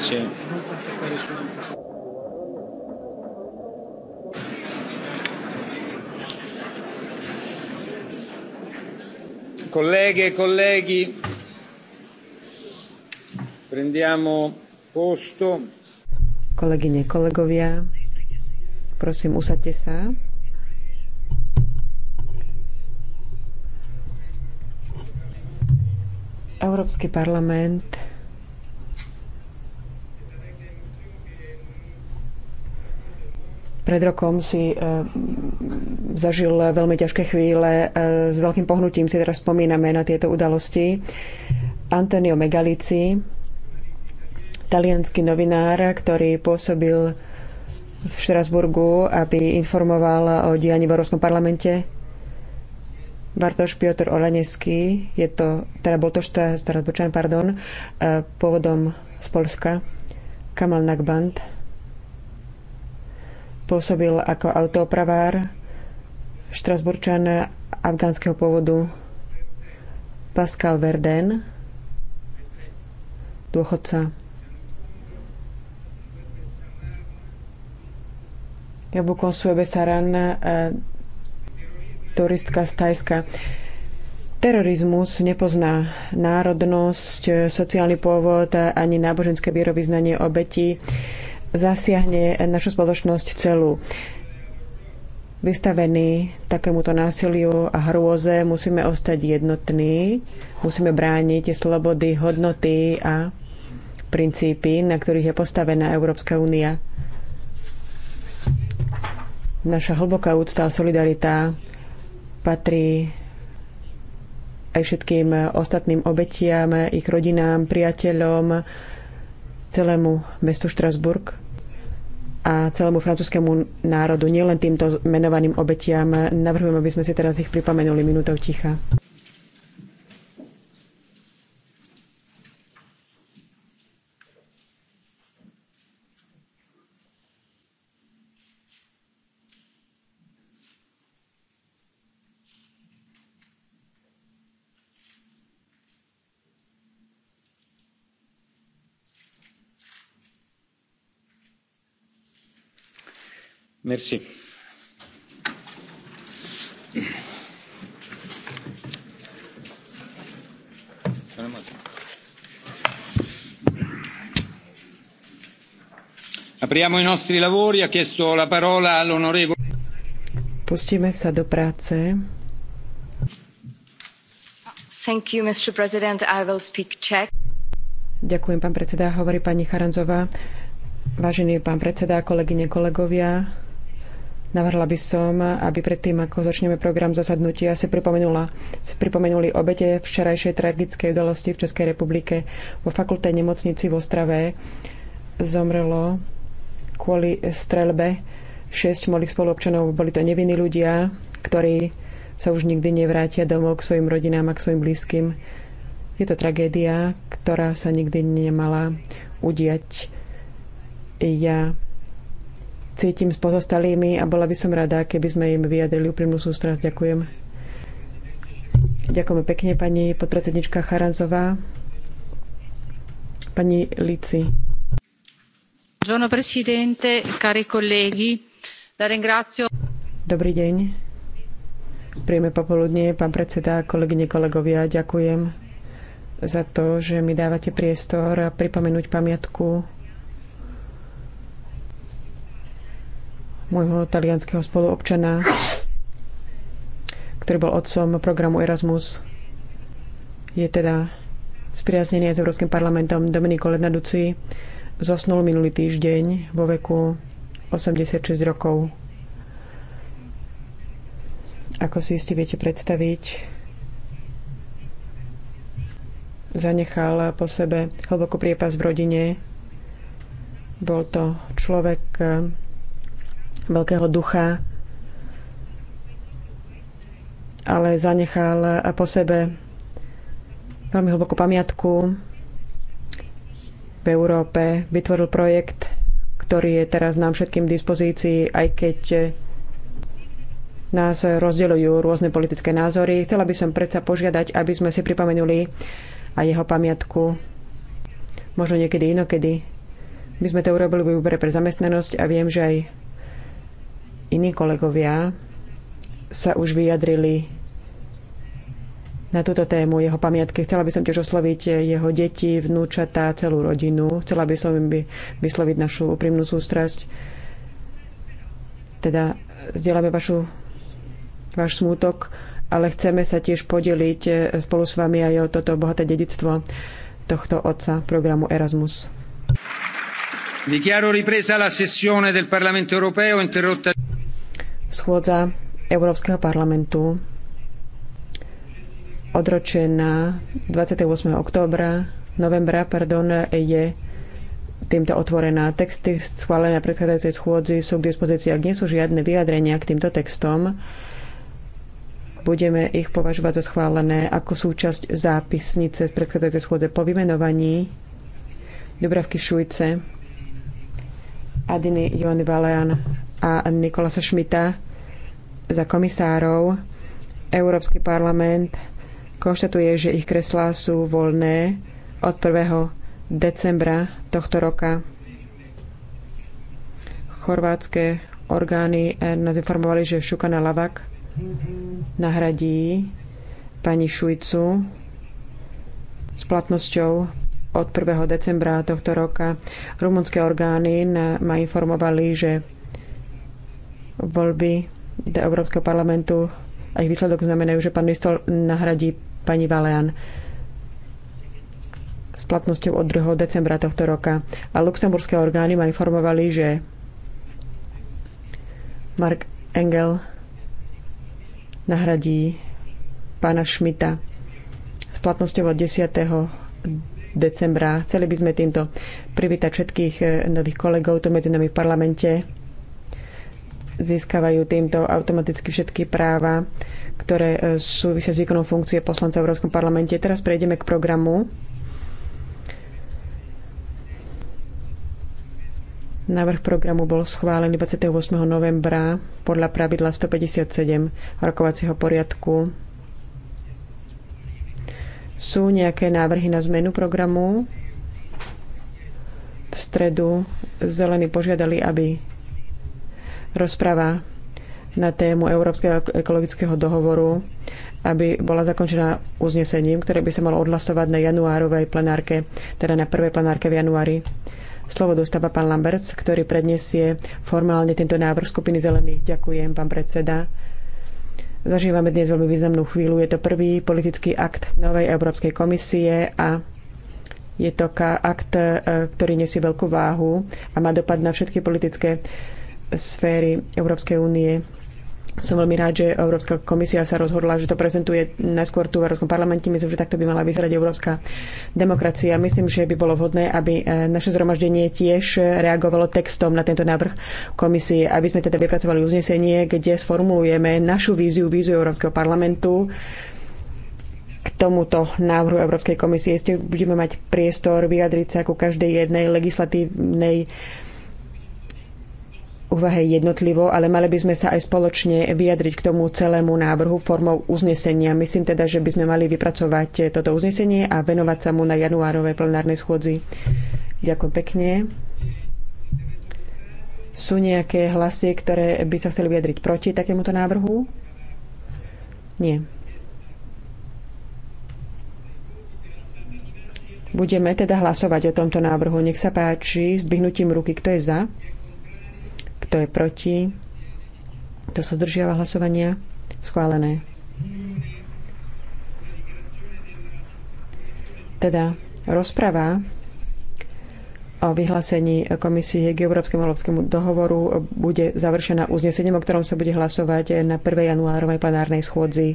Sì. Colleghe e colleghi, prendiamo posto. Kolegyne, kolegovia, prosím, usadte sa. Európsky parlament Pred rokom si e, zažil veľmi ťažké chvíle. E, s veľkým pohnutím si teraz spomíname na tieto udalosti. Antonio Megalici, talianský novinár, ktorý pôsobil v Štrasburgu, aby informoval o dianí v Európskom parlamente. Bartoš Piotr Olaneský, je to, teda bol to štá, pardon, e, pôvodom z Polska. Kamal Nagband, Pôsobil ako autopravár, štrasburčan afgánskeho pôvodu Pascal Verden, dôchodca. Jabu Konsuebe Saran, eh, turistka z Tajska. Terorizmus nepozná národnosť, sociálny pôvod ani náboženské vierovýznanie obetí zasiahne našu spoločnosť celú. Vystavení takémuto násiliu a hrôze musíme ostať jednotní, musíme brániť slobody, hodnoty a princípy, na ktorých je postavená Európska únia. Naša hlboká úcta a solidarita patrí aj všetkým ostatným obetiam, ich rodinám, priateľom, celému mestu Štrasburg a celému francúzskému národu, nielen týmto menovaným obetiam. Navrhujem, aby sme si teraz ich pripomenuli minútou ticha. Merci. Apriamo i nostri lavori. Ha chiesto la parola all'onorevole. Pustíme sa do práce. Thank you, Mr. President. I will speak Czech. Ďakujem, pán predseda. Hovorí pani Charanzová. Vážený pán predseda, kolegyne, kolegovia, Navrhla by som, aby predtým, ako začneme program zasadnutia, si, si pripomenuli obete včerajšej tragickej udalosti v Českej republike. Vo fakulte nemocnici v Ostrave zomrelo kvôli strelbe 6 mojich spoluobčanov. Boli to nevinní ľudia, ktorí sa už nikdy nevrátia domov k svojim rodinám a k svojim blízkym. Je to tragédia, ktorá sa nikdy nemala udiať. Ja cítim s pozostalými a bola by som rada, keby sme im vyjadrili úprimnú sústrasť. Ďakujem. Ďakujeme pekne pani podpredsednička Charanzová. Pani Lici. Buongiorno presidente, cari colleghi. La ringrazio. Dobrý deň. Príjme popoludne, pán predseda, kolegyne, kolegovia, ďakujem za to, že mi dávate priestor pripomenúť pamiatku môjho talianského spoluobčana, ktorý bol otcom programu Erasmus. Je teda spriaznený s Európskym parlamentom Domenico Lernaduci. Zosnul minulý týždeň vo veku 86 rokov. Ako si ste viete predstaviť, zanechal po sebe hlbokú priepas v rodine. Bol to človek, veľkého ducha, ale zanechal po sebe veľmi hlbokú pamiatku v Európe. Vytvoril projekt, ktorý je teraz nám všetkým v dispozícii, aj keď nás rozdeľujú rôzne politické názory. Chcela by som predsa požiadať, aby sme si pripomenuli aj jeho pamiatku. Možno niekedy inokedy. My sme to urobili v úbere pre zamestnanosť a viem, že aj Iní kolegovia sa už vyjadrili na túto tému jeho pamiatky. Chcela by som tiež osloviť jeho deti, vnúčatá, celú rodinu. Chcela by som im vysloviť našu úprimnú sústrasť. Teda zdieľame vašu, váš smútok, ale chceme sa tiež podeliť e, spolu s vami aj o toto bohaté dedictvo tohto otca programu Erasmus. Dichiaro ripresa la sessione del Parlamento europeo interrotta schôdza Európskeho parlamentu odročená 28. októbra, novembra, pardon, je týmto otvorená. Texty schválené na predchádzajúcej schôdzi sú k dispozícii. Ak nie sú žiadne vyjadrenia k týmto textom, budeme ich považovať za schválené ako súčasť zápisnice z predchádzajúcej schôdze po vymenovaní Dubravky Šujce a Jony Joany Valean a Nikolasa Šmita za komisárov. Európsky parlament konštatuje, že ich kreslá sú voľné od 1. decembra tohto roka. Chorvátske orgány nás informovali, že Šukana Lavak nahradí pani Šujcu s platnosťou od 1. decembra tohto roka. Rumunské orgány ma informovali, že Voľby do Európskeho parlamentu a ich výsledok znamenajú, že pán Nistol nahradí pani Valean s platnosťou od 2. decembra tohto roka. A luxemburské orgány ma informovali, že Mark Engel nahradí pána Šmita s platnosťou od 10. decembra. Chceli by sme týmto privítať všetkých nových kolegov tu medzi nami v parlamente získavajú týmto automaticky všetky práva, ktoré e, súvisia s výkonom funkcie poslanca v Európskom parlamente. Teraz prejdeme k programu. Návrh programu bol schválený 28. novembra podľa pravidla 157 rokovacieho poriadku. Sú nejaké návrhy na zmenu programu? V stredu zelení požiadali, aby rozprava na tému Európskeho ekologického dohovoru, aby bola zakončená uznesením, ktoré by sa malo odhlasovať na januárovej plenárke, teda na prvej plenárke v januári. Slovo dostáva pán Lamberts, ktorý predniesie formálne tento návrh skupiny zelených. Ďakujem, pán predseda. Zažívame dnes veľmi významnú chvíľu. Je to prvý politický akt novej Európskej komisie a je to akt, e, ktorý nesie veľkú váhu a má dopad na všetky politické sféry Európskej únie. Som veľmi rád, že Európska komisia sa rozhodla, že to prezentuje najskôr tu v Európskom parlamente. Myslím, že takto by mala vyzerať európska demokracia. Myslím, že by bolo vhodné, aby e, naše zhromaždenie tiež reagovalo textom na tento návrh komisie, aby sme teda vypracovali uznesenie, kde sformulujeme našu víziu, víziu Európskeho parlamentu k tomuto návrhu Európskej komisie. Ešte budeme mať priestor vyjadriť sa ku každej jednej legislatívnej úvahe jednotlivo, ale mali by sme sa aj spoločne vyjadriť k tomu celému návrhu formou uznesenia. Myslím teda, že by sme mali vypracovať toto uznesenie a venovať sa mu na januárovej plenárnej schôdzi. Ďakujem pekne. Sú nejaké hlasy, ktoré by sa chceli vyjadriť proti takémuto návrhu? Nie. Budeme teda hlasovať o tomto návrhu. Nech sa páči, zdvihnutím ruky, kto je za? Kto je proti? Kto sa zdržiava hlasovania? Schválené. Teda rozprava o vyhlásení komisie k Európskemu európskemu dohovoru bude završená uznesením, o ktorom sa bude hlasovať na 1. januárovej plenárnej schôdzi.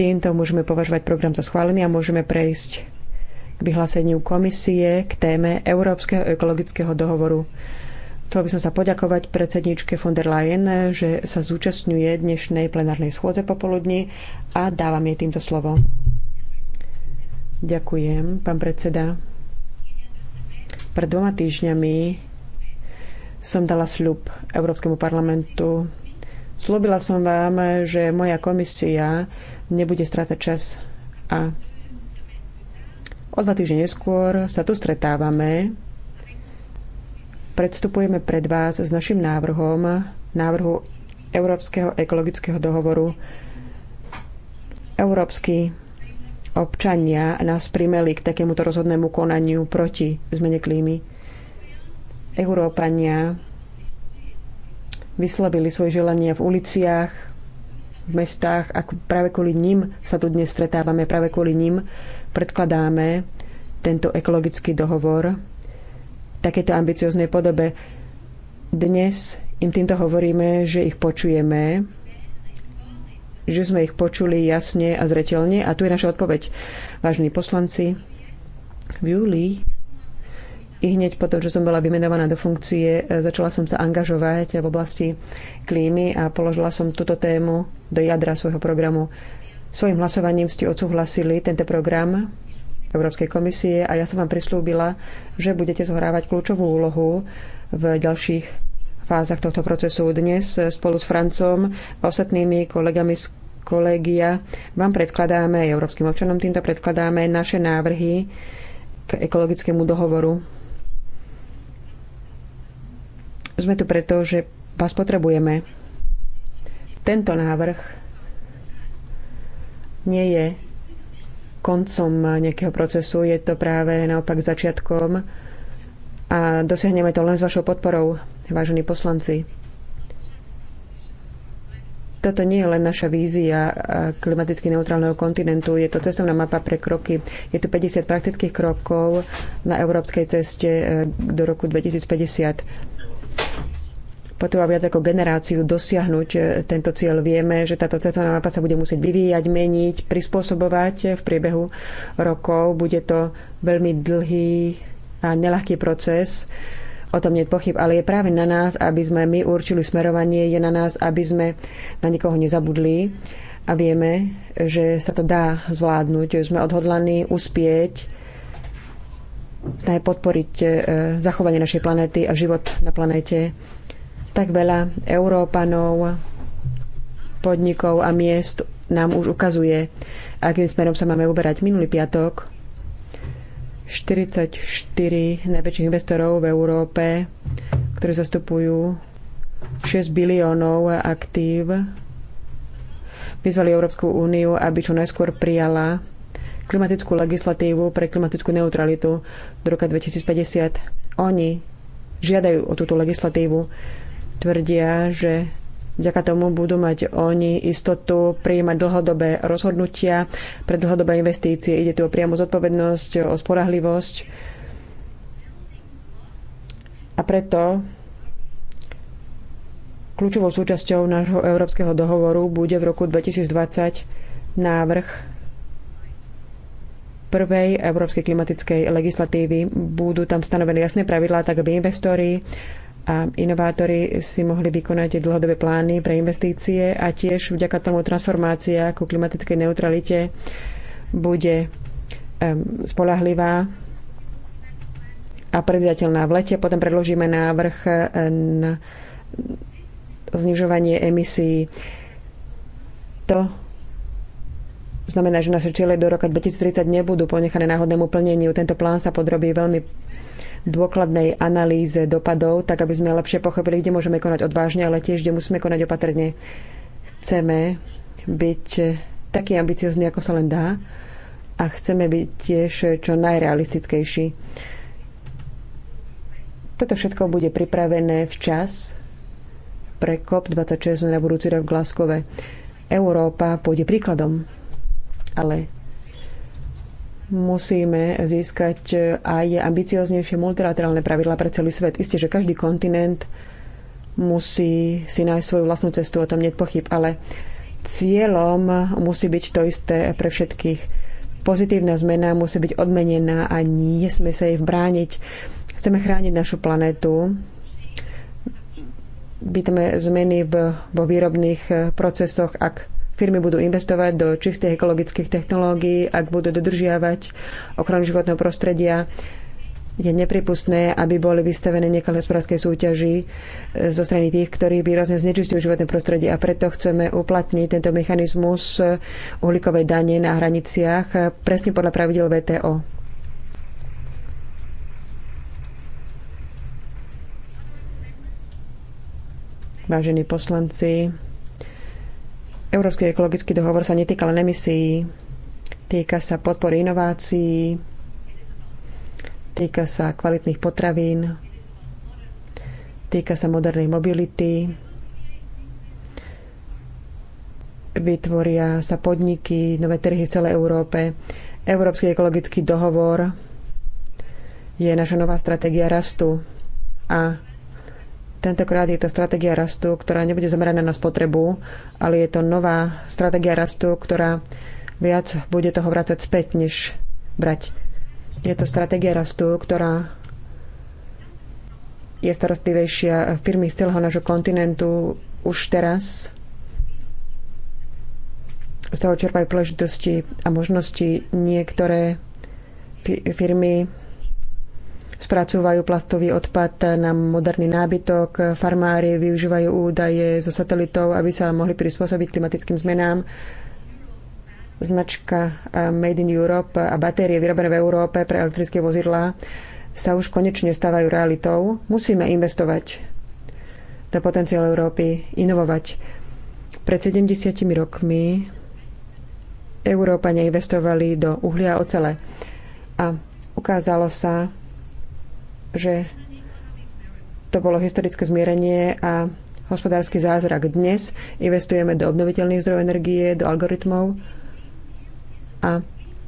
Týmto môžeme považovať program za schválený a môžeme prejsť k vyhláseniu komisie k téme Európskeho ekologického dohovoru. Chcel by som sa poďakovať predsedničke von der Leyen, že sa zúčastňuje dnešnej plenárnej schôdze popoludní a dávam jej týmto slovo. Ďakujem, pán predseda. Pred dvoma týždňami som dala sľub Európskemu parlamentu. Slúbila som vám, že moja komisia nebude strácať čas a o dva týždne neskôr sa tu stretávame predstupujeme pred vás s našim návrhom, návrhu Európskeho ekologického dohovoru. Európsky občania nás primeli k takémuto rozhodnému konaniu proti zmene klímy. Európania vyslovili svoje želania v uliciach, v mestách a práve kvôli ním sa tu dnes stretávame, práve kvôli ním predkladáme tento ekologický dohovor takéto ambicioznej podobe. Dnes im týmto hovoríme, že ich počujeme, že sme ich počuli jasne a zretelne a tu je naša odpoveď. Vážení poslanci, v júli i hneď potom, čo som bola vymenovaná do funkcie, začala som sa angažovať v oblasti klímy a položila som túto tému do jadra svojho programu. Svojim hlasovaním ste odsúhlasili tento program Európskej komisie a ja som vám prislúbila, že budete zohrávať kľúčovú úlohu v ďalších fázach tohto procesu. Dnes spolu s Francom a ostatnými kolegami z kolegia vám predkladáme, európskym občanom týmto predkladáme naše návrhy k ekologickému dohovoru. Sme tu preto, že vás potrebujeme. Tento návrh nie je koncom nejakého procesu, je to práve naopak začiatkom a dosiahneme to len s vašou podporou, vážení poslanci. Toto nie je len naša vízia klimaticky neutrálneho kontinentu, je to cestovná mapa pre kroky. Je tu 50 praktických krokov na európskej ceste eh, do roku 2050 potreba viac ako generáciu dosiahnuť e, tento cieľ. Vieme, že táto cestovná mapa sa bude musieť vyvíjať, meniť, prispôsobovať e, v priebehu rokov. Bude to veľmi dlhý a nelahký proces. O tom nie je pochyb, ale je práve na nás, aby sme my určili smerovanie, je na nás, aby sme na nikoho nezabudli a vieme, že sa to dá zvládnuť. Sme odhodlaní uspieť, aj podporiť e, zachovanie našej planéty a život na planéte. Tak veľa Európanov, podnikov a miest nám už ukazuje, akým smerom sa máme uberať. Minulý piatok 44 najväčších investorov v Európe, ktorí zastupujú 6 biliónov aktív, vyzvali Európsku úniu, aby čo najskôr prijala klimatickú legislatívu pre klimatickú neutralitu do roka 2050. Oni žiadajú o túto legislatívu tvrdia, že vďaka tomu budú mať oni istotu prijímať dlhodobé rozhodnutia pre dlhodobé investície. Ide tu o priamu zodpovednosť, o sporahlivosť. A preto kľúčovou súčasťou nášho európskeho dohovoru bude v roku 2020 návrh prvej európskej klimatickej legislatívy. Budú tam stanovené jasné pravidlá, tak aby investori a inovátori si mohli vykonať dlhodobé plány pre investície a tiež vďaka tomu transformácia ku klimatickej neutralite bude spolahlivá a predvidateľná. V lete potom predložíme návrh na znižovanie emisí. To znamená, že naše čile do roka 2030 nebudú ponechané náhodnému plneniu. Tento plán sa podrobí veľmi dôkladnej analýze dopadov, tak aby sme lepšie pochopili, kde môžeme konať odvážne, ale tiež, kde musíme konať opatrne. Chceme byť taký ambiciozný, ako sa len dá a chceme byť tiež čo najrealistickejší. Toto všetko bude pripravené včas pre COP26 na budúci rok v Glaskove. Európa pôjde príkladom, ale musíme získať aj ambicioznejšie multilaterálne pravidla pre celý svet. Isté, že každý kontinent musí si nájsť svoju vlastnú cestu, o tom nie pochyb, ale cieľom musí byť to isté pre všetkých. Pozitívna zmena musí byť odmenená a nie sme sa jej vbrániť. Chceme chrániť našu planetu. Bytme zmeny v, vo výrobných procesoch, ak Firmy budú investovať do čistých ekologických technológií, ak budú dodržiavať ochranu životného prostredia. Je nepripustné, aby boli vystavené nekalé hospodárskej súťaži eh, zo strany tých, ktorí výrazne znečistujú životné prostredie a preto chceme uplatniť tento mechanizmus eh, uhlíkovej dane na hraniciach eh, presne podľa pravidel VTO. vážení poslanci, Európsky ekologický dohovor sa netýka len emisí, týka sa podpory inovácií, týka sa kvalitných potravín, týka sa modernej mobility, vytvoria sa podniky, nové trhy v celej Európe. Európsky ekologický dohovor je naša nová stratégia rastu a Tentokrát je to stratégia rastu, ktorá nebude zameraná na spotrebu, ale je to nová stratégia rastu, ktorá viac bude toho vrácať späť, než brať. Je to stratégia rastu, ktorá je starostlivejšia firmy z celého nášho kontinentu už teraz. Z toho čerpajú príležitosti a možnosti. Niektoré firmy spracúvajú plastový odpad na moderný nábytok, farmári využívajú údaje zo satelitov, aby sa mohli prispôsobiť klimatickým zmenám. Značka eh, Made in Europe a batérie vyrobené v Európe pre elektrické vozidlá sa už konečne stávajú realitou. Musíme investovať do potenciál Európy, inovovať. Pred 70 rokmi Európa neinvestovali do uhlia a ocele. A ukázalo sa, že to bolo historické zmierenie a hospodársky zázrak. Dnes investujeme do obnoviteľných zdrojov energie, do algoritmov a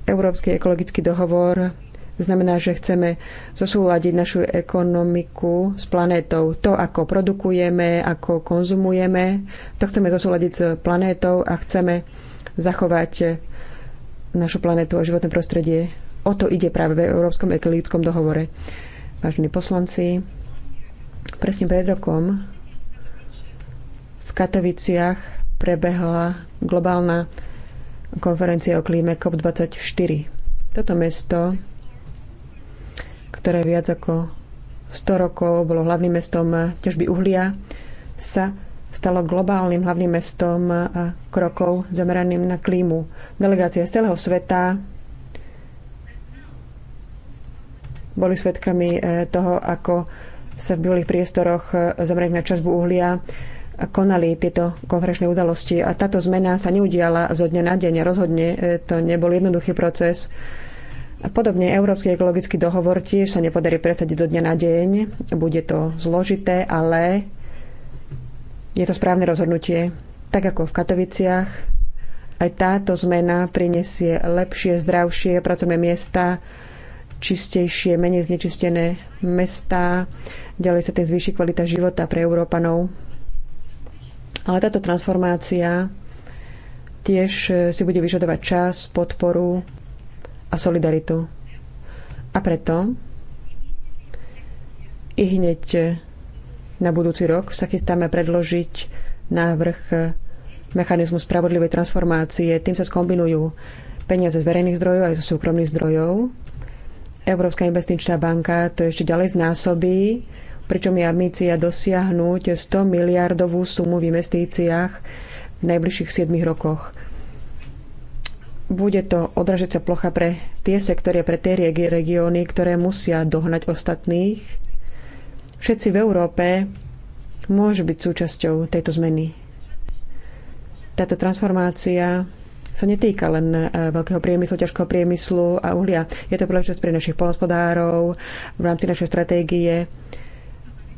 Európsky ekologický dohovor znamená, že chceme zosúľadiť našu ekonomiku s planétou. To, ako produkujeme, ako konzumujeme, to chceme zosúľadiť s planétou a chceme zachovať našu planétu a životné prostredie. O to ide práve v Európskom ekologickom dohovore vážení poslanci, presne pred rokom v Katoviciach prebehla globálna konferencia o klíme COP24. Toto mesto, ktoré viac ako 100 rokov bolo hlavným mestom ťažby uhlia, sa stalo globálnym hlavným mestom krokov zameraným na klímu. Delegácia z celého sveta boli svedkami e, toho, ako sa v bývalých priestoroch e, zameriť na časbu uhlia konali tieto konferenčné udalosti. A táto zmena sa neudiala zo dňa na deň. Rozhodne e, to nebol jednoduchý proces. A podobne Európsky ekologický dohovor tiež sa nepodarí presadiť zo dňa na deň. Bude to zložité, ale je to správne rozhodnutie. Tak ako v Katoviciach, aj táto zmena prinesie lepšie, zdravšie pracovné miesta, čistejšie, menej znečistené mestá, ďalej sa ten zvýši kvalita života pre Európanov. Ale táto transformácia tiež e, si bude vyžadovať čas, podporu a solidaritu. A preto i hneď e, na budúci rok sa chystáme predložiť návrh e, mechanizmu spravodlivej transformácie. Tým sa skombinujú peniaze z verejných zdrojov aj zo súkromných zdrojov Európska investičná banka to ešte ďalej znásobí, pričom je ambícia dosiahnuť 100 miliardovú sumu v investíciách v najbližších 7 rokoch. Bude to odražecia plocha pre tie sektory a pre tie regióny, ktoré musia dohnať ostatných. Všetci v Európe môžu byť súčasťou tejto zmeny. Táto transformácia sa netýka len e, veľkého priemyslu, ťažkého priemyslu a uhlia. Je to príležitosť pre našich polnospodárov v rámci našej stratégie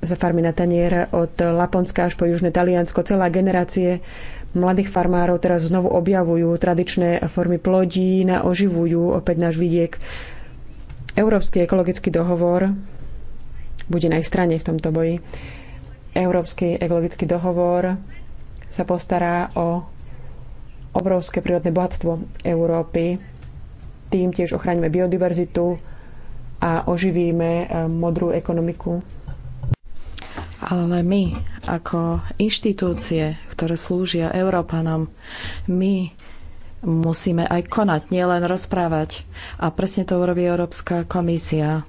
za farmy na tanier od Laponska až po južné Taliansko. Celá generácie mladých farmárov teraz znovu objavujú tradičné formy plodí a oživujú opäť náš vidiek. Európsky ekologický dohovor bude na ich strane v tomto boji. Európsky ekologický dohovor sa postará o obrovské prírodné bohatstvo Európy. Tým tiež ochránime biodiverzitu a oživíme eh, modrú ekonomiku. Ale my, ako inštitúcie, ktoré slúžia Európanom, my musíme aj konať, nielen rozprávať. A presne to urobí Európska komisia.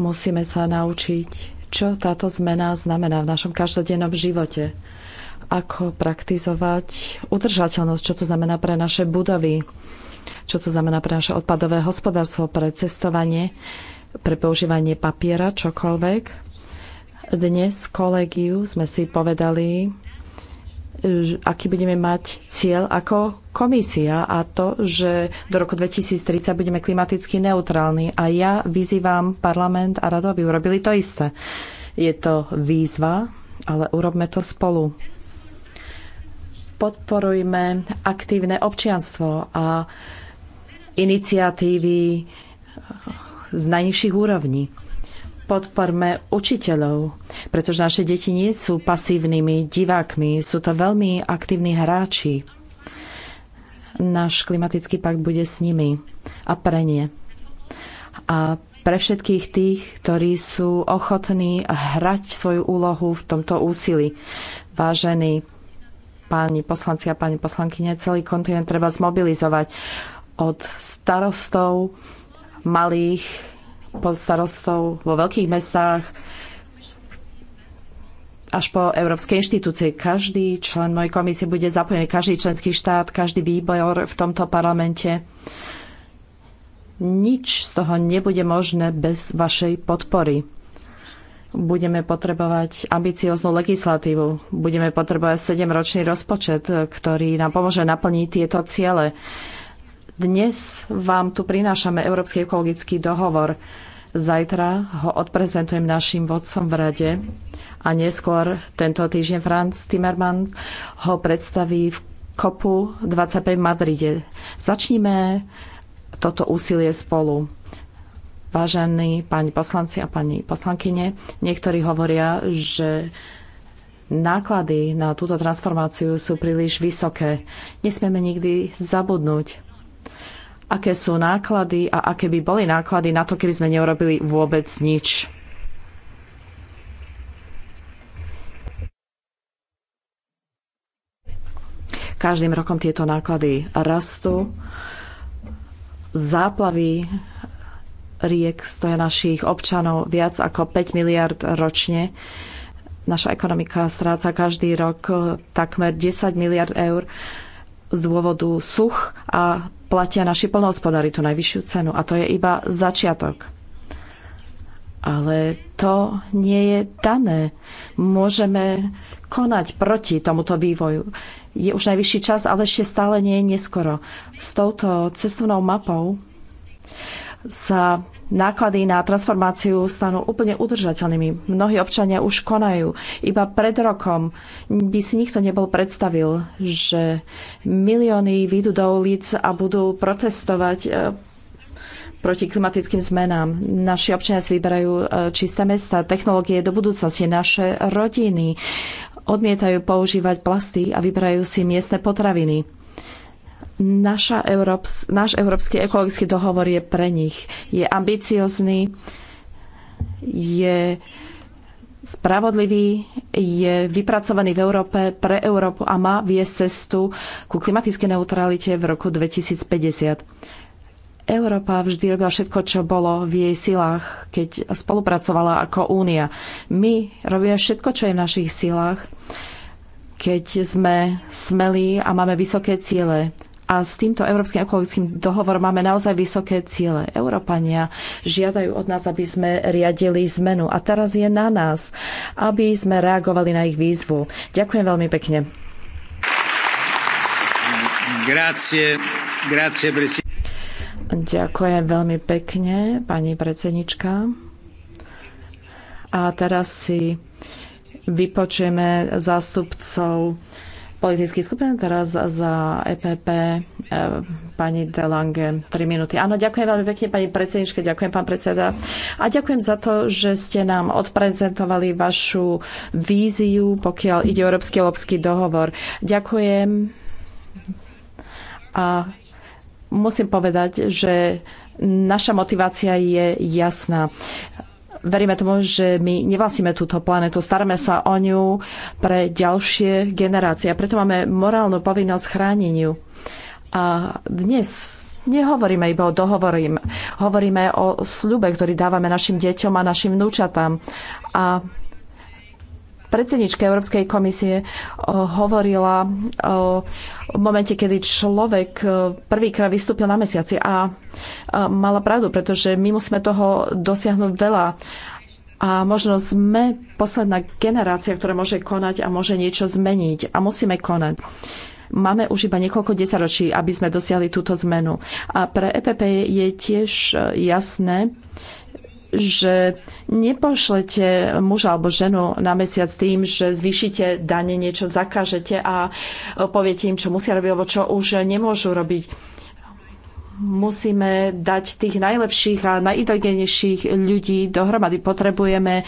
Musíme sa naučiť, čo táto zmena znamená v našom každodennom živote ako praktizovať udržateľnosť, čo to znamená pre naše budovy, čo to znamená pre naše odpadové hospodárstvo, pre cestovanie, pre používanie papiera, čokoľvek. Dnes kolegiu sme si povedali, aký budeme mať cieľ ako komisia a to, že do roku 2030 budeme klimaticky neutrálni. A ja vyzývam parlament a radu, aby urobili to isté. Je to výzva, ale urobme to spolu. Podporujme aktívne občianstvo a iniciatívy z najnižších úrovní. Podporme učiteľov, pretože naše deti nie sú pasívnymi divákmi, sú to veľmi aktívni hráči. Náš klimatický pakt bude s nimi a pre ne. A pre všetkých tých, ktorí sú ochotní hrať svoju úlohu v tomto úsilí. Vážení, páni poslanci a páni poslankyne, celý kontinent treba zmobilizovať od starostov malých pod starostov vo veľkých mestách až po európske inštitúcie. Každý člen mojej komisie bude zapojený, každý členský štát, každý výbor v tomto parlamente. Nič z toho nebude možné bez vašej podpory budeme potrebovať ambicioznú legislatívu, budeme potrebovať 7-ročný rozpočet, ktorý nám pomôže naplniť tieto ciele. Dnes vám tu prinášame Európsky ekologický dohovor. Zajtra ho odprezentujem našim vodcom v rade a neskôr tento týždeň Franz Timmermans ho predstaví v kopu 25 v Madride. Začníme toto úsilie spolu. Vážení páni poslanci a pani poslankyne, niektorí hovoria, že náklady na túto transformáciu sú príliš vysoké. Nesmieme nikdy zabudnúť, aké sú náklady a aké by boli náklady na to, keby sme neurobili vôbec nič. každým rokom tieto náklady rastú. Záplavy riek stoja našich občanov viac ako 5 miliard ročne. Naša ekonomika stráca každý rok takmer 10 miliard eur z dôvodu such a platia naši plnohospodári tú najvyššiu cenu. A to je iba začiatok. Ale to nie je dané. Môžeme konať proti tomuto vývoju. Je už najvyšší čas, ale ešte stále nie je neskoro. S touto cestovnou mapou sa náklady na transformáciu stanú úplne udržateľnými. Mnohí občania už konajú. Iba pred rokom by si nikto nebol predstavil, že milióny výjdu do ulic a budú protestovať e, proti klimatickým zmenám. Naši občania si vyberajú e, čisté mesta, technológie do budúcnosti, naše rodiny odmietajú používať plasty a vyberajú si miestne potraviny. Naša Európs- náš Európsky ekologický dohovor je pre nich. Je ambiciozný, je spravodlivý, je vypracovaný v Európe pre Európu a má viesť cestu ku klimatickej neutralite v roku 2050. Európa vždy robila všetko, čo bolo v jej silách, keď spolupracovala ako únia. My robíme všetko, čo je v našich silách, keď sme smelí a máme vysoké ciele a s týmto Európskym ekologickým dohovorom máme naozaj vysoké ciele. Európania žiadajú od nás, aby sme riadili zmenu. A teraz je na nás, aby sme reagovali na ich výzvu. Ďakujem veľmi pekne. Grazie, grazie, Ďakujem veľmi pekne, pani predsednička. A teraz si vypočujeme zástupcov politických skupín. Teraz za EPP e, pani Delange 3 minúty. Áno, ďakujem veľmi pekne pani predsedničke, ďakujem pán predseda a ďakujem za to, že ste nám odprezentovali vašu víziu, pokiaľ ide o Európsky lobský dohovor. Ďakujem a musím povedať, že naša motivácia je jasná veríme tomu, že my nevlastíme túto planetu, staráme sa o ňu pre ďalšie generácie a preto máme morálnu povinnosť chráneniu. A dnes nehovoríme iba o dohovorím, hovoríme o sľube, ktorý dávame našim deťom a našim vnúčatám. A predsednička Európskej komisie eh, hovorila eh, v momente, kedy človek eh, prvýkrát vystúpil na mesiaci a mala pravdu, pretože my musíme toho dosiahnuť veľa a možno sme posledná generácia, ktorá môže konať a môže niečo zmeniť a musíme konať. Máme už iba niekoľko desaťročí, aby sme dosiahli túto zmenu. A pre EPP je tiež jasné, že nepošlete muža alebo ženu na mesiac tým, že zvýšite dane, niečo zakážete a poviete im, čo musia robiť alebo čo už nemôžu robiť musíme dať tých najlepších a najinteligentnejších ľudí dohromady. Potrebujeme e,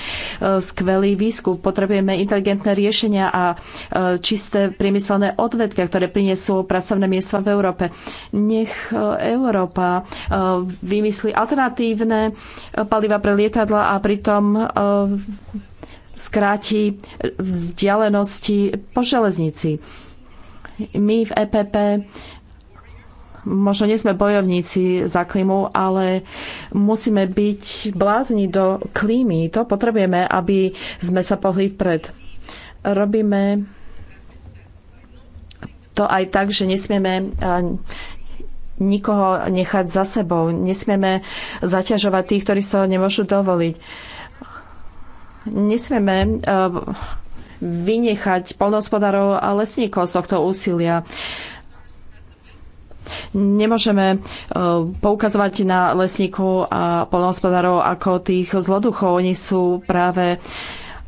skvelý výskum, potrebujeme inteligentné riešenia a e, čisté priemyselné odvedka, ktoré priniesú pracovné miesta v Európe. Nech e, Európa vymyslí alternatívne paliva pre lietadla a pritom skráti vzdialenosti po železnici. My v EPP možno nie sme bojovníci za klímu, ale musíme byť blázni do klímy. To potrebujeme, aby sme sa pohli vpred. Robíme to aj tak, že nesmieme nikoho nechať za sebou. Nesmieme zaťažovať tých, ktorí z toho nemôžu dovoliť. Nesmieme vynechať polnohospodárov a lesníkov z tohto úsilia. Nemôžeme e, poukazovať na lesníkov a polnohospodárov ako tých zloduchov. Oni sú práve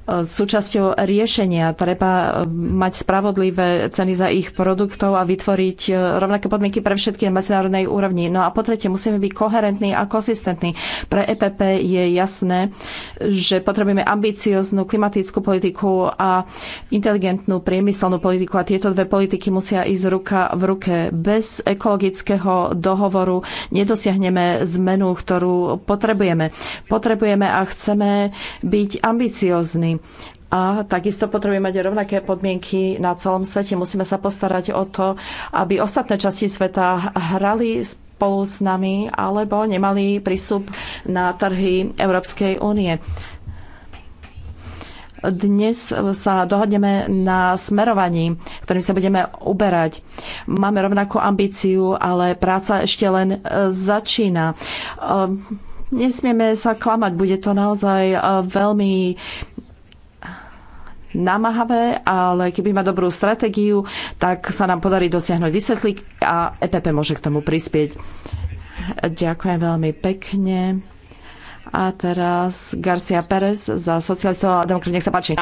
súčasťou riešenia. Treba eh, mať spravodlivé ceny za ich produktov a vytvoriť eh, rovnaké podmienky pre všetky na medzinárodnej úrovni. No a po tretie, musíme byť koherentní a konsistentní. Pre EPP je jasné, že potrebujeme ambicioznú klimatickú politiku a inteligentnú priemyselnú politiku a tieto dve politiky musia ísť ruka v ruke. Bez ekologického dohovoru nedosiahneme zmenu, ktorú potrebujeme. Potrebujeme a chceme byť ambiciozni a takisto potrebujeme mať rovnaké podmienky na celom svete. Musíme sa postarať o to, aby ostatné časti sveta hrali spolu s nami alebo nemali prístup na trhy Európskej únie. Dnes sa dohodneme na smerovaní, ktorým sa budeme uberať. Máme rovnakú ambíciu, ale práca ešte len e, začína. E, Nesmieme sa klamať, bude to naozaj e, veľmi namahavé, ale keby má dobrú stratégiu, tak sa nám podarí dosiahnuť vysvetlík a EPP môže k tomu prispieť. Ďakujem veľmi pekne. A teraz Garcia Pérez za socialistov a demokrat. Nech sa páči.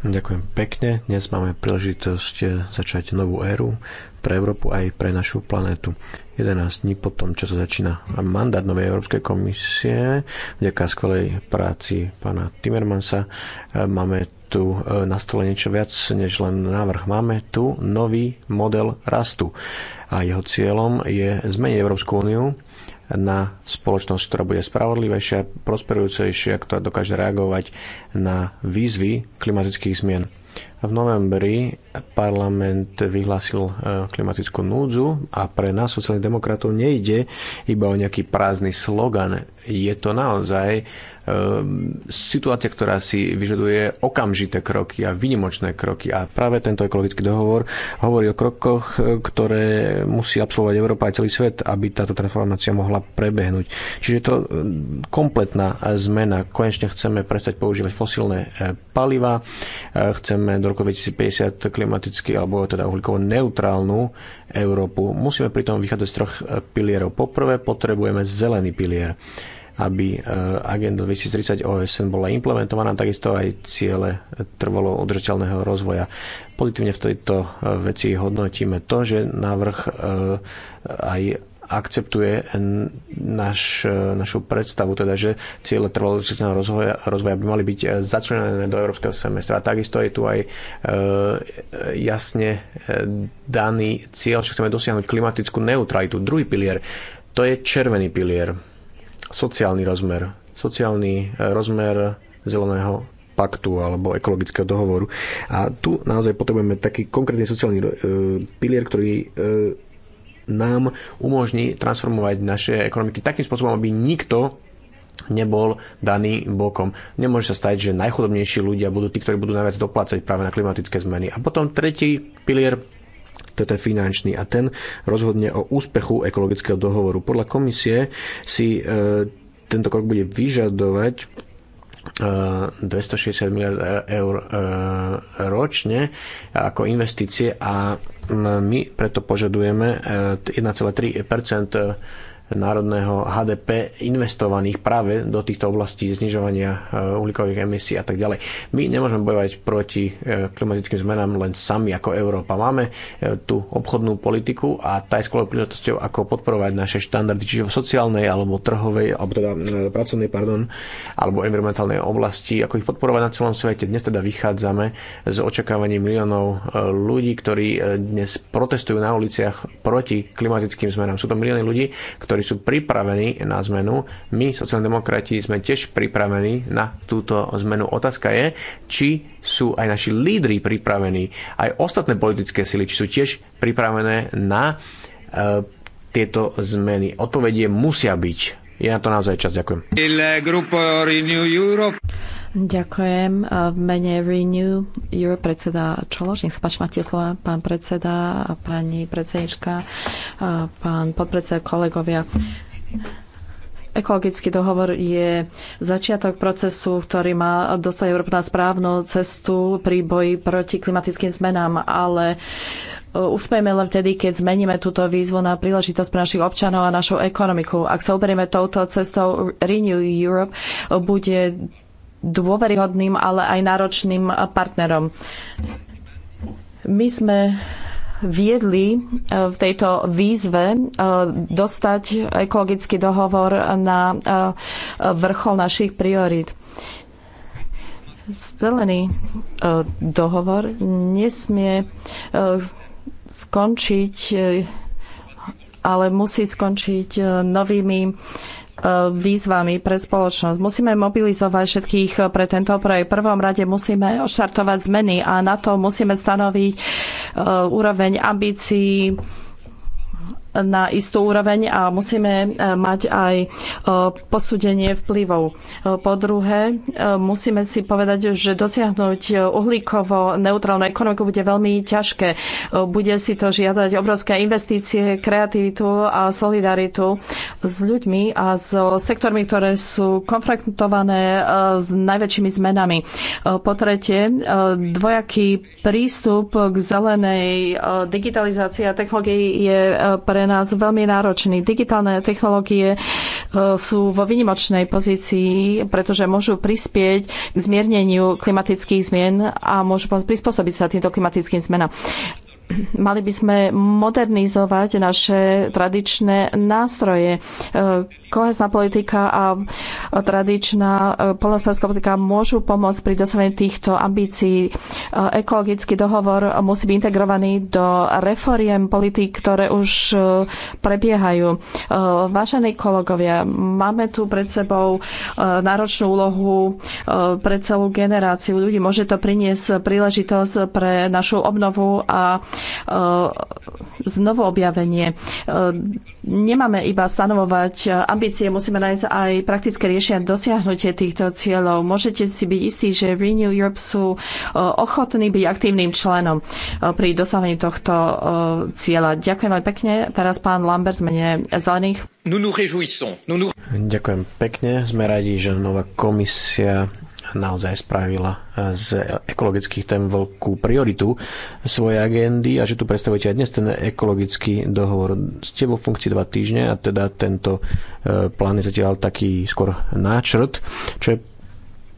Ďakujem pekne. Dnes máme príležitosť začať novú éru pre Európu aj pre našu planétu. 11 dní po tom, čo sa začína mandát novej Európskej komisie, vďaka skvelej práci pána Timmermansa, máme tu e, na stole niečo viac než len návrh. Máme tu nový model rastu a jeho cieľom je zmeniť Európsku úniu na spoločnosť, ktorá bude spravodlivejšia, prosperujúcejšia, ktorá dokáže reagovať na výzvy klimatických zmien. V novembri parlament vyhlásil e, klimatickú núdzu a pre nás, sociálnych demokratov, nejde iba o nejaký prázdny slogan. Je to naozaj e, situácia, ktorá si vyžaduje okamžité kroky a vynimočné kroky. A práve tento ekologický dohovor hovorí o krokoch, e, ktoré musí absolvovať Európa a celý svet, aby táto transformácia mohla prebehnúť. Čiže je to kompletná zmena. Konečne chceme prestať používať fosílne paliva, chceme do roku 2050 klimaticky alebo teda uhlíkovo neutrálnu Európu. Musíme pritom vychádzať z troch eh, pilierov. Poprvé potrebujeme zelený pilier, aby eh, agenda 2030 OSN bola implementovaná, takisto aj ciele eh, trvalo udržateľného rozvoja. Pozitívne v tejto veci hodnotíme to, že návrh aj akceptuje naš, e, našu predstavu, teda že cieľe trvalého rozvoja, rozvoja by mali byť e, začlenené do európskeho semestra. A takisto je tu aj e, jasne e, daný cieľ, že chceme dosiahnuť klimatickú neutralitu. Druhý pilier, to je červený pilier, sociálny rozmer, sociálny rozmer zeleného paktu alebo ekologického dohovoru. A tu naozaj potrebujeme taký konkrétny sociálny pilier, ktorý nám umožní transformovať naše ekonomiky takým spôsobom, aby nikto nebol daný bokom. Nemôže sa stať, že najchudobnejší ľudia budú tí, ktorí budú najviac doplácať práve na klimatické zmeny. A potom tretí pilier to je ten finančný a ten rozhodne o úspechu ekologického dohovoru. Podľa komisie si e, tento krok bude vyžadovať 260 e, miliard e, eur e, ročne ako investície a my preto požadujeme eh, 1,3 národného HDP investovaných práve do týchto oblastí znižovania e, uhlíkových emisí a tak ďalej. My nemôžeme bojovať proti e, klimatickým zmenám len sami ako Európa. Máme e, tú obchodnú politiku a tá je skôr príležitosťou, ako podporovať naše štandardy, čiže v sociálnej alebo trhovej, alebo teda pracovnej, pardon, alebo environmentálnej oblasti, ako ich podporovať na celom svete. Dnes teda vychádzame z očakávaní miliónov ľudí, ktorí dnes protestujú na uliciach proti klimatickým zmenám. Sú to milióny ľudí, ktorí ktorí sú pripravení na zmenu. My, sociálni demokrati, sme tiež pripravení na túto zmenu. Otázka je, či sú aj naši lídry pripravení, aj ostatné politické sily, či sú tiež pripravené na uh, tieto zmeny. Odpovedie musia byť je na to naozaj čas. Ďakujem. Ďakujem. V mene Renew Europe predseda Čološ. Nech sa páči, máte slova, pán predseda a pani predsednička, pán podpredseda, kolegovia. Ekologický dohovor je začiatok procesu, ktorý má dostať Európa na správnu cestu pri boji proti klimatickým zmenám, ale Eh, Uspejme len vtedy, keď zmeníme túto výzvu na príležitosť pre našich občanov a našu ekonomiku. Ak sa uberieme touto cestou, Renew Europe bude dôveryhodným, ale aj náročným partnerom. My sme viedli eh, v tejto výzve eh, dostať ekologický dohovor na vrchol našich priorít. Zelený dohovor nesmie skončiť, eh, ale musí skončiť eh, novými eh, výzvami pre spoločnosť. Musíme mobilizovať všetkých pre tento projekt. V prvom rade musíme ošartovať zmeny a na to musíme stanoviť úroveň ambícií na istú úroveň a musíme e, mať aj e, posúdenie vplyvov. E, po druhé, musíme si povedať, že dosiahnuť uhlíkovo neutrálnu ekonomiku bude veľmi ťažké. Bude si to žiadať obrovské investície, kreativitu a solidaritu s ľuďmi a s sektormi, ktoré sú konfrontované s najväčšími zmenami. Po tretie, dvojaký prístup k zelenej digitalizácii a technológii je pre pre nás veľmi náročný. Digitálne technológie e, sú vo vynimočnej pozícii, pretože môžu prispieť k zmierneniu klimatických zmien a môžu prispôsobiť sa týmto klimatickým zmenám mali by sme modernizovať naše tradičné nástroje. E, Kohesná politika a tradičná e, polnospodárska politika môžu pomôcť pri dosahovaní týchto ambícií. E, ekologický dohovor musí byť integrovaný do reforiem politik, ktoré už prebiehajú. Vážení kolegovia, máme tu pred sebou náročnú úlohu pre celú generáciu ľudí. Môže to priniesť príležitosť pre našu obnovu a E, znovu objavenie. E, nemáme iba stanovovať ambície, musíme nájsť aj praktické riešenia dosiahnutie týchto cieľov. Môžete si byť istí, že Renew Europe sú e, ochotní byť aktívnym členom pri dosahovaní tohto cieľa. Ďakujem veľmi pekne. Teraz pán Lambert z mene Zelených. Ďakujem pekne. Sme radi, že nová komisia naozaj spravila e, z ekologických tém veľkú prioritu svojej agendy a že tu predstavujete aj dnes ten ekologický dohovor. Ste vo funkcii dva týždne a teda tento e, plán je zatiaľ taký skôr náčrt, čo je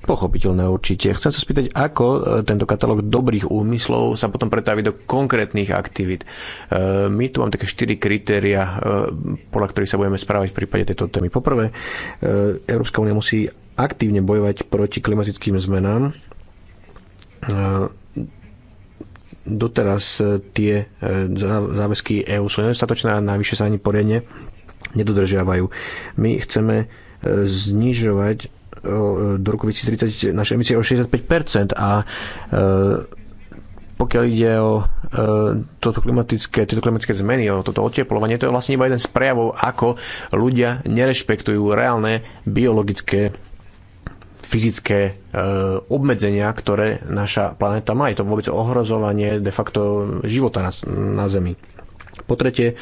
Pochopiteľné určite. Chcem sa spýtať, ako e, tento katalóg dobrých úmyslov sa potom pretaví do konkrétnych aktivít. My tu mám také štyri kritéria, podľa ktorých sa budeme správať v prípade tejto témy. Poprvé, Európska únia musí aktívne bojovať proti klimatickým zmenám. Doteraz tie e, záväzky EÚ sú nedostatočné a navyše sa ani poriadne nedodržiavajú. My chceme e, znižovať e, do roku 2030 naše emisie o 65% a pokiaľ ide o toto klimatické, tieto klimatické zmeny, o toto oteplovanie, to je vlastne iba jeden z prejavov, ako ľudia nerešpektujú reálne biologické fyzické e, obmedzenia, ktoré naša planéta má. Je to vôbec ohrozovanie de facto života na, na Zemi. Po tretie,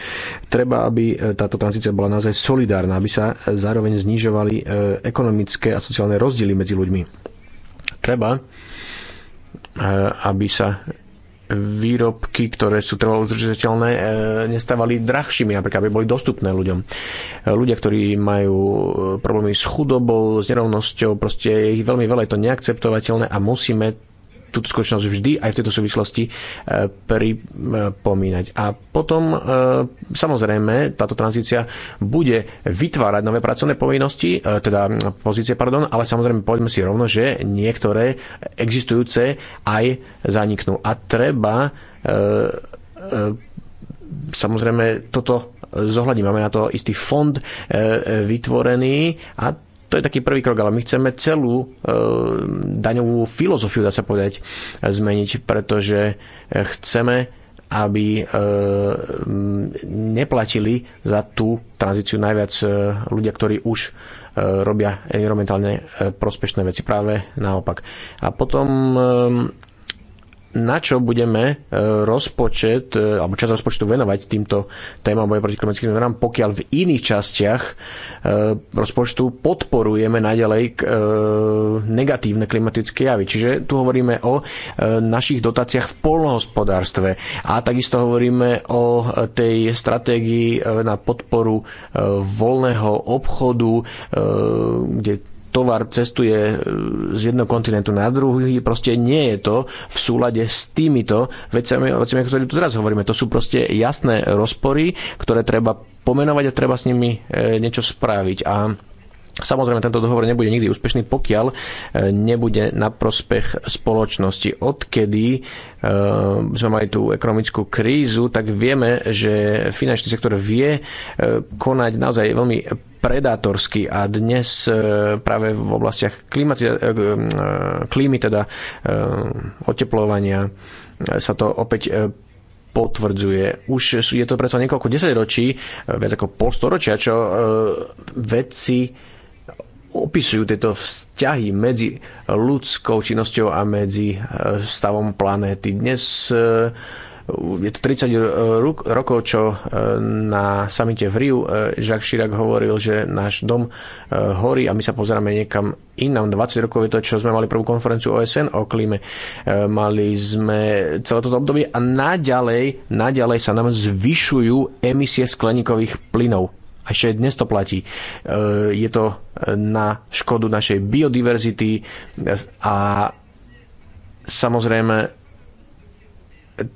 treba, aby e, táto tranzícia bola naozaj solidárna, aby sa zároveň znižovali e, ekonomické a sociálne rozdiely medzi ľuďmi. Treba, aby sa výrobky, ktoré sú trvalo udržateľné, e, nestávali drahšími, napríklad aby boli dostupné ľuďom. E, ľudia, ktorí majú e, problémy s chudobou, s nerovnosťou, proste je ich veľmi veľa, je to neakceptovateľné a musíme túto skutočnosť vždy aj v tejto súvislosti e, pripomínať. A potom e, samozrejme táto tranzícia bude vytvárať nové pracovné povinnosti, e, teda pozície, pardon, ale samozrejme povedzme si rovno, že niektoré existujúce aj zaniknú. A treba samozrejme toto zohľadní. Máme na to istý fond vytvorený a to je taký prvý krok, ale my chceme celú e, daňovú filozofiu, dá sa povedať, zmeniť, pretože chceme aby e, neplatili za tú tranzíciu najviac e, ľudia, ktorí už robia environmentálne prospešné veci. Práve naopak. A potom na čo budeme e, rozpočet, e, alebo čas rozpočtu venovať týmto témam boja proti klimatickým zmenám, pokiaľ v iných častiach e, rozpočtu podporujeme naďalej negatívne klimatické javy. Čiže tu hovoríme o našich dotáciách v polnohospodárstve a takisto hovoríme o tej stratégii na podporu voľného obchodu, kde tovar cestuje e, z jedného kontinentu na druhý, proste nie je to v súlade s týmito vecami, vecami o ktorých tu teraz hovoríme. To sú proste jasné rozpory, ktoré treba pomenovať a treba s nimi e, niečo spraviť. A Samozrejme, tento dohovor nebude nikdy úspešný, pokiaľ e, nebude na prospech spoločnosti. Odkedy e, sme mali tú ekonomickú krízu, tak vieme, že finančný sektor vie e, konať naozaj veľmi predátorsky a dnes práve v oblastiach klimati- klímy, teda oteplovania, sa to opäť potvrdzuje. Už je to predsa niekoľko desaťročí, viac ako polstoročia, čo vedci opisujú tieto vzťahy medzi ľudskou činnosťou a medzi e, stavom planéty. Dnes e, je to 30 rokov, čo e, na samite v Riu Jacques Chirac hovoril, že náš dom horí a my sa pozeráme niekam inám. 20 rokov je to, čo sme mali prvú konferenciu OSN o klíme. Mali sme celé toto obdobie a naďalej, naďalej sa nám zvyšujú emisie skleníkových plynov a ešte dnes to platí. E, je to na škodu našej biodiverzity a samozrejme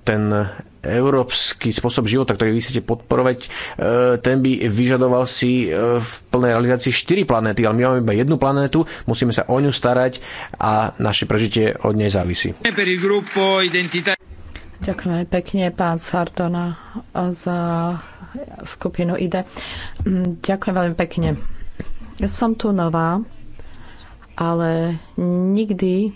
ten európsky spôsob života, ktorý vy chcete podporovať, e, ten by vyžadoval si e, v plnej realizácii 4 planéty, ale my máme iba jednu planétu, musíme sa o ňu starať a naše prežitie od nej závisí. Ďakujem pekne pán Sartona za skupinu ide. Mm, ďakujem veľmi pekne. Som tu nová, ale nikdy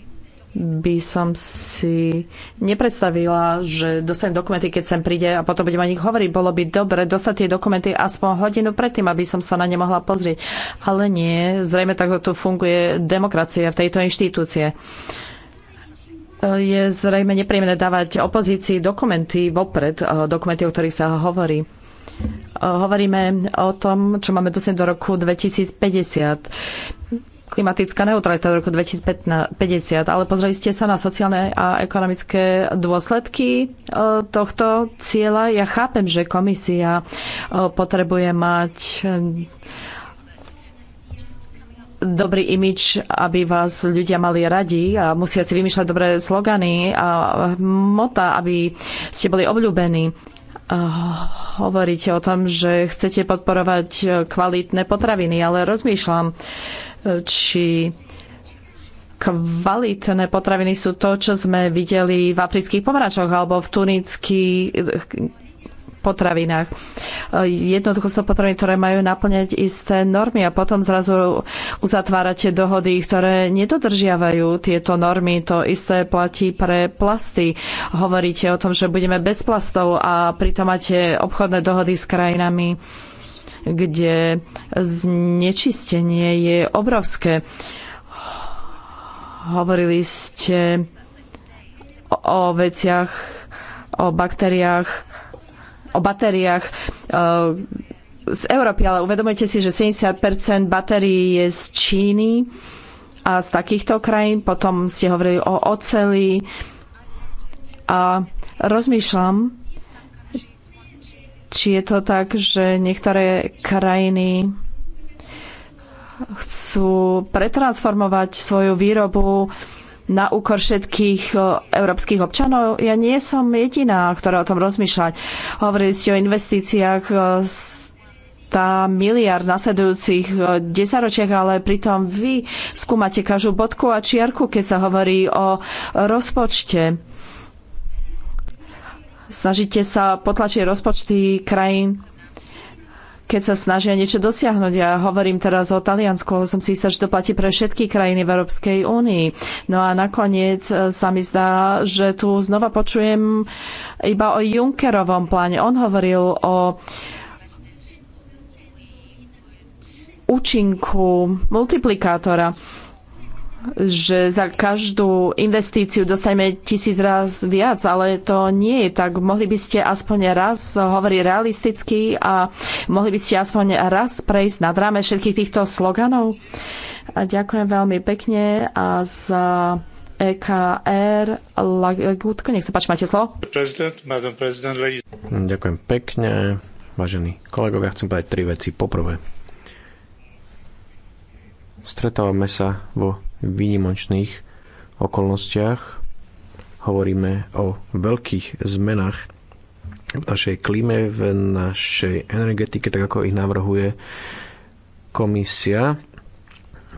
by som si nepredstavila, že dostanem dokumenty, keď sem príde a potom budem o nich hovoriť. Bolo by dobre dostať tie dokumenty aspoň hodinu predtým, aby som sa na ne mohla pozrieť. Ale nie, zrejme takto tu funguje demokracia v tejto inštitúcie. Je zrejme nepríjemné dávať opozícii dokumenty vopred, eh, dokumenty, o ktorých sa hovorí hovoríme o tom, čo máme dosť do roku 2050 klimatická neutralita v roku 2050, ale pozreli ste sa na sociálne a ekonomické dôsledky e, tohto cieľa. Ja chápem, že komisia e, potrebuje mať e, dobrý imič, aby vás ľudia mali radi a musia si vymýšľať dobré slogany a mota, aby ste boli obľúbení hovoríte o tom, že chcete podporovať eh, kvalitné potraviny, ale rozmýšľam, eh, či kvalitné potraviny sú to, čo sme videli v afrických pomračoch alebo v tunických potravinách. E, jednoducho sú to potraviny, ktoré majú naplňať isté normy a potom zrazu uzatvárate dohody, ktoré nedodržiavajú tieto normy. To isté platí pre plasty. Hovoríte o tom, že budeme bez plastov a pritom máte obchodné dohody s krajinami, kde znečistenie je obrovské. Hovorili ste o veciach, o baktériách, o batériách eh, z Európy, ale uvedomujete si, že 70% batérií je z Číny a z takýchto krajín. Potom ste hovorili o oceli a rozmýšľam, či je to tak, že niektoré krajiny chcú pretransformovať svoju výrobu na úkor všetkých e, európskych občanov. Ja nie som jediná, ktorá o tom rozmýšľať. Hovorili ste o investíciách e, tá miliard nasledujúcich e, desaťročiach, ale pritom vy skúmate každú bodku a čiarku, keď sa hovorí o rozpočte. Snažíte sa potlačiť rozpočty krajín keď sa snažia niečo dosiahnuť. Ja hovorím teraz o Taliansku, ale som si istá, že to platí pre všetky krajiny v Európskej únii. No a nakoniec e, sa mi zdá, že tu znova počujem iba o Junckerovom pláne. On hovoril o účinku multiplikátora že za každú investíciu dostaneme tisíc raz viac, ale to nie je tak. Mohli by ste aspoň raz hovoriť realisticky a mohli by ste aspoň raz prejsť nad ráme všetkých týchto sloganov. A ďakujem veľmi pekne a za EKR Lagutko. Nech sa páči, máte slovo. Ďakujem pekne. Vážení kolegovia, chcem povedať tri veci. Poprvé, stretávame sa vo výnimočných okolnostiach. Hovoríme o veľkých zmenách v našej klíme, v našej energetike, tak ako ich navrhuje komisia,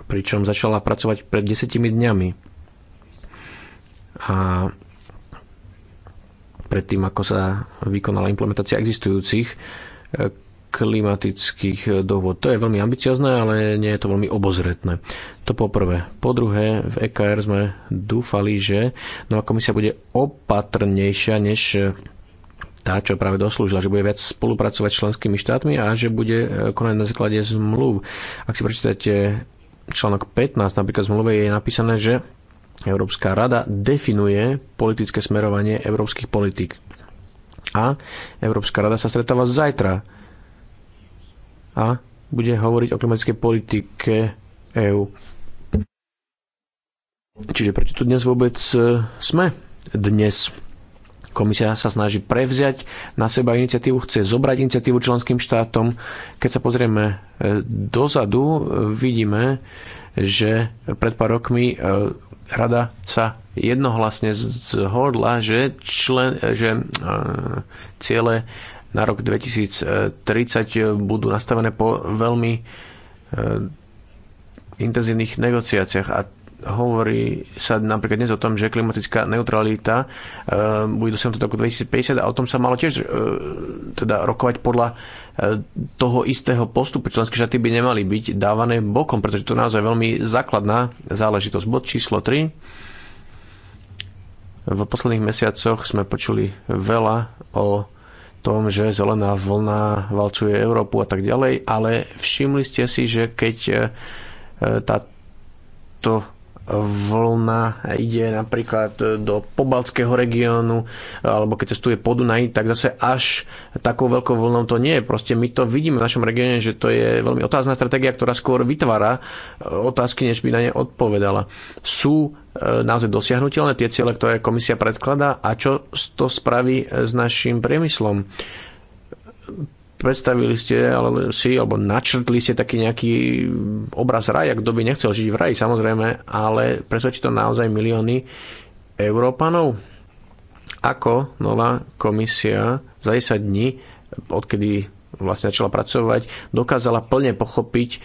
pričom začala pracovať pred desetimi dňami. A predtým, ako sa vykonala implementácia existujúcich eh, klimatických eh, dôvod. To je veľmi ambiciozne, ale nie je to veľmi obozretné. To poprvé. Po druhé, v EKR sme dúfali, že nová komisia bude opatrnejšia než eh, tá, čo práve doslúžila, že bude viac spolupracovať s členskými štátmi a že bude eh, konať na základe zmluv. Ak si prečítate článok 15 napríklad zmluve je napísané, že Európska rada definuje politické smerovanie európskych politik. A Európska rada sa stretáva zajtra a bude hovoriť o klimatickej politike EÚ. Čiže prečo tu dnes vôbec e, sme? Dnes Komisia sa snaží prevziať na seba iniciatívu, chce zobrať iniciatívu členským štátom. Keď sa pozrieme e, dozadu, e, vidíme, že pred pár rokmi rada sa jednohlasne zhodla, že, člen, že ciele na rok 2030 budú nastavené po veľmi e, intenzívnych negociáciách a hovorí sa napríklad dnes o tom, že klimatická neutralita e, bude dosiahnutá do roku 2050 a o tom sa malo tiež e, teda rokovať podľa e, toho istého postupu. Členské štáty by nemali byť dávané bokom, pretože to je naozaj veľmi základná záležitosť. Bod číslo 3. V posledných mesiacoch sme počuli veľa o tom, že zelená vlna valcuje Európu a tak ďalej, ale všimli ste si, že keď e, e, táto vlna ide napríklad do pobalského regiónu, alebo keď cestuje po Dunaji, tak zase až takou veľkou vlnou to nie je. Proste my to vidíme v našom regióne, že to je veľmi otázna stratégia, ktorá skôr vytvára e, otázky, než by na ne odpovedala. Sú e, naozaj dosiahnutelné tie ciele, ktoré komisia predkladá a čo to spraví s našim priemyslom? predstavili ste ale si, alebo načrtli ste taký nejaký obraz raja, kto by nechcel žiť v raji, samozrejme, ale presvedčí to naozaj milióny Európanov. Ako nová komisia za 10 dní, odkedy vlastne začala pracovať, dokázala plne pochopiť, e,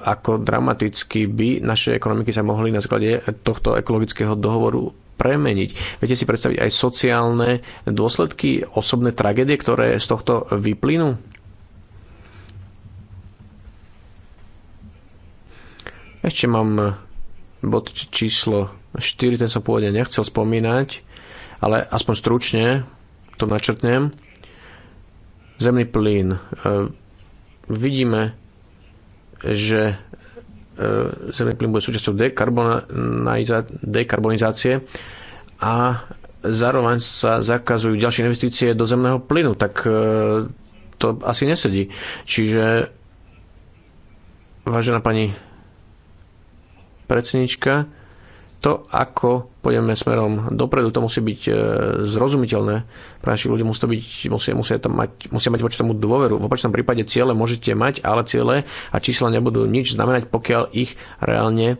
ako dramaticky by naše ekonomiky sa mohli na základe tohto ekologického dohovoru premeniť. Viete si predstaviť aj sociálne dôsledky, osobné tragédie, ktoré z tohto vyplynú? Ešte mám bod číslo 4, ten som pôvodne nechcel spomínať, ale aspoň stručne to načrtnem. Zemný plyn. E, vidíme, že E, zemný plyn bude súčasťou dekarbonizácie a zároveň sa zakazujú ďalšie investície do zemného plynu, tak e, to asi nesedí. Čiže vážená pani predsednička, to, ako pôjdeme smerom dopredu, to musí byť e, zrozumiteľné pre našich ľudí, musí to byť, musia, musia, to mať, musia mať voči tomu dôveru. V opačnom prípade ciele môžete mať, ale ciele a čísla nebudú nič znamenať, pokiaľ ich reálne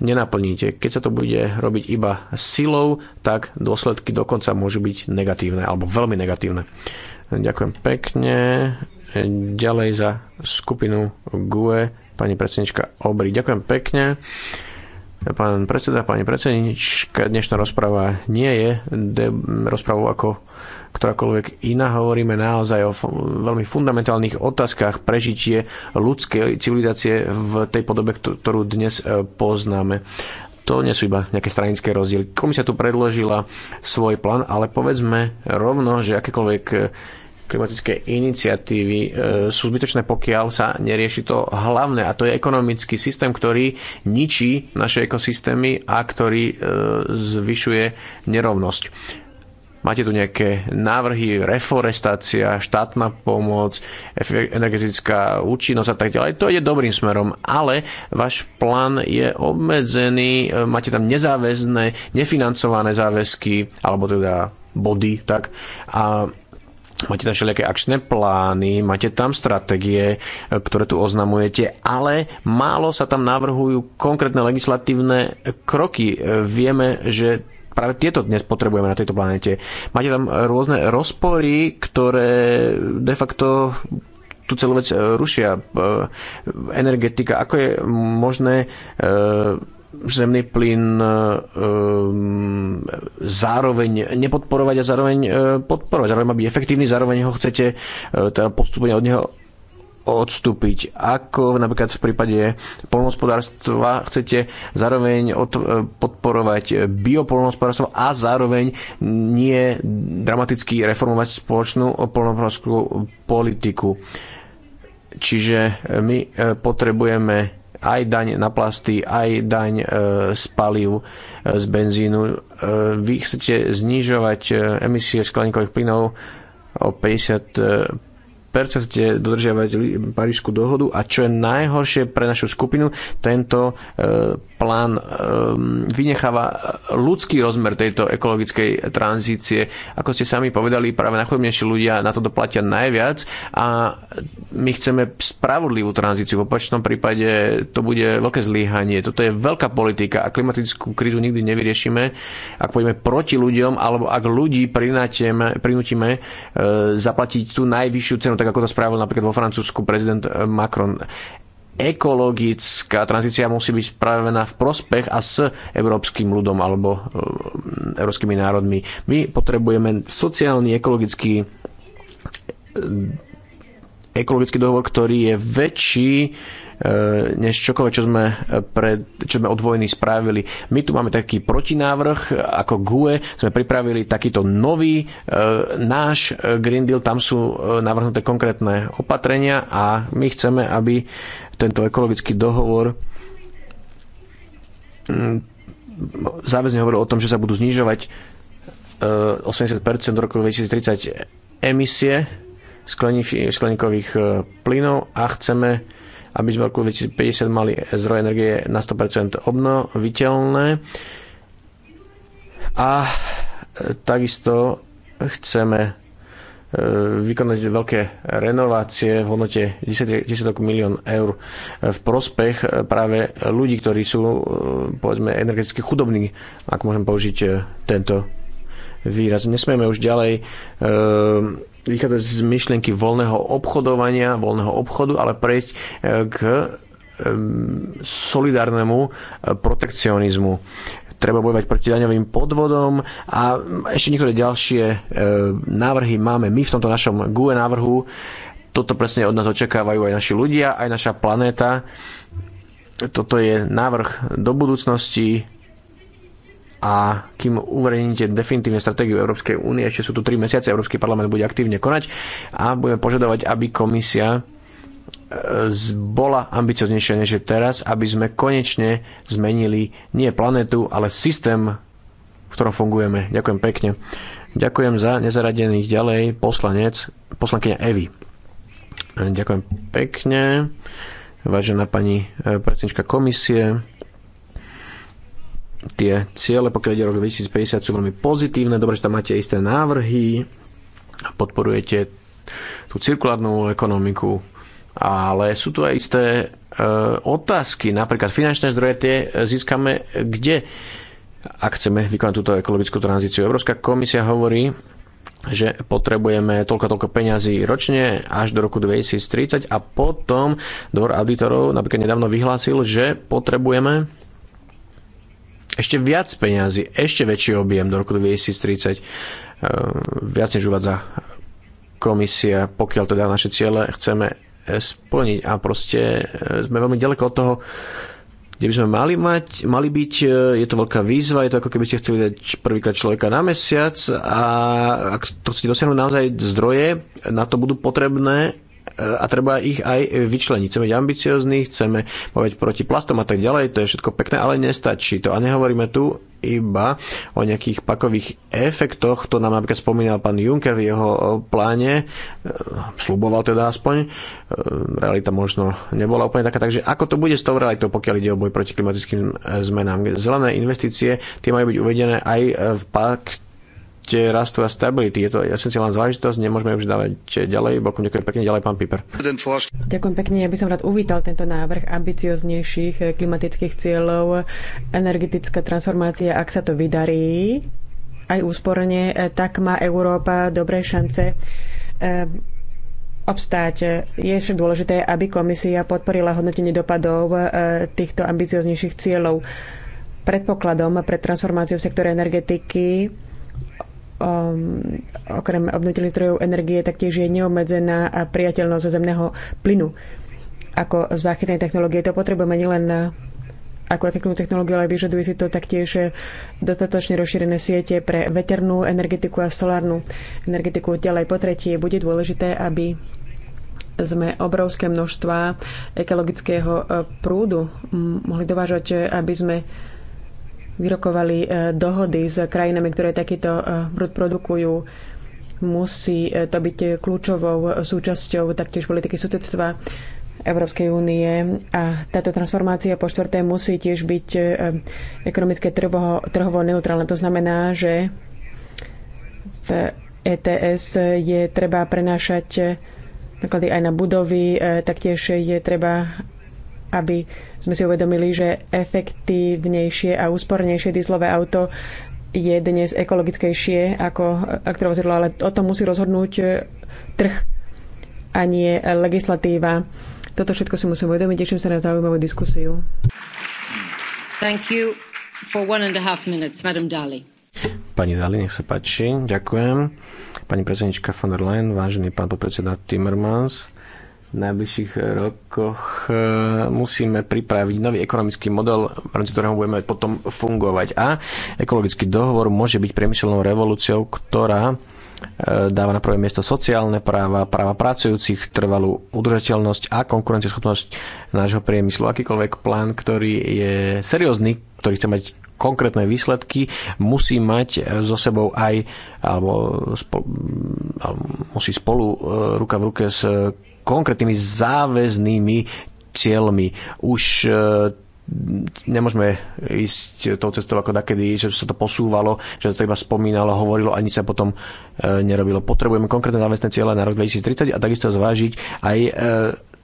nenaplníte. Keď sa to bude robiť iba silou, tak dôsledky dokonca môžu byť negatívne alebo veľmi negatívne. Ďakujem pekne. Ďalej za skupinu GUE pani predsednička Obry. Ďakujem pekne. Pán predseda, pani predsednička, dnešná rozpráva nie je rozprávou ako ktorákoľvek iná. Hovoríme naozaj o veľmi fundamentálnych otázkach prežitie ľudskej civilizácie v tej podobe, ktorú dnes e, poznáme. To nie sú iba nejaké stranické rozdiely. Komisia tu predložila svoj plán, ale povedzme rovno, že akékoľvek e, klimatické iniciatívy e, sú zbytočné, pokiaľ sa nerieši to hlavné, a to je ekonomický systém, ktorý ničí naše ekosystémy a ktorý e, zvyšuje nerovnosť. Máte tu nejaké návrhy, reforestácia, štátna pomoc, energetická účinnosť a tak ďalej. To ide dobrým smerom, ale váš plán je obmedzený, e, máte tam nezáväzné, nefinancované záväzky, alebo teda body, tak. A Máte tam všelijaké akčné plány, máte tam stratégie, e, ktoré tu oznamujete, ale málo sa tam navrhujú konkrétne legislatívne kroky. E, vieme, že práve tieto dnes potrebujeme na tejto planete. Máte tam rôzne rozpory, ktoré de facto tú celú vec e, rušia. Energetika, ako je možné zemný plyn e, um, zároveň nepodporovať a zároveň e, podporovať. Zároveň má byť efektívny, zároveň ho chcete e, teda postupne od neho odstúpiť. Ako napríklad v prípade polnohospodárstva chcete zároveň podporovať biopolnohospodárstvo a zároveň nie dramaticky reformovať spoločnú polnohospodárskú politiku. Čiže my potrebujeme aj daň na plasty, aj daň e, z paliv, e, z benzínu. E, vy chcete znižovať emisie skleníkových plynov o 50 dodržiavať Parížskú dohodu a čo je najhoršie pre našu skupinu, tento e, plán e, vynecháva e, ľudský rozmer tejto ekologickej tranzície. Ako ste sami povedali, práve najchudobnejší ľudia na to doplatia najviac a my chceme spravodlivú tranzíciu. V opačnom prípade to bude veľké zlíhanie. Toto je veľká politika a klimatickú krízu nikdy nevyriešime, ak pôjdeme proti ľuďom alebo ak ľudí prinútime zaplatiť tú najvyššiu cenu. Tak tak ako to spravil napríklad vo Francúzsku prezident eh, Macron ekologická tranzícia musí byť spravená v prospech a s európskym ľudom alebo eh, európskymi národmi. My potrebujeme sociálny, ekologický eh, ekologický dohovor, ktorý je väčší e, než čokoľvek, čo sme, pred, čo sme od vojny spravili. My tu máme taký protinávrh, ako GUE, sme pripravili takýto nový e, náš Green Deal, tam sú e, navrhnuté konkrétne opatrenia a my chceme, aby tento ekologický dohovor mm, záväzne hovoril o tom, že sa budú znižovať 80% do roku 2030 emisie skleníkových e, plynov a chceme, aby sme v roku 2050 mali zdroje energie na 100% obnoviteľné a e, takisto chceme e, vykonať veľké renovácie v hodnote 10, 10 milión eur v prospech práve ľudí, ktorí sú povedzme energeticky chudobní, ak môžem použiť tento výraz. Nesmieme už ďalej e, vychádzať z myšlienky voľného obchodovania, voľného obchodu, ale prejsť e, k e, solidárnemu protekcionizmu. Treba bojovať proti daňovým podvodom a ešte niektoré ďalšie návrhy máme my v tomto našom GUE návrhu. Toto presne od nás očakávajú aj naši ľudia, aj naša planéta. Toto je návrh do budúcnosti, a kým uverejníte definitívne stratégiu Európskej únie, ešte sú tu 3 mesiace, Európsky parlament bude aktívne konať a budeme požadovať, aby komisia e, bola ambicioznejšia než je teraz, aby sme konečne zmenili nie planetu, ale systém, v ktorom fungujeme. Ďakujem pekne. Ďakujem za nezaradených ďalej poslanec, poslankyňa Evy. Ďakujem pekne, vážená pani e, predsednička komisie tie ciele, pokiaľ ide rok 2050, sú veľmi pozitívne. Dobre, že tam máte isté návrhy, podporujete tú cirkulárnu ekonomiku, ale sú tu aj isté e, otázky, napríklad finančné zdroje, tie získame kde, ak chceme vykonať túto ekologickú tranzíciu. Európska komisia hovorí, že potrebujeme toľko toľko peňazí ročne až do roku 2030 a potom dvor auditorov napríklad nedávno vyhlásil, že potrebujeme ešte viac peňazí, ešte väčší objem do roku 2030, eh, viac než uvádza komisia, pokiaľ teda naše ciele chceme eh, splniť. A proste eh, sme veľmi ďaleko od toho, kde by sme mali, mať, mali byť. Je to veľká výzva, je to ako keby ste chceli dať prvýkrát človeka na mesiac a ak to chcete dosiahnuť naozaj zdroje, na to budú potrebné a treba ich aj vyčleniť. Chceme byť ambiciozní, chceme povedať proti plastom a tak ďalej, to je všetko pekné, ale nestačí to. A nehovoríme tu iba o nejakých pakových efektoch, to nám napríklad spomínal pán Juncker v jeho eh, pláne, eh, sluboval teda aspoň, eh, realita možno nebola úplne taká, takže ako to bude s tou realitou, pokiaľ ide o boj proti klimatickým zmenám. Zelené investície, tie majú byť uvedené aj v pakt rastu a stability. Je to esenciálna záležitosť, nemôžeme už dávať ďalej. Bokom ďakujem pekne, ďalej pán Piper. Ďakujem pekne, ja by som rád uvítal tento návrh ambicioznejších klimatických cieľov, energetická transformácia, ak sa to vydarí, aj úsporne, tak má Európa dobré šance eh, obstáť. Je však dôležité, aby komisia podporila hodnotenie dopadov eh, týchto ambicioznejších cieľov. Predpokladom pre transformáciu v sektore energetiky um, okrem obnoviteľných zdrojov energie taktiež je neobmedzená priateľnosť zemného plynu. Ako záchytnej technológie to potrebujeme nielen na ako efektnú technológiu, ale vyžaduje si to taktiež dostatočne rozšírené siete pre veternú energetiku a solárnu energetiku. Ďalej po tretie bude dôležité, aby sme obrovské množstva ekologického eh, prúdu hm, mohli dovážať, eh, aby sme vyrokovali e, dohody s krajinami, ktoré takýto e, brud produkujú. Musí e, to byť kľúčovou súčasťou taktiež politiky sudectva Európskej únie a táto transformácia po štvrté musí tiež byť ekonomické trhovo, trhovo neutrálne. To znamená, že v ETS je treba prenášať náklady aj na budovy, taktiež je treba, aby sme si uvedomili, že efektívnejšie a úspornejšie dieslové auto je dnes ekologickejšie ako elektrovozidlo, ale o tom musí rozhodnúť e, trh a nie legislatíva. Toto všetko si musím uvedomiť. Teším sa na zaujímavú diskusiu. Thank you for one and a half minutes, Madam Dali. Pani Dali, nech sa páči. Ďakujem. Pani predsednička von der Leyen, vážený pán podpredseda Timmermans, najbližších rokoch e, musíme pripraviť nový ekonomický model, v rámci ktorého budeme potom fungovať. A ekologický dohovor môže byť priemyselnou revolúciou, ktorá e, dáva na prvé miesto sociálne práva, práva pracujúcich, trvalú udržateľnosť a konkurencieschopnosť nášho priemyslu. Akýkoľvek plán, ktorý je seriózny, ktorý chce mať konkrétne výsledky, musí mať so sebou aj, alebo, spolu, alebo musí spolu e, ruka v ruke s konkrétnymi záväznými cieľmi. Už e, nemôžeme ísť tou cestou ako nakedy, že sa to posúvalo, že to iba spomínalo, hovorilo, ani sa potom e, nerobilo. Potrebujeme konkrétne záväzné cieľe na rok 2030 a takisto zvážiť aj e,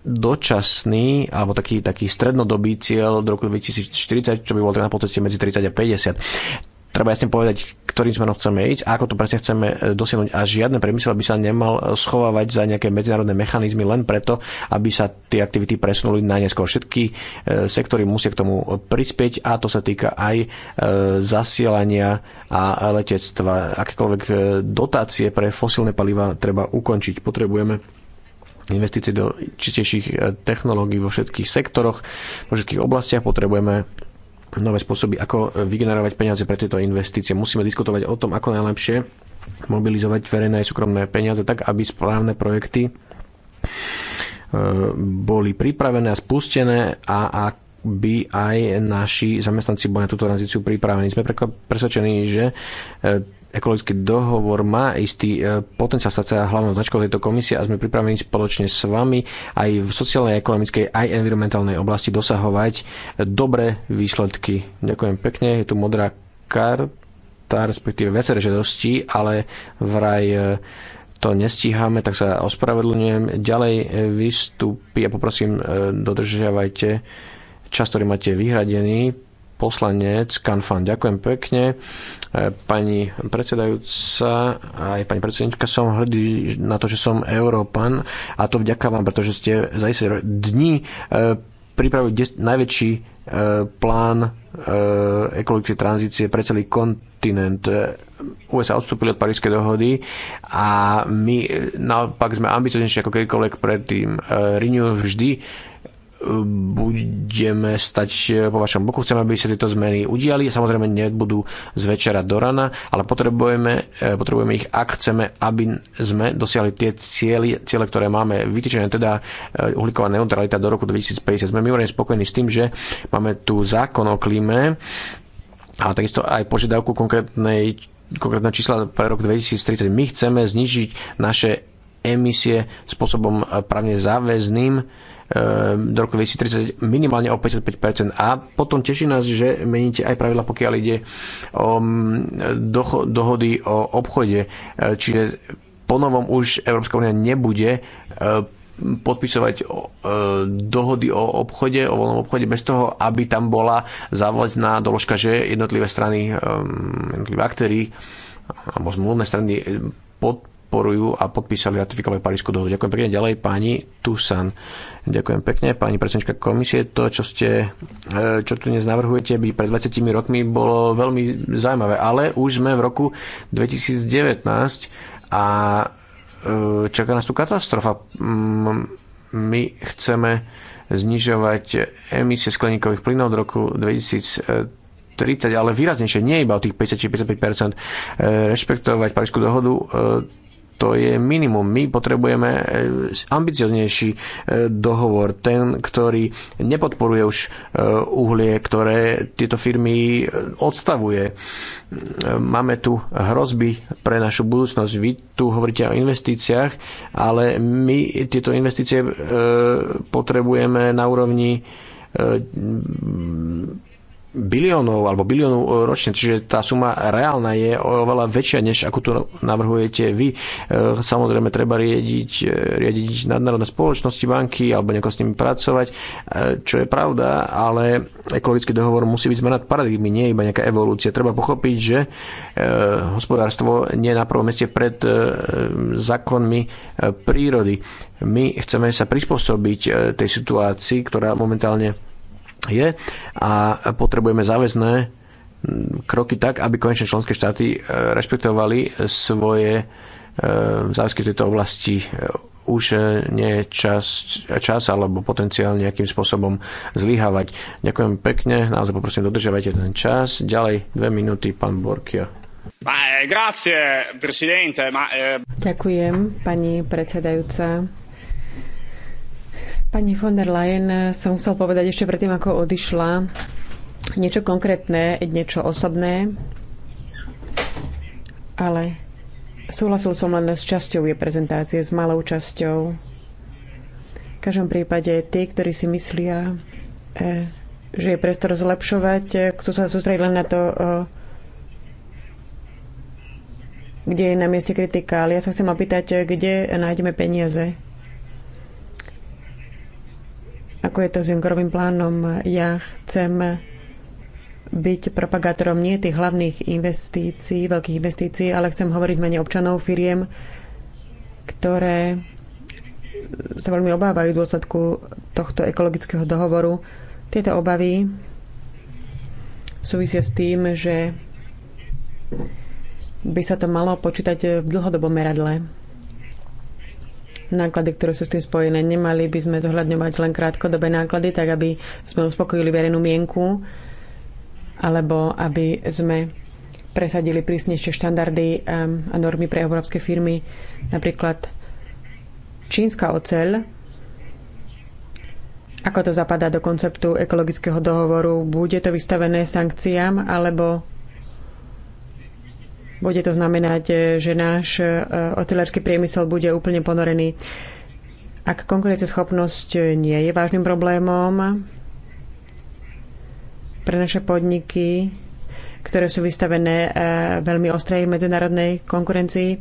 dočasný alebo taký, taký strednodobý cieľ do roku 2040, čo by bol teda na ceste medzi 30 a 50 treba jasne povedať, ktorým smerom chceme ísť a ako to presne chceme e, dosiahnuť. A žiadne priemysel by sa nemal schovávať za nejaké medzinárodné mechanizmy len preto, aby sa tie aktivity presunuli na neskôr. Všetky e, sektory musia k tomu prispieť a to sa týka aj e, zasielania a letectva. Akékoľvek dotácie pre fosílne paliva treba ukončiť. Potrebujeme investície do čistejších technológií vo všetkých sektoroch, vo všetkých oblastiach. Potrebujeme nové spôsoby, ako e, vygenerovať peniaze pre tieto investície. Musíme diskutovať o tom, ako najlepšie mobilizovať verejné aj súkromné peniaze tak, aby správne projekty e, boli pripravené a spustené a aby aj naši zamestnanci boli na túto tranzíciu pripravení. Sme presvedčení, že e, ekologický dohovor má istý e, potenciál stať sa hlavnou značkou tejto komisie a sme pripravení spoločne s vami aj v sociálnej, ekonomickej, aj environmentálnej oblasti dosahovať e, dobré výsledky. Ďakujem pekne, je tu modrá karta, respektíve viaceré žiadosti, ale vraj e, to nestíhame, tak sa ospravedlňujem. Ďalej vystúpi a poprosím, dodržiavajte čas, ktorý máte vyhradený. Poslanec Kanfan, ďakujem pekne. E, pani predsedajúca, aj pani predsednička, som hrdý na to, že som Európan a to vďaka vám, pretože ste za isté dní e, pripravili najväčší e, plán ekologickej tranzície pre celý kontinent. USA odstúpili od Parískej dohody a my naopak sme ambicioznejší ako kedykoľvek predtým. Renew vždy budeme stať eh, po vašom boku. Chceme, aby sa tieto zmeny udiali. Samozrejme, nebudú z večera do rana, ale potrebujeme, eh, potrebujeme ich, ak chceme, aby sme dosiahli tie ciele, cieľe ktoré máme vytýčené, teda eh, uhlíková neutralita do roku 2050. Sme mimoriadne spokojní s tým, že máme tu zákon o klíme, ale takisto aj požiadavku konkrétnej konkrétne čísla pre rok 2030. My chceme znižiť naše emisie spôsobom právne záväzným Ehm, do roku 2030 minimálne o 55%. A potom teší nás, že meníte aj pravidla, pokiaľ ide o mm, dohody o obchode. Ehm, čiže ponovom už Európska únia nebude ehm, podpisovať dohody o obchode, o voľnom obchode bez toho, aby tam bola záväzná doložka, že jednotlivé strany, jednotlivé aktéry alebo zmluvné strany podporujú a podpísali, ratifikovať Parísku dohodu. Ďakujem pekne ďalej pani Tusan. Ďakujem pekne pani predsednička komisie. To, čo, ste, e, čo tu dnes navrhujete, by pred 20 rokmi bolo veľmi zaujímavé, ale už sme v roku 2019 a e, čaká nás tu katastrofa. My chceme znižovať emisie skleníkových plynov od roku 2030 30, ale výraznejšie, nie iba o tých 50 či 55 e, rešpektovať Parížskú dohodu, to je minimum. My potrebujeme e, ambicioznejší e, dohovor, ten, ktorý nepodporuje už e, uhlie, ktoré tieto firmy odstavuje. Máme tu hrozby pre našu budúcnosť. Vy tu hovoríte o investíciách, ale my tieto investície potrebujeme na úrovni biliónov alebo biliónov ročne, čiže tá suma reálna je oveľa väčšia, než ako tu navrhujete vy. E, samozrejme, treba riediť, e, riediť nadnárodné spoločnosti, banky alebo nejako s nimi pracovať, e, čo je pravda, ale ekologický dohovor musí byť zmenať paradigmy, nie iba nejaká evolúcia. Treba pochopiť, že hospodárstvo nie je na prvom meste pred zákonmi prírody. My chceme sa prispôsobiť tej situácii, ktorá momentálne je a potrebujeme záväzné kroky tak, aby konečne členské štáty e, rešpektovali svoje e, záväzky v tejto oblasti. E, už nie je čas, čas alebo potenciál nejakým spôsobom zlyhávať. Ďakujem pekne, naozaj poprosím, dodržiavajte ten čas. Ďalej dve minúty, pán Borkia. Eh, eh, Ďakujem, pani predsedajúca. Pani von der Leyen, som musel povedať ešte predtým, ako odišla, niečo konkrétne, niečo osobné, ale súhlasil som len s časťou jej prezentácie, s malou časťou. V každom prípade tí, ktorí si myslia, e, že je prestor zlepšovať, e, chcú sa sústrediť len na to, e, kde je na mieste kritika. Ale ja sa chcem opýtať, kde nájdeme peniaze ako je to s Junckerovým plánom. Ja chcem byť propagátorom nie tých hlavných investícií, veľkých investícií, ale chcem hovoriť mene občanov firiem, ktoré sa veľmi obávajú v dôsledku tohto ekologického dohovoru. Tieto obavy súvisia s tým, že by sa to malo počítať v dlhodobom meradle náklady, ktoré sú s tým spojené. Nemali by sme zohľadňovať len krátkodobé náklady, tak aby sme uspokojili verejnú mienku, alebo aby sme presadili prísnejšie štandardy ehm, a normy pre európske firmy. Napríklad čínska oceľ, ako to zapadá do konceptu ekologického dohovoru, bude to vystavené sankciám alebo bude to znamenať, e, že náš e, ocelársky priemysel bude úplne ponorený. Ak konkurenceschopnosť e, nie je vážnym problémom pre naše podniky, ktoré sú vystavené veľmi ostrej medzinárodnej konkurencii,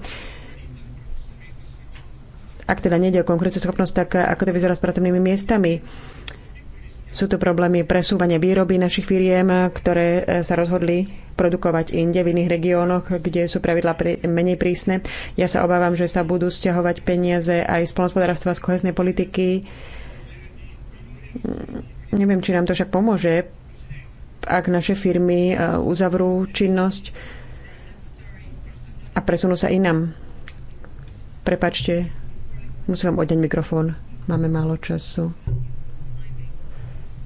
ak teda nejde o schopnosť, tak ako to vyzerá s pracovnými miestami? Sú to problémy presúvania výroby našich firiem, ktoré sa rozhodli produkovať inde, v iných regiónoch, kde sú pravidla menej prísne. Ja sa obávam, že sa budú sťahovať peniaze aj z polnospodárstva, z koheznej politiky. Neviem, či nám to však pomôže, ak naše firmy e, uzavrú činnosť a presunú sa inám. Prepačte, musím vám odňať mikrofón. Máme málo času.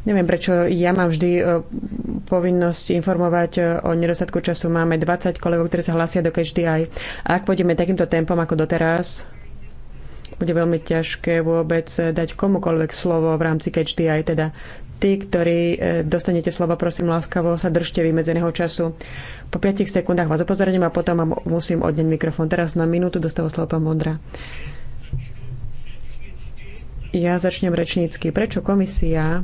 Neviem, prečo ja mám vždy e, povinnosť informovať e, o nedostatku času. Máme 20 kolegov, ktorí sa hlasia do aj. A ak pôjdeme takýmto tempom ako doteraz, bude veľmi ťažké vôbec e, dať komukoľvek slovo v rámci aj Teda tí, ktorí dostanete slovo, prosím láskavo, sa držte vymedzeného času. Po 5 sekundách vás upozorním a potom vám musím odneť mikrofón. Teraz na minútu dostáva slovo pán Mondra. Ja začnem rečnícky. Prečo komisia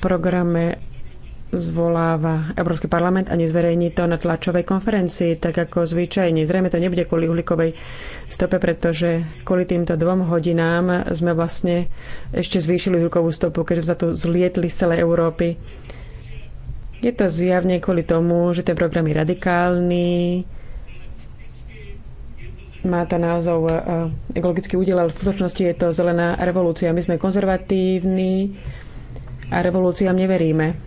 programe zvoláva Európsky parlament a nezverejní to na tlačovej konferencii, tak ako zvyčajne. Zrejme to nebude kvôli uhlíkovej stope, pretože kvôli týmto dvom hodinám sme vlastne ešte zvýšili uhlíkovú stopu, keďže za to zlietli z celej Európy. Je to zjavne kvôli tomu, že ten program je radikálny, má to názov eh, ekologický údel, ale v skutočnosti je to zelená revolúcia. My sme konzervatívni, a revolúciám neveríme.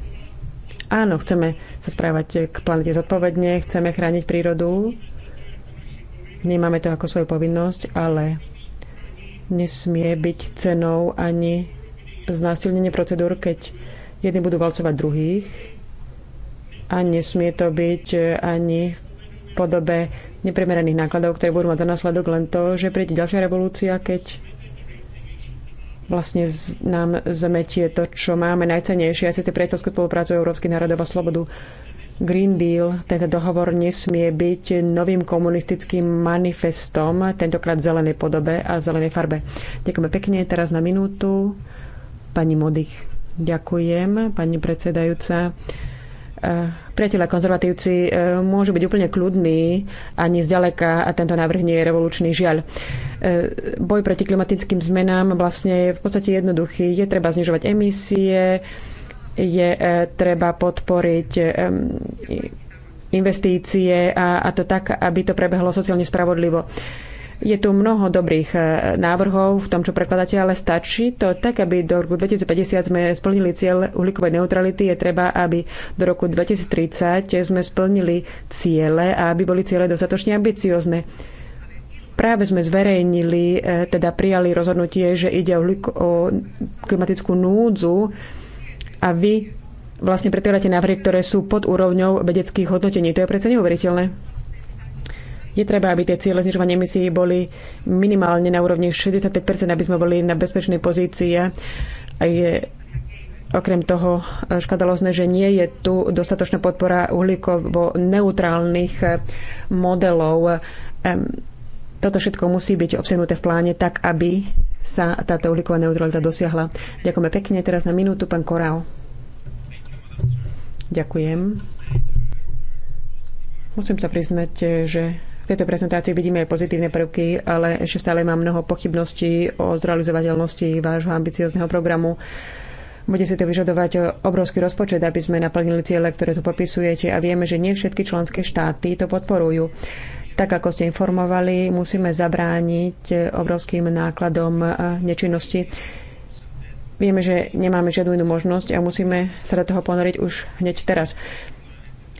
Áno, chceme sa správať k planete zodpovedne, chceme chrániť prírodu, nemáme to ako svoju povinnosť, ale nesmie byť cenou ani znásilnenie procedúr, keď jedni budú valcovať druhých a nesmie to byť ani v podobe neprimeraných nákladov, ktoré budú mať za následok len to, že príde ďalšia revolúcia, keď vlastne nám zmetie to, čo máme najcenejšie, a tie priateľskú spoluprácu Európskych národov a slobodu. Green Deal, tento dohovor nesmie byť novým komunistickým manifestom, tentokrát v zelenej podobe a v zelenej farbe. Ďakujeme pekne. Teraz na minútu. Pani Modich. Ďakujem, pani predsedajúca. E, priatelia konzervatívci e, môžu byť úplne kľudní, ani zďaleka a tento návrh nie je revolučný žiaľ. E, boj proti klimatickým zmenám vlastne je v podstate jednoduchý. Je treba znižovať emisie, je treba podporiť investície a, a to tak, aby to prebehlo sociálne spravodlivo. Je tu mnoho dobrých e, návrhov v tom, čo prekladáte, ale stačí to tak, aby do roku 2050 sme splnili cieľ uhlíkovej neutrality. Je treba, aby do roku 2030 sme splnili ciele a aby boli ciele dostatočne ambiciozne. Práve sme zverejnili, e, teda prijali rozhodnutie, že ide o klimatickú núdzu a vy vlastne predkladáte návrhy, ktoré sú pod úrovňou vedeckých hodnotení. To je predsa neuveriteľné. Je treba, aby tie cieľe znižovania emisí boli minimálne na úrovni 65%, aby sme boli na bezpečnej pozícii. A je okrem toho škandalozne, že nie je tu dostatočná podpora uhlíkovo neutrálnych eh, modelov. Toto všetko musí byť obsiahnuté v pláne tak, aby sa táto uhlíková neutralita dosiahla. Ďakujeme pekne. Teraz na minútu pán Korál. Ďakujem. Musím sa priznať, eh, že v tejto prezentácii vidíme aj pozitívne prvky, ale ešte stále mám mnoho pochybností o zrealizovateľnosti vášho ambiciozneho programu. Bude si to vyžadovať obrovský rozpočet, aby sme naplnili ciele, ktoré tu popisujete a vieme, že nie všetky členské štáty to podporujú. Tak ako ste informovali, musíme zabrániť obrovským nákladom nečinnosti. Vieme, že nemáme žiadnu inú možnosť a musíme sa do toho ponoriť už hneď teraz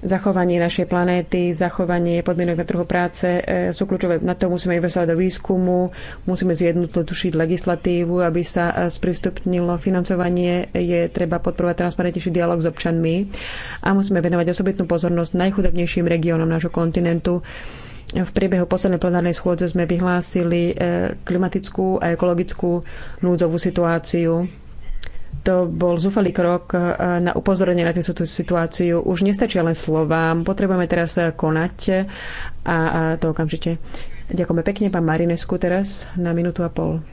zachovanie našej planéty, zachovanie podmienok na trhu práce e, sú kľúčové. Na to musíme investovať do výskumu, musíme zjednodušiť legislatívu, aby sa e, sprístupnilo financovanie, je treba podporovať transparentnejší dialog s občanmi a musíme venovať osobitnú pozornosť najchudobnejším regiónom nášho kontinentu. V priebehu poslednej plenárnej schôdze sme vyhlásili e, klimatickú a ekologickú núdzovú situáciu to bol zúfalý krok eh, na upozornenie na tú situáciu. Už nestačia len slovám, potrebujeme teraz eh, konať eh, a, a to okamžite. Ďakujeme pekne, pán Marinesku, teraz na minútu a pol.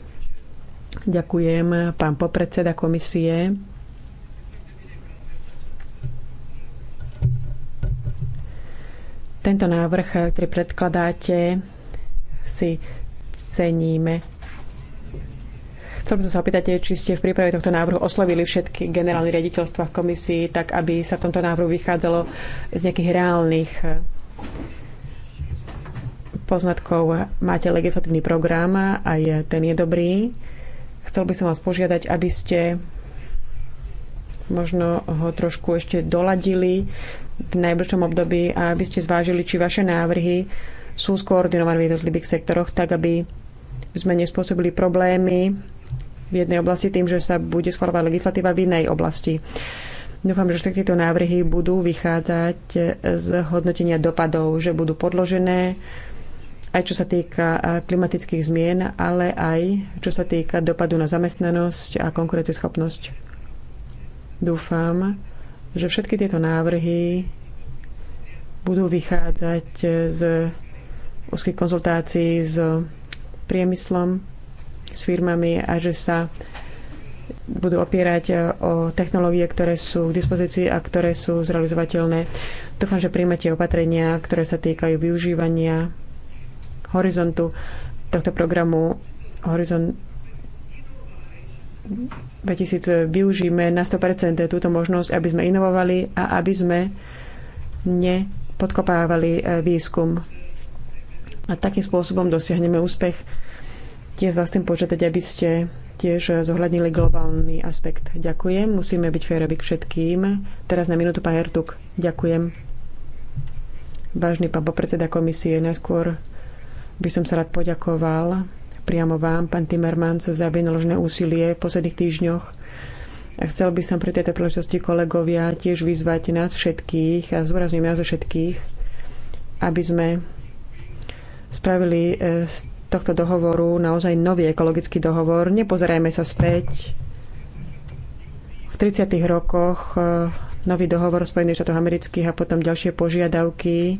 Ďakujem, pán popredseda komisie. Tento návrh, ktorý predkladáte, si ceníme Chcem sa opýtať, či ste v príprave tohto návrhu oslovili všetky generálne riaditeľstva v komisii, tak aby sa v tomto návrhu vychádzalo z nejakých reálnych eh, poznatkov. Máte legislatívny program a je, ten je dobrý. Chcel by som vás požiadať, aby ste možno ho trošku ešte doladili v najbližšom období a aby ste zvážili, či vaše návrhy sú skoordinované v jednotlivých sektoroch, tak aby sme nespôsobili problémy v jednej oblasti tým, že sa bude schvalovať legislatíva v inej oblasti. Dúfam, že všetky tieto návrhy budú vychádzať z hodnotenia dopadov, že budú podložené aj čo sa týka klimatických zmien, ale aj čo sa týka dopadu na zamestnanosť a konkurencieschopnosť. Dúfam, že všetky tieto návrhy budú vychádzať z úzkých konzultácií s priemyslom, s firmami a že sa budú opierať e, o technológie, ktoré sú k dispozícii a ktoré sú zrealizovateľné. Dúfam, že príjmete opatrenia, ktoré sa týkajú využívania horizontu tohto programu Horizon 2000 e, využíme na 100% túto možnosť, aby sme inovovali a aby sme nepodkopávali e, výskum. A takým spôsobom dosiahneme úspech tiež vás tým požiadať, aby ste tiež zohľadnili globálny aspekt. Ďakujem. Musíme byť férovi k všetkým. Teraz na minútu pán Ertuk. Ďakujem. Vážny pán popredseda komisie, najskôr by som sa rád poďakoval priamo vám, pán Timmermans, za vynaložené úsilie v posledných týždňoch. A chcel by som pri tejto príležitosti kolegovia tiež vyzvať nás všetkých, a zúrazňujem nás všetkých, aby sme spravili e, tohto dohovoru naozaj nový ekologický dohovor. Nepozerajme sa späť. V 30. rokoch e, nový dohovor Spojených štátov amerických a potom ďalšie požiadavky,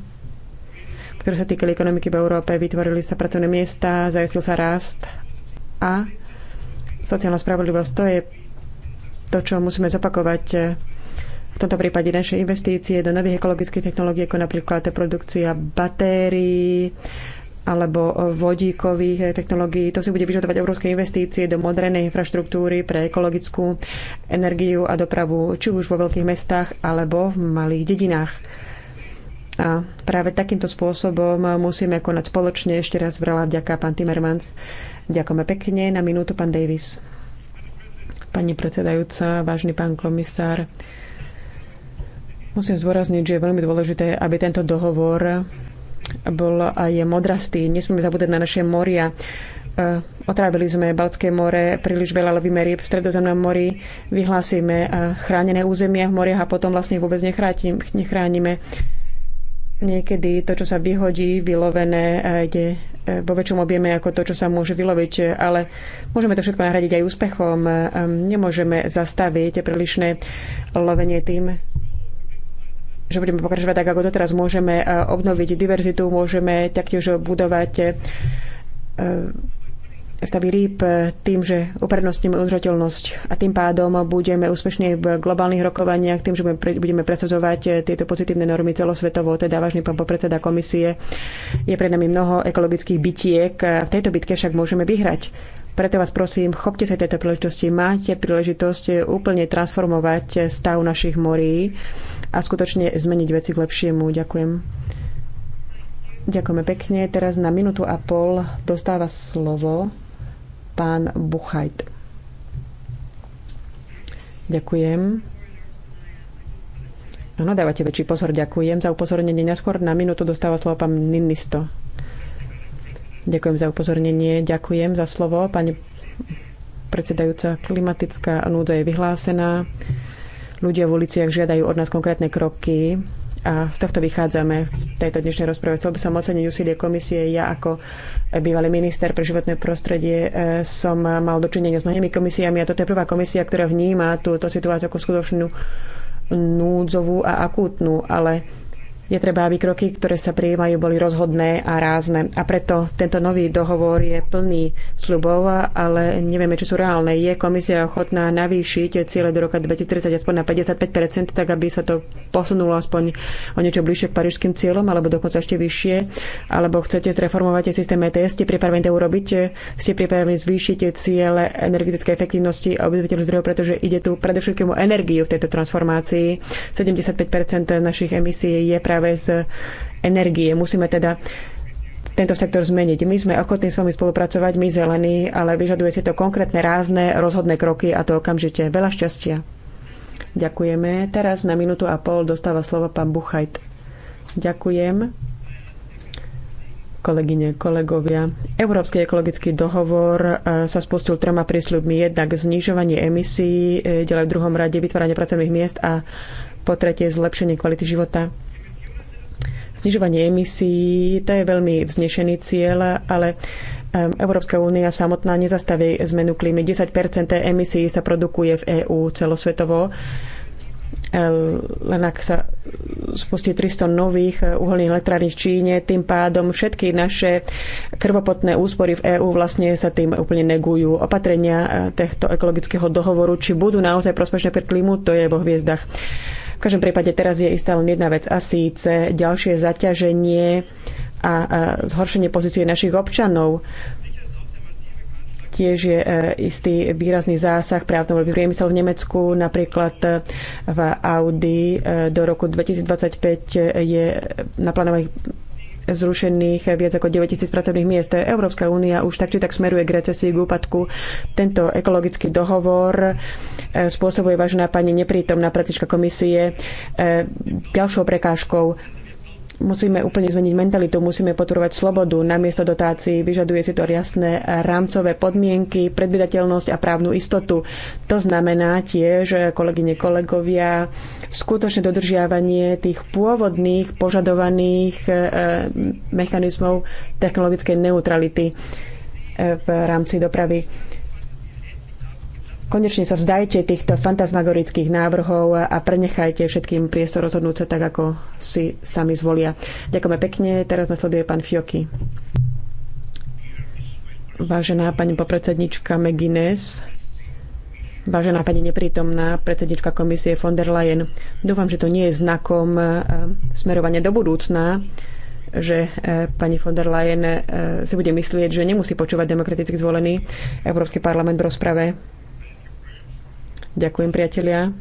ktoré sa týkali ekonomiky v Európe, vytvorili sa pracovné miesta, zajistil sa rast a sociálna spravodlivosť. To je to, čo musíme zopakovať e, v tomto prípade naše investície do nových ekologických technológií, ako napríklad produkcia batérií, alebo eh, vodíkových eh, technológií. To si bude vyžadovať európske investície do modernej infraštruktúry pre ekologickú energiu a dopravu, či už vo veľkých mestách alebo v malých dedinách. A práve takýmto spôsobom musíme konať spoločne. Ešte raz veľa vďaka, pán Timmermans. Ďakujeme pekne. Na minútu, pán Davis. Pani predsedajúca, vážny pán komisár, musím zdôrazniť, že je veľmi dôležité, aby tento dohovor bol aj modrastý. Nesmieme zabúdať na naše moria. E, otrávili sme Balcké more, príliš veľa lovíme v stredozemnom mori, vyhlásime e, chránené územia v moriach a potom vlastne vôbec nechránime. Niekedy to, čo sa vyhodí, vylovené, e, ide vo väčšom objeme ako to, čo sa môže vyloviť, ale môžeme to všetko nahradiť aj úspechom. Nemôžeme zastaviť prílišné lovenie tým, že budeme pokračovať tak, ako doteraz môžeme e, obnoviť diverzitu, môžeme taktiež budovať e, e, stavy rýb tým, že uprednostníme uzrateľnosť a tým pádom budeme úspešní v globálnych rokovaniach tým, že budeme presadzovať tieto pozitívne normy celosvetovo. Teda vážny pán popredseda komisie, je pred nami mnoho ekologických bitiek. V tejto bitke však môžeme vyhrať. Preto vás prosím, chopte sa tejto príležitosti. Máte príležitosť úplne transformovať stav našich morí a skutočne zmeniť veci k lepšiemu. Ďakujem. Ďakujeme pekne. Teraz na minútu a pol dostáva slovo pán Buchajt. Ďakujem. Áno, dávate väčší pozor. Ďakujem za upozornenie. Neskôr na minútu dostáva slovo pán Ninisto. Ďakujem za upozornenie, ďakujem za slovo. Pani predsedajúca, klimatická núdza je vyhlásená. Ľudia v uliciach žiadajú od nás konkrétne kroky a z tohto vychádzame v tejto dnešnej rozprave. Chcel by som oceniť úsilie komisie. Ja ako bývalý minister pre životné prostredie eh, som mal dočinenie s mnohými komisiami a toto je prvá komisia, ktorá vníma túto situáciu ako skutočnú núdzovú a akútnu, ale je treba, aby kroky, ktoré sa prijímajú, boli rozhodné a rázne. A preto tento nový dohovor je plný slubov, ale nevieme, či sú reálne. Je komisia ochotná navýšiť ciele do roka 2030 aspoň na 55%, tak aby sa to posunulo aspoň o niečo bližšie k parížským cieľom, alebo dokonca ešte vyššie? Alebo chcete zreformovať systém ETS? Ste pripravení to urobiť? Ste pripravení zvýšiť ciele energetickej efektivnosti a obnoviteľných zdrojov, pretože ide tu predovšetkým o energiu v tejto transformácii. 75% našich emisí je práve práve z energie. Musíme teda tento sektor zmeniť. My sme ochotní s vami spolupracovať, my zelení, ale vyžaduje si to konkrétne, rázne, rozhodné kroky a to okamžite. Veľa šťastia. Ďakujeme. Teraz na minútu a pol dostáva slovo pán Buchajt. Ďakujem kolegyne, kolegovia. Európsky ekologický dohovor e, sa spustil troma prísľubmi. Jednak znižovanie emisí, e, ďalej v druhom rade vytváranie pracovných miest a po tretie zlepšenie kvality života znižovanie emisí, to je veľmi vznešený cieľ, ale Európska únia samotná nezastaví zmenu klímy. 10 emisí sa produkuje v EÚ celosvetovo. Len ak sa spustí 300 nových eh, uholných elektrární v Číne, tým pádom všetky naše krvopotné úspory v EÚ vlastne sa tým úplne negujú. Opatrenia eh, tohto ekologického dohovoru, či budú naozaj prospešné pre klímu, to je vo hviezdach. V každom prípade teraz je istá len jedna vec a síce ďalšie zaťaženie a zhoršenie pozície našich občanov tiež je e, istý výrazný zásah pre automobilový priemysel v Nemecku. Napríklad e, v Audi e, do roku 2025 je naplánovaných zrušených viac ako 9000 pracovných miest. Európska únia už tak či tak smeruje k recesii, k úpadku. Tento ekologický dohovor eh, spôsobuje vážená pani neprítomná pracička komisie eh, ďalšou prekážkou musíme úplne zmeniť mentalitu, musíme podporovať slobodu namiesto dotácií, vyžaduje si to jasné rámcové podmienky, predvydateľnosť a právnu istotu. To znamená tiež, kolegyne, kolegovia, skutočné dodržiavanie tých pôvodných požadovaných eh, mechanizmov technologickej neutrality eh, v rámci dopravy Konečne sa vzdajte týchto fantasmagorických návrhov a prenechajte všetkým priestor rozhodnúť sa tak, ako si sami zvolia. Ďakujeme pekne. Teraz nasleduje pán Fioky. Vážená pani popredsednička Megines, vážená pani neprítomná predsednička komisie von der Leyen, dúfam, že to nie je znakom e, smerovania do budúcna, že e, pani von der Leyen e, si bude myslieť, že nemusí počúvať demokraticky zvolený Európsky parlament v rozprave Ďakujem, priatelia.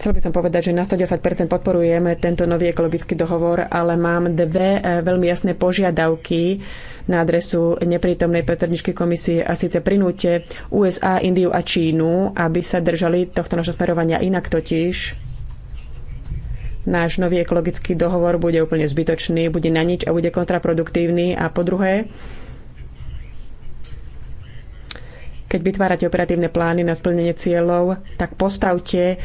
Chcel by som povedať, že na 110% podporujeme tento nový ekologický dohovor, ale mám dve e, veľmi jasné požiadavky na adresu neprítomnej predsedničky komisie a síce prinúte USA, Indiu a Čínu, aby sa držali tohto našho smerovania. Inak totiž náš nový ekologický dohovor bude úplne zbytočný, bude na nič a bude kontraproduktívny. A po druhé, Keď vytvárate operatívne plány na splnenie cieľov, tak postavte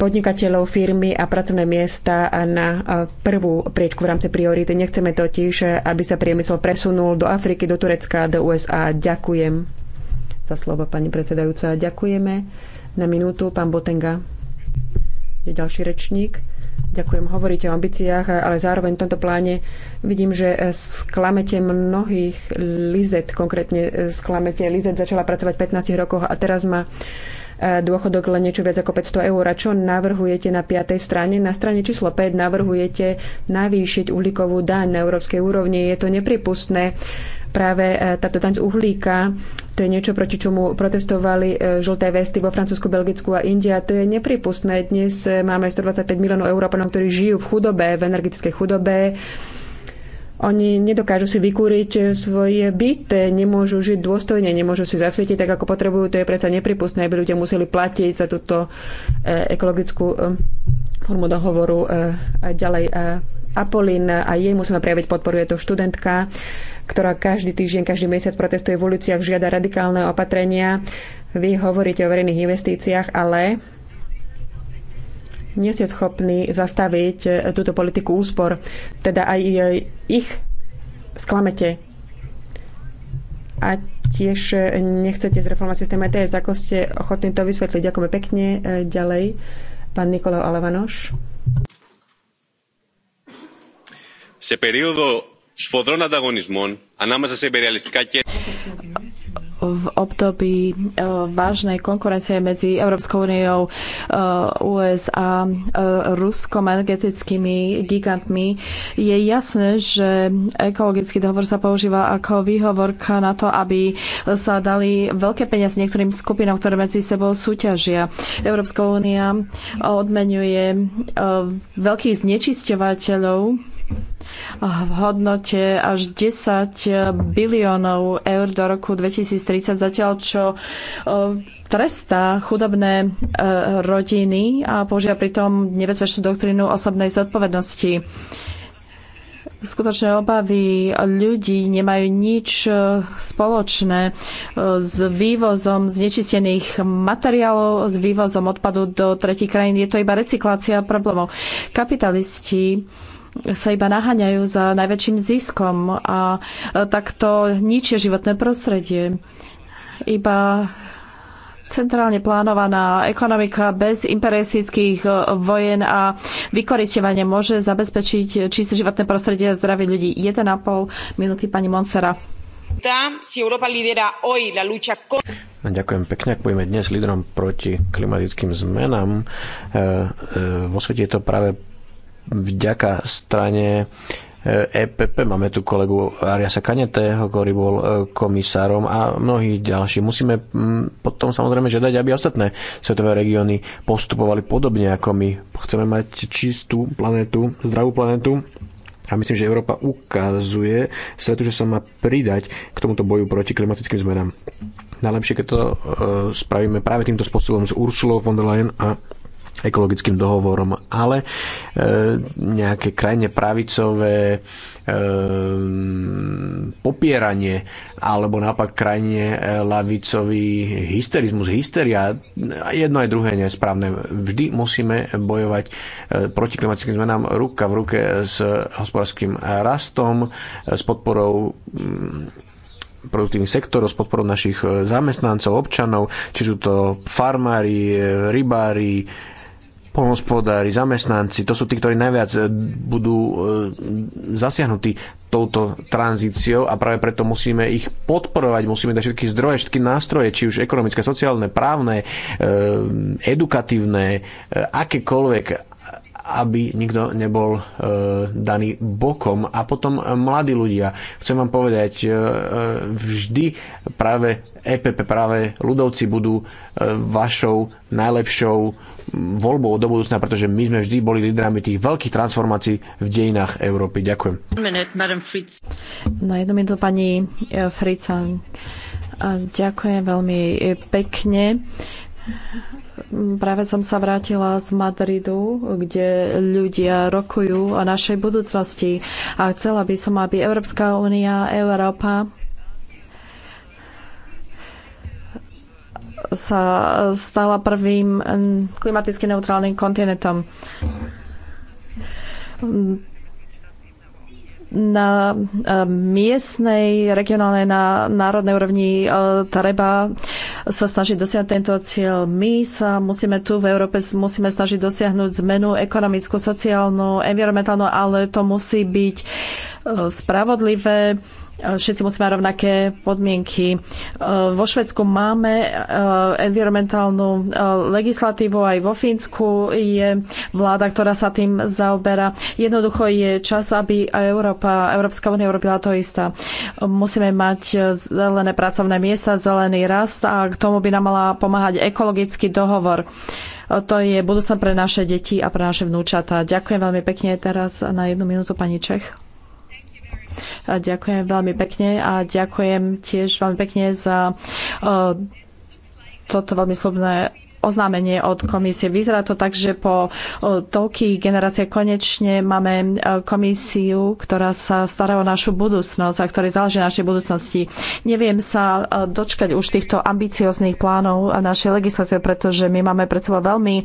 podnikateľov, firmy a pracovné miesta na e, prvú priečku v rámci priority. Nechceme totiž, aby sa priemysel presunul do Afriky, do Turecka, do USA. Ďakujem za slovo, pani predsedajúca. Ďakujeme. Na minútu pán Botenga je ďalší rečník. Ďakujem, hovoríte o ambíciách, ale zároveň v tomto pláne vidím, že eh, sklamete mnohých Lizet, konkrétne eh, sklamete. Lizet začala pracovať v 15 rokoch a teraz má eh, dôchodok len niečo viac ako 500 eur. A čo navrhujete na 5. strane? Na strane číslo 5 navrhujete navýšiť uhlíkovú daň na európskej úrovni. Je to nepripustné práve e, táto daň z uhlíka. To je niečo, proti čomu protestovali e, žlté vesty vo Francúzsku, Belgicku a India. To je nepripustné. Dnes e, máme 125 miliónov Európanov, ktorí žijú v chudobe, v energetickej chudobe. Oni nedokážu si vykúriť svoje byt, nemôžu žiť dôstojne, nemôžu si zasvietiť tak, ako potrebujú. To je predsa nepripustné, aby ľudia museli platiť za túto ekologickú formu dohovoru a ďalej. Apolín a jej musíme prejaviť podporu, je to študentka ktorá každý týždeň, každý mesiac protestuje v uliciach, žiada radikálne opatrenia. Vy hovoríte o verejných investíciách, ale nie ste schopní zastaviť eh, túto politiku úspor. Teda aj eh, ich sklamete. A tiež eh, nechcete zreformovať systém ETS. Ako ste ochotní to vysvetliť? Ďakujeme pekne. Ďalej, pán Nikolaj Alevanoš. Se periodo σφοδρών ανταγωνισμών ανάμεσα σε υπεριαλιστικά v období eh, vážnej konkurencie medzi Európskou úniou, eh, USA, eh, Ruskom, energetickými gigantmi, je jasné, že ekologický dohovor sa používa ako výhovorka na to, aby sa dali veľké peniaze niektorým skupinám, ktoré medzi sebou súťažia. Európska únia odmenuje veľkých znečisťovateľov v hodnote až 10 biliónov eur do roku 2030, zatiaľ čo e, trestá chudobné e, rodiny a požia pritom nebezpečnú doktrínu osobnej zodpovednosti. Skutočné obavy ľudí nemajú nič e, spoločné s vývozom znečistených materiálov, s vývozom odpadu do tretich krajín. Je to iba recyklácia problémov. Kapitalisti sa iba naháňajú za najväčším ziskom a e, takto ničie životné prostredie. Iba centrálne plánovaná ekonomika bez imperialistických e, vojen a vykoristovanie môže zabezpečiť čisté životné prostredie a zdravie ľudí. 1,5 minúty pani Monsera. Ďakujem pekne, ak budeme dnes lídrom proti klimatickým zmenám. E, vo svete je to práve vďaka strane EPP. E Máme tu kolegu Ariasa Kanetého, ktorý bol e, komisárom a mnohí ďalší. Musíme potom samozrejme žiadať, aby ostatné svetové regióny postupovali podobne ako my. Chceme mať čistú planetu, zdravú planetu a myslím, že Európa ukazuje svetu, že sa má pridať k tomuto boju proti klimatickým zmenám. Najlepšie, keď to e, spravíme práve týmto spôsobom s Ursulou von der Leyen a ekologickým dohovorom, ale e, nejaké krajne pravicové e, popieranie alebo naopak krajne e, lavicový hysterizmus, hysteria, jedno aj druhé nesprávne. Vždy musíme bojovať proti klimatickým zmenám ruka v ruke s hospodárským rastom, s podporou mm, produktívnych sektorov s podporou našich zamestnancov, občanov, či sú to farmári, rybári, polnospodári, zamestnanci, to sú tí, ktorí najviac e, budú e, zasiahnutí touto tranzíciou a práve preto musíme ich podporovať, musíme dať všetky zdroje, všetky nástroje, či už ekonomické, sociálne, právne, e, edukatívne, akékoľvek, aby nikto nebol e, daný bokom. A potom e, mladí ľudia. Chcem vám povedať, e, e vždy práve EPP, práve ľudovci budú e, vašou najlepšou voľbou do budúcna, pretože my sme vždy boli lídrami tých veľkých transformácií v dejinách Európy. Ďakujem. Na jednu minútu pani e, Frica. Ďakujem veľmi pekne. Práve som sa vrátila z Madridu, kde ľudia rokujú o našej budúcnosti a chcela by som, aby Európska únia, Európa sa stala prvým klimaticky neutrálnym kontinentom na e, miestnej, regionálnej, na národnej úrovni e, treba sa snažiť dosiahnuť tento cieľ. My sa musíme tu v Európe musíme snažiť dosiahnuť zmenu ekonomickú, sociálnu, environmentálnu, ale to musí byť e, spravodlivé, E, všetci musíme mať rovnaké podmienky. E, vo Švedsku máme e, environmentálnu legislatívu, aj vo Fínsku je vláda, ktorá sa tým zaoberá. Jednoducho je čas, aby Európa, Európska únia urobila to istá. Musíme mať zelené pracovné miesta, zelený rast a k tomu by nám mala pomáhať ekologický dohovor. To je budúca pre naše deti a pre naše vnúčata. Ďakujem veľmi pekne. Teraz na jednu minútu pani Čech ďakujem veľmi pekne a ďakujem tiež veľmi pekne za eh, toto veľmi slobné oznámenie od komisie. Vyzerá to tak, že po toľkých generáciách konečne máme e, komisiu, ktorá sa stará o našu budúcnosť a ktorej záleží na našej budúcnosti. Neviem sa e, dočkať už týchto ambicioznych plánov a našej legislatívy, pretože my máme pred sebou veľmi e,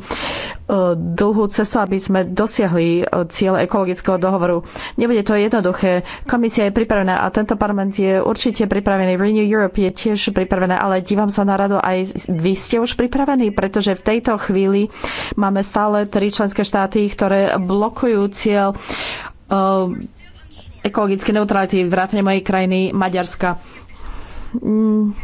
dlhú cestu, aby sme dosiahli cieľ ekologického dohovoru. Nebude to jednoduché. Komisia je pripravená a tento parlament je určite pripravený. Renew Europe je tiež pripravená, ale dívam sa na radu, aj vy ste už pripravení, pre pretože v tejto chvíli máme stále tri členské štáty, ktoré blokujú cieľ eh, ekologické neutrality vrátane mojej krajiny Maďarska. Mm.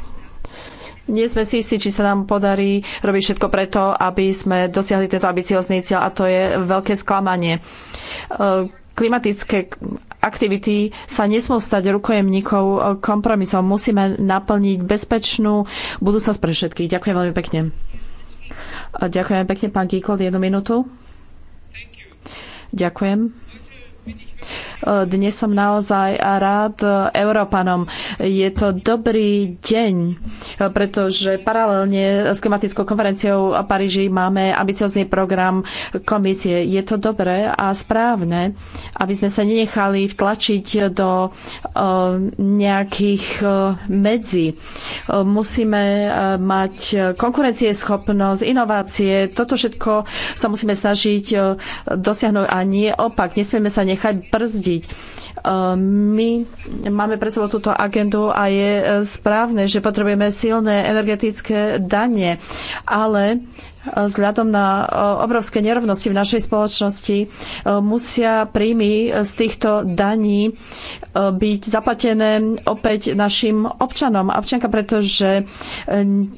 Nie sme si istí, či sa nám podarí robiť všetko preto, aby sme dosiahli tento ambiciozný cieľ a to je veľké sklamanie. Eh, klimatické aktivity sa nesmú stať rukojemníkov kompromisom. Musíme naplniť bezpečnú budúcnosť pre všetkých. Ďakujem veľmi pekne. Ďakujem pekne, pán Gíkol, jednu minútu. Ďakujem. Dnes som naozaj rád Európanom. Je to dobrý deň, pretože paralelne s klimatickou konferenciou v Paríži máme ambiciozný program komisie. Je to dobré a správne, aby sme sa nenechali vtlačiť do e, nejakých e, medzi. E, musíme mať konkurencieschopnosť, inovácie. Toto všetko sa musíme snažiť dosiahnuť a nie opak. Nesmieme sa nechať brzdiť zistiť. Ehm, my máme pre sebou túto agendu a je eh, správne, že potrebujeme silné energetické dane, ale eh, vzhľadom na eh, obrovské nerovnosti v našej spoločnosti musia príjmy z týchto daní byť zaplatené opäť našim občanom a občianka, pretože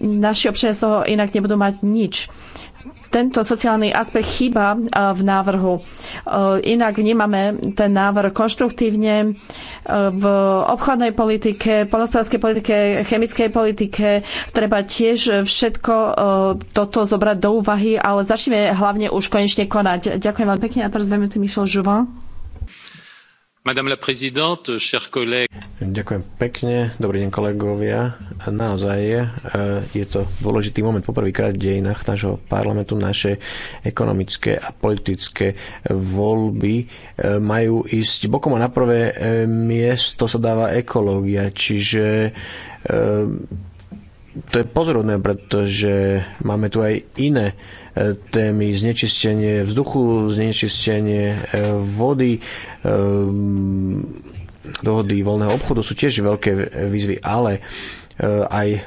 naši občania z toho inak nebudú mať nič tento sociálny aspekt chýba e, v návrhu. E, inak vnímame ten návrh konštruktívne e, v obchodnej politike, polnospodárskej politike, chemickej politike. Treba tiež všetko toto zobrať do úvahy, ale začneme hlavne už konečne konať. Ďakujem veľmi pekne a teraz veľmi tu Michel Žuvan. Ďakujem pekne, dobrý deň kolegovia. Naozaj je, eh, je to dôležitý moment poprvýkrát v dejinách nášho parlamentu. Naše ekonomické a politické voľby eh, majú ísť bokom a na prvé eh, miesto sa dáva ekológia, čiže to je pozorodné, pretože máme tu aj iné témy znečistenie vzduchu, znečistenie e, vody, ehm, dohody voľného obchodu sú tiež veľké výzvy, ale e, aj e,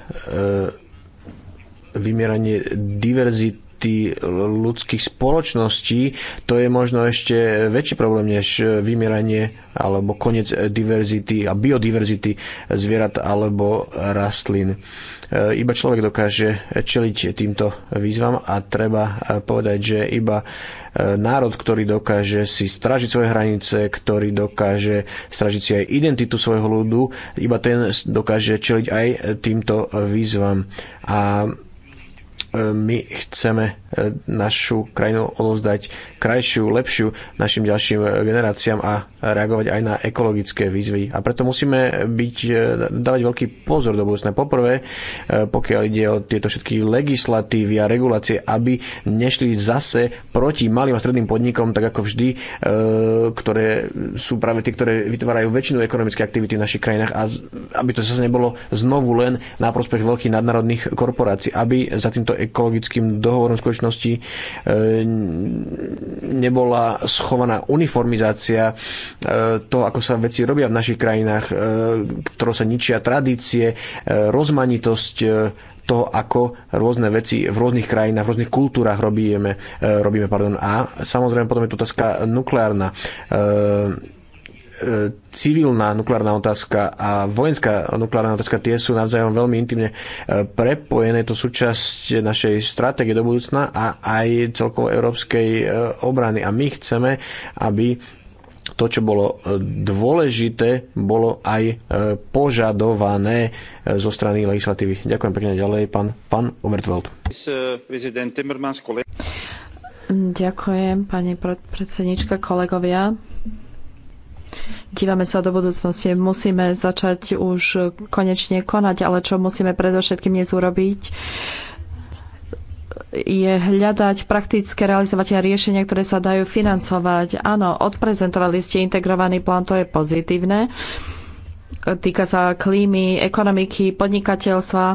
vymieranie diverzity počty ľudských spoločností, to je možno ešte väčší problém než vymieranie alebo koniec diverzity a biodiverzity zvierat alebo rastlín. E, iba človek dokáže čeliť týmto výzvam a treba e, povedať, že iba e, národ, ktorý dokáže si stražiť svoje hranice, ktorý dokáže stražiť si aj identitu svojho ľudu, iba ten dokáže čeliť aj týmto výzvam. A my chceme e, našu krajinu odovzdať krajšiu, lepšiu našim ďalším e, generáciám a reagovať aj na ekologické výzvy. A preto musíme byť, e, dávať veľký pozor do budúcna. Poprvé, pokiaľ ide o tieto všetky legislatívy a regulácie, aby nešli zase proti malým a stredným podnikom, tak ako vždy, ktoré sú práve tie, ktoré vytvárajú väčšinu ekonomické aktivity v našich krajinách a aby to zase nebolo znovu len na prospech veľkých nadnárodných korporácií, aby za týmto ekologickým dohovorom skutočnosti e, nebola schovaná uniformizácia e, toho, ako sa veci robia v našich krajinách, e, ktorou sa ničia tradície, rozmanitosť toho, ako rôzne veci v rôznych krajinách, v rôznych kultúrach robíme. robíme pardon. A samozrejme potom je tu otázka nukleárna. E, civilná nukleárna otázka a vojenská nukleárna otázka, tie sú navzájom veľmi intimne e, prepojené. To súčasť našej stratégie do budúcna a aj celkovo európskej e, obrany. A my chceme, aby to, čo bolo dôležité, bolo aj požadované zo strany legislatívy. Ďakujem pekne ďalej, pán, pán Obertveld. Ďakujem, pani predsednička, kolegovia dívame sa do budúcnosti. Musíme začať už konečne konať, ale čo musíme predovšetkým dnes urobiť, je hľadať praktické realizovateľné riešenia, ktoré sa dajú financovať. Áno, odprezentovali ste integrovaný plán, to je pozitívne týka sa klímy, ekonomiky, podnikateľstva.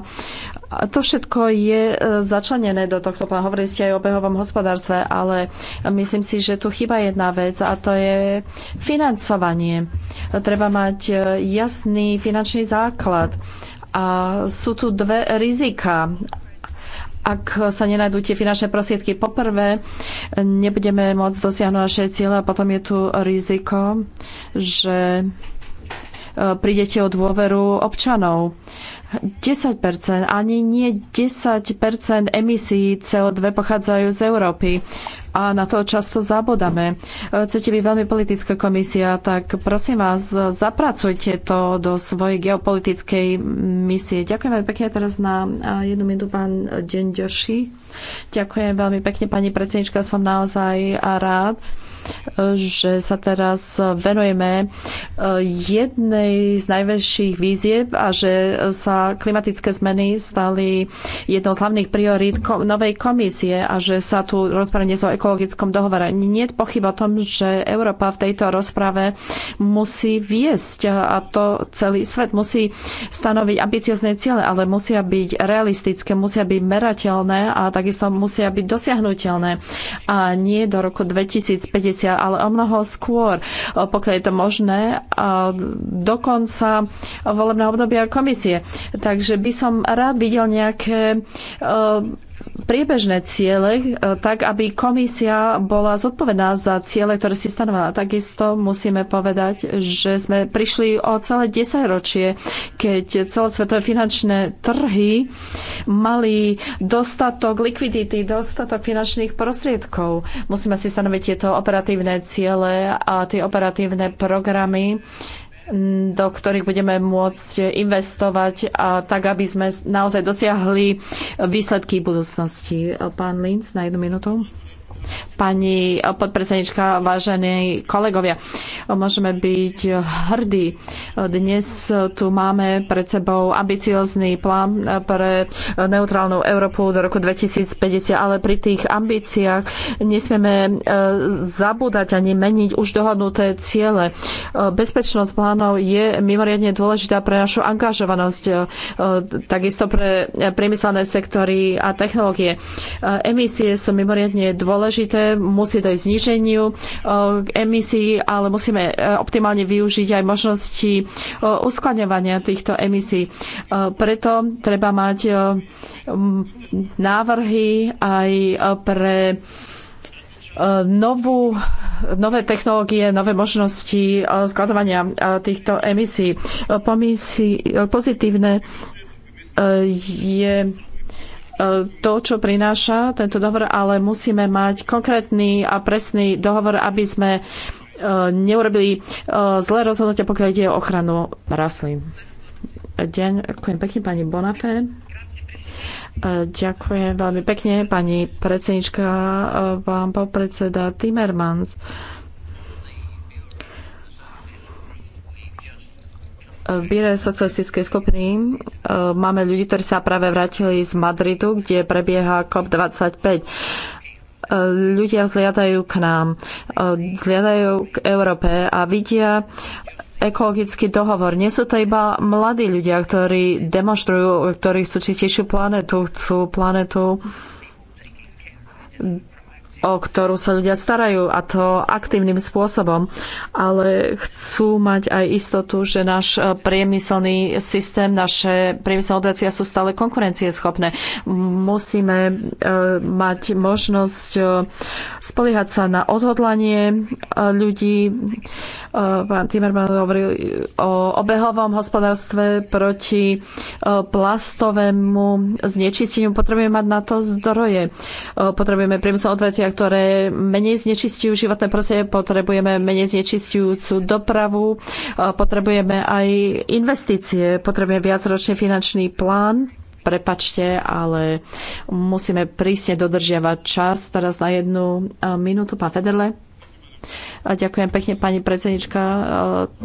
To všetko je e, začlenené do tohto plánu. Hovorili ste aj o behovom hospodárstve, ale myslím si, že tu chyba jedna vec a to je financovanie. Treba mať e, jasný finančný základ. A sú tu dve rizika ak sa nenajdú tie finančné prostriedky. Poprvé, nebudeme môcť dosiahnuť naše cieľe a potom je tu riziko, že Eh, prídete o dôveru občanov. 10%, ani nie 10% emisí CO2 pochádzajú z Európy. A na to často zabodame. Eh, chcete byť veľmi politická komisia, tak prosím vás, zapracujte to do svojej geopolitickej misie. Ďakujem veľmi pekne teraz na eh, jednu minútu pán Deň Ďoši. Ďakujem veľmi pekne, pani predsednička, som naozaj rád, že sa teraz venujeme e, jednej z najväčších výzieb a že sa klimatické zmeny stali jednou z hlavných priorít novej komisie a že sa tu rozprávanie o ekologickom dohovore. Nie je pochyb o tom, že Európa v tejto rozprave musí viesť a to celý svet musí stanoviť ambiciozne ciele, ale musia byť realistické, musia byť merateľné a takisto musia byť dosiahnutelné. A nie do roku 2050 90, ale o mnoho skôr, pokiaľ je to možné, do konca volebného obdobia komisie. Takže by som rád videl nejaké priebežné ciele, eh, tak aby komisia bola zodpovedná za ciele, ktoré si stanovila. Takisto musíme povedať, že sme prišli o celé 10 ročie, keď celosvetové finančné trhy mali dostatok likvidity, dostatok finančných prostriedkov. Musíme si stanoviť tieto operatívne ciele a tie operatívne programy do ktorých budeme môcť investovať, a tak aby sme naozaj dosiahli výsledky budúcnosti. Pán Linz, na jednu minútu. Pani podpredsednička, vážení kolegovia, môžeme byť hrdí. Dnes tu máme pred sebou ambiciózny plán pre neutrálnu Európu do roku 2050, ale pri tých ambíciách nesmieme e, zabúdať ani meniť už dohodnuté ciele. E, bezpečnosť plánov je mimoriadne dôležitá pre našu angažovanosť, e, takisto pre priemyselné sektory a technológie. Emisie sú mimoriadne dôležité dôležité, musí dojsť zniženiu emisí, eh, ale musíme eh, optimálne využiť aj možnosti eh, uskladňovania týchto emisí. Preto treba mať návrhy aj pre novú, nové technológie, nové možnosti skladovania týchto emisí. pozitívne je to, čo prináša tento dohovor, ale musíme mať konkrétny a presný dohovor, aby sme e, neurobili e, zlé rozhodnutia, pokiaľ ide o ochranu rastlín. ďakujem pekne pani Bonafé. E, ďakujem veľmi pekne pani predsednička, pán podpredseda Timmermans. V Bíre socialistickej skupiny e, máme ľudí, ktorí sa práve vrátili z Madridu, kde prebieha COP25 e, ľudia zliadajú k nám, e, zliadajú k Európe a vidia ekologický dohovor. Nie sú to iba mladí ľudia, ktorí demonstrujú, ktorí chcú čistejšiu planetu, chcú planetu, o ktorú sa ľudia starajú a to aktívnym spôsobom, ale chcú mať aj istotu, že náš e, priemyselný systém, naše priemyselné odvetvia sú stále konkurencieschopné. Musíme e, mať možnosť e, spoliehať sa na odhodlanie ľudí. Pán Timerman hovoril o obehovom hospodárstve proti plastovému znečisteniu. Potrebujeme mať na to zdroje. Potrebujeme priemyselné odvetvia, ktoré menej znečistujú životné prostredie, potrebujeme menej znečistujúcu dopravu, potrebujeme aj investície, potrebujeme viacročný finančný plán prepačte, ale musíme prísne dodržiavať čas. Teraz na jednu minútu, pán Federle. Ďakujem pekne, pani predsednička. E,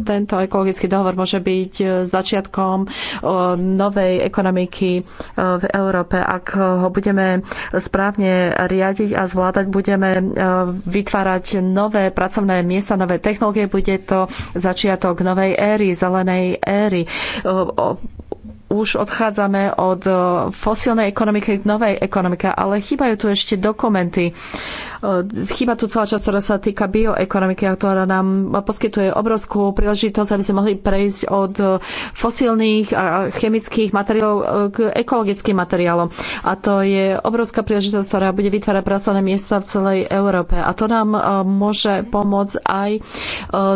tento ekologický dohovor môže byť e, začiatkom e, novej ekonomiky v Európe. Ak ho budeme správne riadiť a zvládať, budeme vytvárať nové pracovné miesta, nové technológie. Bude to začiatok novej éry, zelenej éry už odchádzame od fosilnej ekonomiky k novej ekonomike, ale chýbajú tu ešte dokumenty Ehm, Chýba tu celá časť, ktorá sa týka bioekonomiky, a ktorá nám poskytuje obrovskú príležitosť, aby sme mohli prejsť od e, fosílnych a chemických materiálov e, k ekologickým materiálom. A to je obrovská príležitosť, ktorá bude vytvárať pracovné miesta v celej Európe. A to nám e, môže pomôcť aj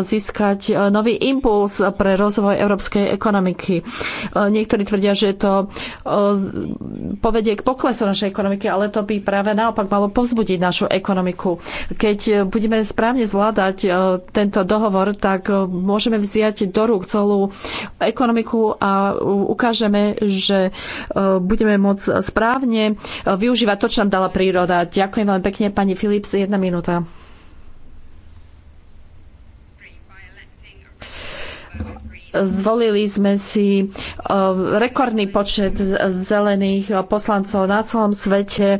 získať nový impuls pre rozvoj európskej ekonomiky. Niektorí tvrdia, že to povedie k poklesu našej ekonomiky, ale to by práve naopak malo povzbudiť našu ekonomiku ekonomiku. Keď e, budeme správne zvládať e, tento dohovor, tak e, môžeme vziať do rúk celú ekonomiku a ukážeme, že budeme môcť správne využívať to, čo nám dala príroda. Ďakujem veľmi pekne, pani Philips, jedna minúta. Zvolili sme si e, rekordný počet zelených e, poslancov na celom svete. E,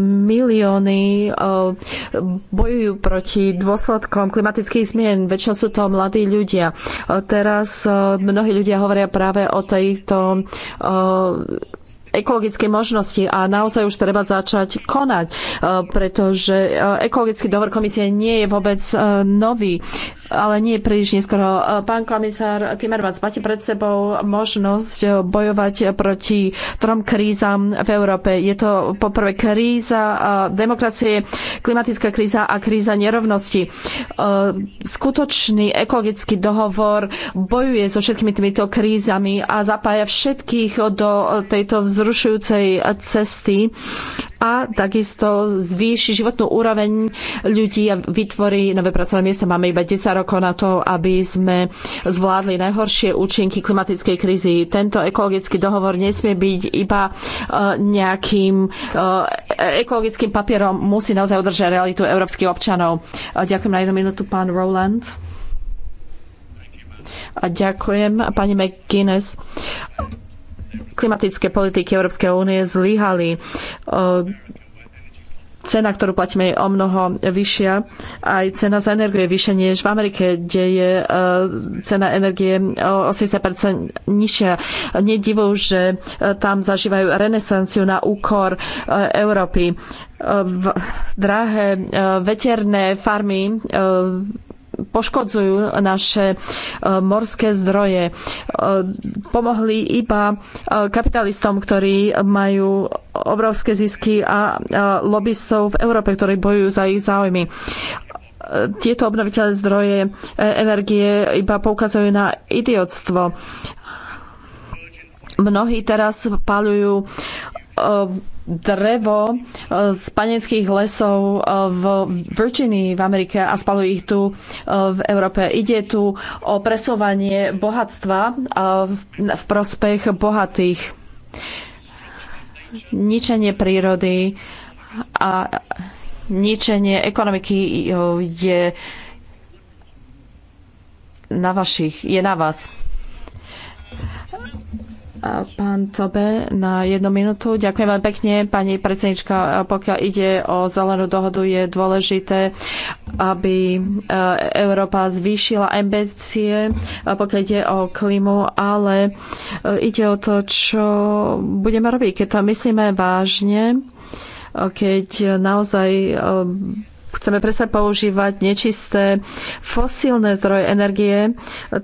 milióny bojujú proti dôsledkom klimatických zmien. Väčšinou sú to mladí ľudia. Teraz mnohí ľudia hovoria práve o tejto ekologické možnosti a naozaj už treba začať konať, e, pretože e, ekologický dohovor komisie nie je vôbec e, nový, ale nie je príliš neskoro. Pán komisár Timmermans, máte pred sebou možnosť bojovať proti trom krízam v Európe. Je to poprvé kríza demokracie, klimatická kríza a kríza nerovnosti. Skutočný ekologický dohovor bojuje so všetkými týmito krízami a zapája všetkých do tejto vzru vzrušujúcej cesty a takisto zvýši životnú úroveň ľudí a vytvorí nové pracovné miesta. Máme iba 10 rokov na to, aby sme zvládli najhoršie účinky klimatickej krízy. Tento ekologický dohovor nesmie byť iba e, nejakým e, e, ekologickým papierom, musí naozaj udržať realitu európskych občanov. Ďakujem na jednu minútu, pán Rowland. A ďakujem, pani McGuinness klimatické politiky Európskej únie zlyhali. E, cena, ktorú platíme, je o mnoho vyššia. Aj cena za energiu je vyššia než v Amerike, kde je e, cena energie o 80 nižšia. Nedivu, že e, tam zažívajú renesanciu na úkor Európy. Drahé veterné farmy poškodzujú naše e, morské zdroje. E, pomohli iba e, kapitalistom, ktorí majú obrovské zisky a lobbystov v Európe, ktorí bojujú za ich záujmy tieto obnoviteľné zdroje energie iba poukazujú na idiotstvo. Mnohí teraz palujú drevo e, z panenských lesov e, v Virginii v Amerike a spalujú ich tu e, v Európe. Ide tu o presovanie bohatstva v prospech bohatých. Ničenie prírody a ničenie ekonomiky je na vašich, je na vás. Pán Tobe, na jednu minútu. Ďakujem veľmi pekne, pani predsednička. Pokiaľ ide o zelenú dohodu, je dôležité, aby e, Európa zvýšila ambície, pokiaľ ide o klimu, ale e, ide o to, čo budeme robiť. Keď to myslíme vážne, keď naozaj e, chceme presne používať nečisté fosílne zdroje energie,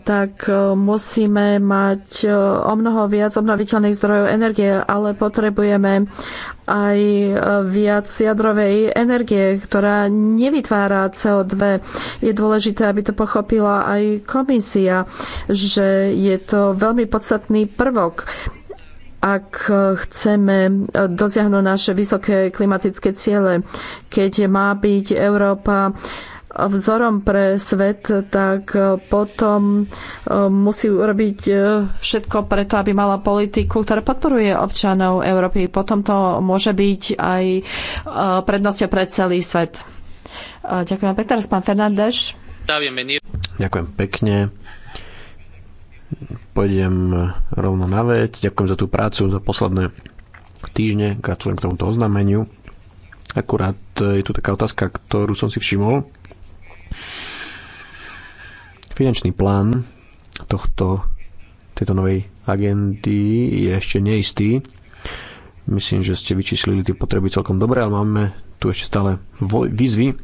tak e, musíme mať e, o mnoho viac obnoviteľných zdrojov energie, ale potrebujeme aj e, viac jadrovej energie, ktorá nevytvára CO2. Je dôležité, aby to pochopila aj komisia, že je to veľmi podstatný prvok ak chceme dosiahnuť naše vysoké klimatické ciele, keď má byť Európa vzorom pre svet, tak potom eh, musí urobiť eh, všetko preto, aby mala politiku, ktorá podporuje občanov Európy. Potom to môže byť aj eh, prednosťou pre celý svet. Ďakujem pekne. Teraz pán Fernández. Ďakujem pekne pôjdem rovno na vec. Ďakujem za tú prácu za posledné týždne. Gratulujem k tomuto oznámeniu. Akurát je tu taká otázka, ktorú som si všimol. Finančný plán tohto, tejto novej agendy je ešte neistý. Myslím, že ste vyčíslili tie potreby celkom dobre, ale máme tu ešte stále výzvy,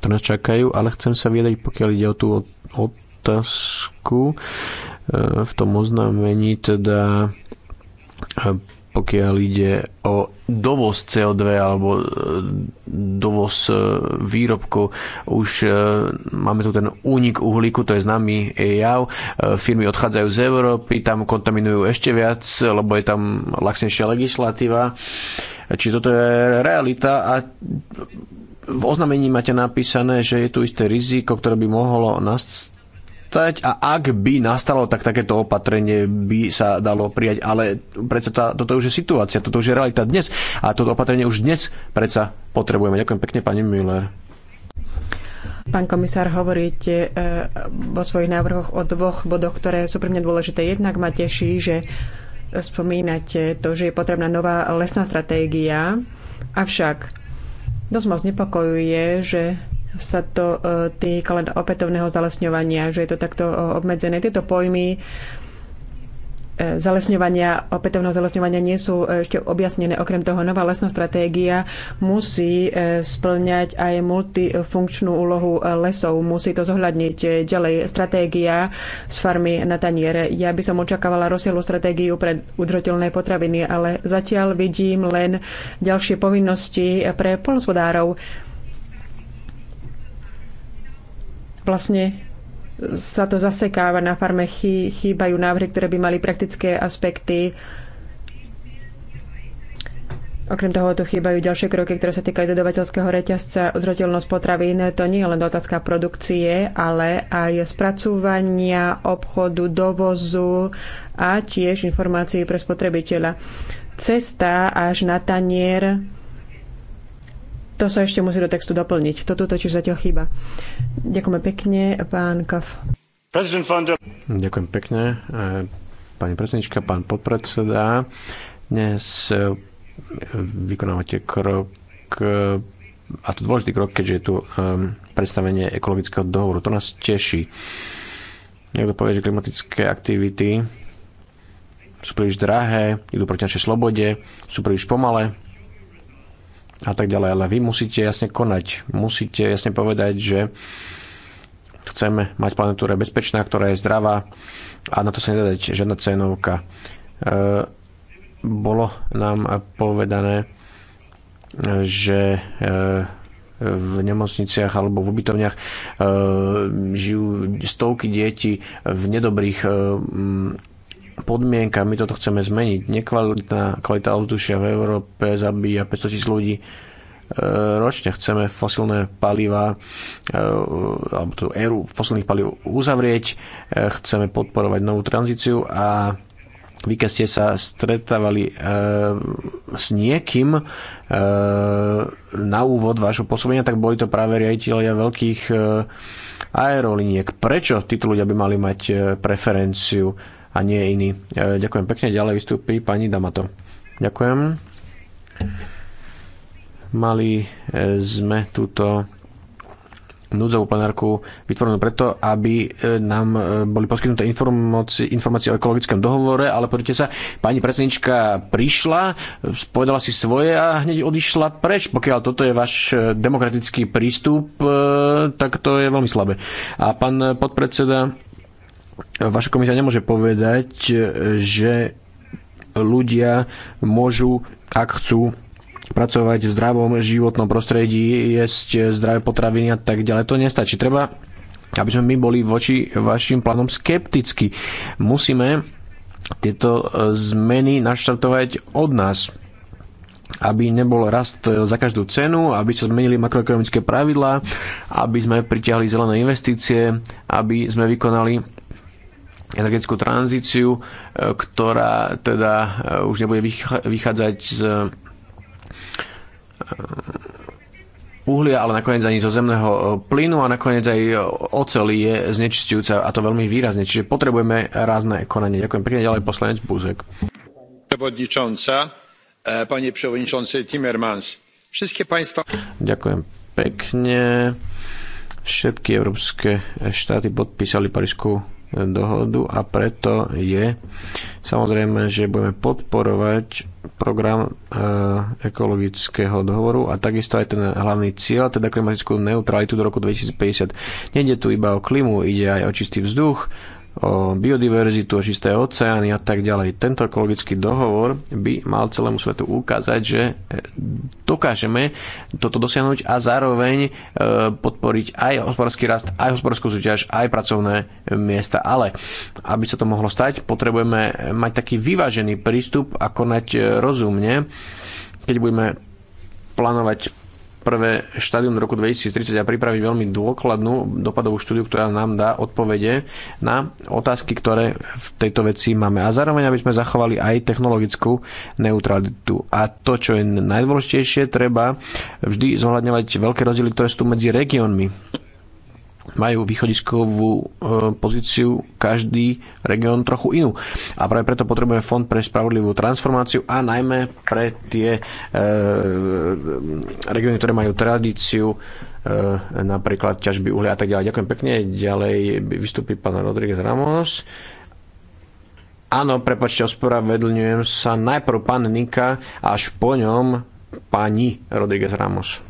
ktoré nás čakajú, ale chcem sa viedať, pokiaľ ide o tú otázku, E, v tom oznámení teda e, pokiaľ ide o dovoz CO2 alebo e, dovoz výrobkov. Už máme tu ten únik uhlíku, to je známy jav. Firmy odchádzajú z Európy, tam kontaminujú ešte viac, lebo je tam laxnejšia legislatíva. Či toto je realita a v oznamení máte napísané, že je tu isté riziko, ktoré by mohlo nastať prijať a ak by nastalo, tak takéto opatrenie by sa dalo prijať. Ale predsa tá, toto už je situácia, toto už je realita dnes a toto opatrenie už dnes predsa potrebujeme. Ďakujem pekne, pani Müller. Pán komisár, hovoríte e, vo svojich návrhoch o dvoch bodoch, ktoré sú pre mňa dôležité. Jednak ma teší, že spomínate to, že je potrebná nová lesná stratégia, avšak dosť ma znepokojuje, že sa to e, týka len opätovného zalesňovania, že je to takto e, obmedzené. Tieto pojmy e, zalesňovania, opätovného zalesňovania nie sú ešte objasnené. Okrem toho, nová lesná stratégia musí splňať aj multifunkčnú úlohu lesov. Musí to zohľadniť ďalej stratégia z farmy na taniere. Ja by som očakávala rozsielú stratégiu pre udržateľné potraviny, ale zatiaľ vidím len ďalšie povinnosti pre polnospodárov vlastne sa to zasekáva na farme, chýbajú návrhy, ktoré by mali praktické aspekty. Okrem toho tu chýbajú ďalšie kroky, ktoré sa týkajú dodavateľského reťazca, odzrateľnosť potravín. To nie je len otázka produkcie, ale aj spracúvania, obchodu, dovozu a tiež informácií pre spotrebiteľa. Cesta až na tanier to sa ešte musí do textu doplniť. Toto totiž zatiaľ chýba. Ďakujeme pekne, pán Kaf. Ďakujem pekne, e, pani predsednička, pán podpredseda. Dnes e, vykonávate krok e, a to dôležitý krok, keďže je tu predstavenie ekologického dohovoru. To nás teší. Niekto povie, že klimatické aktivity sú príliš drahé, idú proti našej slobode, sú príliš pomalé, a tak ďalej. Ale vy musíte jasne konať. Musíte jasne povedať, že chceme mať planetu, ktorá je bezpečná, ktorá je zdravá a na to sa nedá žiadna cenovka. E, bolo nám povedané, že e, v nemocniciach alebo v ubytovniach e, žijú stovky detí v nedobrých podmienka. My toto chceme zmeniť. Nekvalitná kvalita ovzdušia v Európe zabíja 500 tisíc ľudí e, ročne chceme fosilné paliva e, alebo tú éru fosilných palív uzavrieť, e, chceme podporovať novú tranzíciu a vy keď ste sa stretávali e, s niekým e, na úvod vášho posobenia, tak boli to práve riaditeľia veľkých e, aeroliniek. Prečo títo ľudia by mali mať preferenciu? a nie iný. E, ďakujem pekne, ďalej vystúpi pani Damato. Ďakujem. Mali e, sme túto núdzovú plenárku vytvorenú preto, aby e, nám boli poskytnuté informácie, informácie o ekologickom dohovore, ale poďte sa, pani predsednička prišla, povedala si svoje a hneď odišla preč. Pokiaľ toto je váš demokratický prístup, tak to je veľmi slabé. A pán podpredseda vaša komisia nemôže povedať, že ľudia môžu, ak chcú, pracovať v zdravom životnom prostredí, jesť zdravé potraviny a tak ďalej. To nestačí. Treba, aby sme my boli voči vašim plánom skepticky. Musíme tieto e, zmeny naštartovať od nás aby nebol rast za každú cenu, aby sa zmenili makroekonomické pravidlá, aby sme pritiahli zelené investície, aby sme vykonali energetickú tranzíciu, e, ktorá teda e, už nebude vychádzať z e, uhlia, ale nakoniec ani zo zemného plynu a nakoniec aj oceli je znečistujúca a to veľmi výrazne. Čiže potrebujeme rázne konanie. Ďakujem pekne. Ďalej poslanec Búzek. Przewodnicząca, panie przewodniczący Timmermans, všetky państwa... Ďakujem pekne. Všetky európske štáty podpísali Parísku dohodu a preto je samozrejme, že budeme podporovať program e, ekologického dohovoru a takisto aj ten hlavný cieľ, teda klimatickú neutralitu do roku 2050. Nede tu iba o klimu, ide aj o čistý vzduch, o biodiverzitu, o čisté oceány a tak ďalej. Tento ekologický dohovor by mal celému svetu ukázať, že e, dokážeme toto dosiahnuť a zároveň e, podporiť aj hospodársky rast, aj hospodárskú súťaž, aj pracovné miesta. Ale aby sa to mohlo stať, potrebujeme mať taký vyvážený prístup a konať e, rozumne, keď budeme plánovať prvé štádium do roku 2030 a pripraviť veľmi dôkladnú dopadovú štúdiu, ktorá nám dá odpovede na otázky, ktoré v tejto veci máme. A zároveň, aby sme zachovali aj technologickú neutralitu. A to, čo je najdôležitejšie, treba vždy zohľadňovať veľké rozdiely, ktoré sú tu medzi regiónmi majú východiskovú e, pozíciu každý región trochu inú. A práve preto potrebujeme fond pre spravodlivú transformáciu a najmä pre tie e, regióny, ktoré majú tradíciu e, napríklad ťažby uhlia a tak ďalej. Ďakujem pekne. Ďalej vystúpi pán Rodríguez Ramos. Áno, prepačte, ospravedlňujem sa. Najprv pán Nika, až po ňom pani Rodríguez Ramos.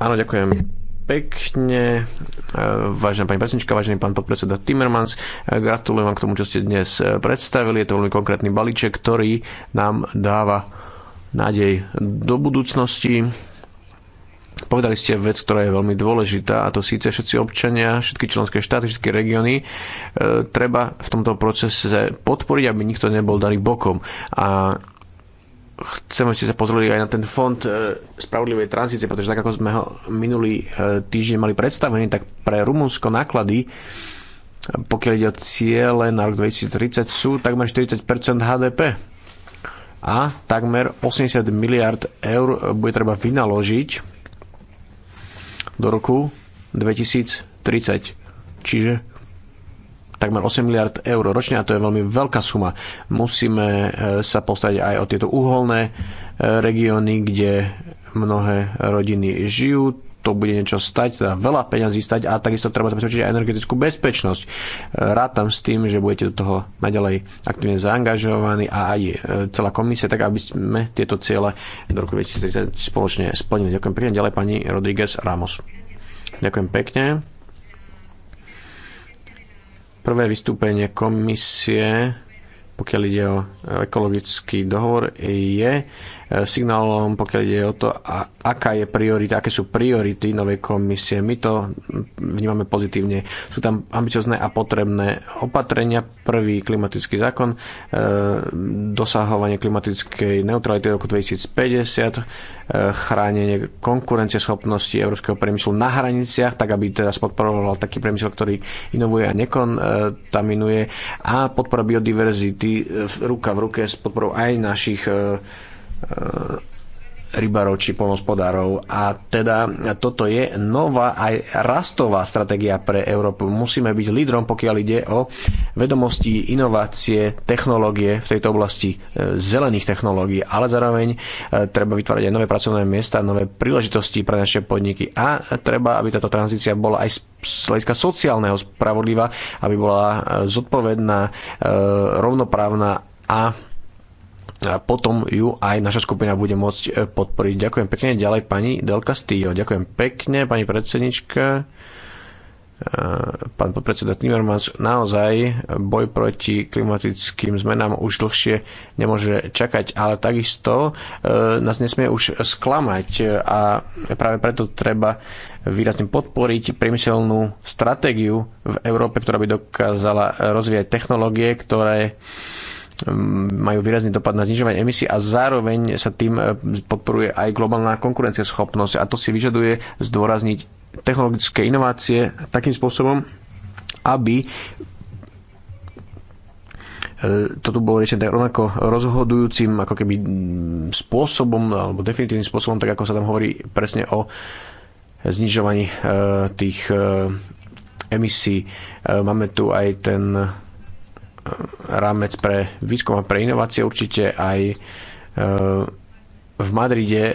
Áno, ďakujem pekne, e, vážená pani predsednička, vážený pán podpredseda Timmermans. E, gratulujem vám k tomu, čo ste dnes e, predstavili. Je to veľmi konkrétny balíček, ktorý nám dáva nádej do budúcnosti. Povedali ste vec, ktorá je veľmi dôležitá, a to síce všetci občania, všetky členské štáty, všetky regióny, e, treba v tomto procese podporiť, aby nikto nebol daný bokom. A chcem, aby ste sa pozreli aj na ten fond e, spravodlivej tranzície, pretože tak ako sme ho minulý e, týždeň mali predstavený, tak pre Rumunsko náklady pokiaľ ide o ciele na rok 2030 sú takmer 40% HDP a takmer 80 miliard eur bude treba vynaložiť do roku 2030. Čiže takmer 8 miliard eur ročne a to je veľmi veľká suma. Musíme e, sa postať aj o tieto uholné e, regióny, kde mnohé rodiny žijú. To bude niečo stať, teda veľa peňazí stať a takisto treba zabezpečiť aj energetickú bezpečnosť. E, rátam s tým, že budete do toho naďalej aktívne zaangažovaní a aj celá komisia, tak aby sme tieto ciele do roku 2030 spoločne splnili. Ďakujem pekne. Ďalej pani Rodriguez Ramos. Ďakujem pekne prvé vystúpenie komisie, pokiaľ ide o ekologický dohovor, je E, signálom, pokiaľ ide o to, a, aká je priorita, aké sú priority novej komisie. My to vnímame pozitívne. Sú tam ambiciozne a potrebné opatrenia. Prvý klimatický zákon, e, dosahovanie klimatickej neutrality roku 2050, e, chránenie konkurencieschopnosti európskeho priemyslu na hraniciach, tak aby teda podporoval taký priemysel, ktorý inovuje a nekontaminuje a podpora biodiverzity ruka v ruke s podporou aj našich E, rybarov či polnospodárov. A teda toto je nová aj rastová stratégia pre Európu. Musíme byť lídrom, pokiaľ ide o vedomosti, inovácie, technológie v tejto oblasti e, zelených technológií, ale zároveň e, treba vytvárať aj nové pracovné miesta, nové príležitosti pre naše podniky a treba, aby táto tranzícia bola aj z hľadiska sociálneho spravodlivá, aby bola zodpovedná, rovnoprávna a potom ju aj naša skupina bude môcť e, podporiť. Ďakujem pekne. Ďalej pani Del Castillo. Ďakujem pekne, pani predsednička. E, pán podpredseda Timmermans, naozaj boj proti klimatickým zmenám už dlhšie nemôže čakať, ale takisto e, nás nesmie už sklamať a práve preto treba výrazne podporiť priemyselnú stratégiu v Európe, ktorá by dokázala rozvíjať technológie, ktoré majú výrazný dopad na znižovanie emisí a zároveň sa tým e, podporuje aj globálna konkurencieschopnosť a to si vyžaduje zdôrazniť technologické inovácie takým spôsobom, aby e, toto bolo riešené rovnako rozhodujúcim ako keby spôsobom alebo definitívnym spôsobom, tak ako sa tam hovorí presne o znižovaní e, tých emisí. Máme tu aj ten rámec pre výskum a pre inovácie určite aj e, v Madride e,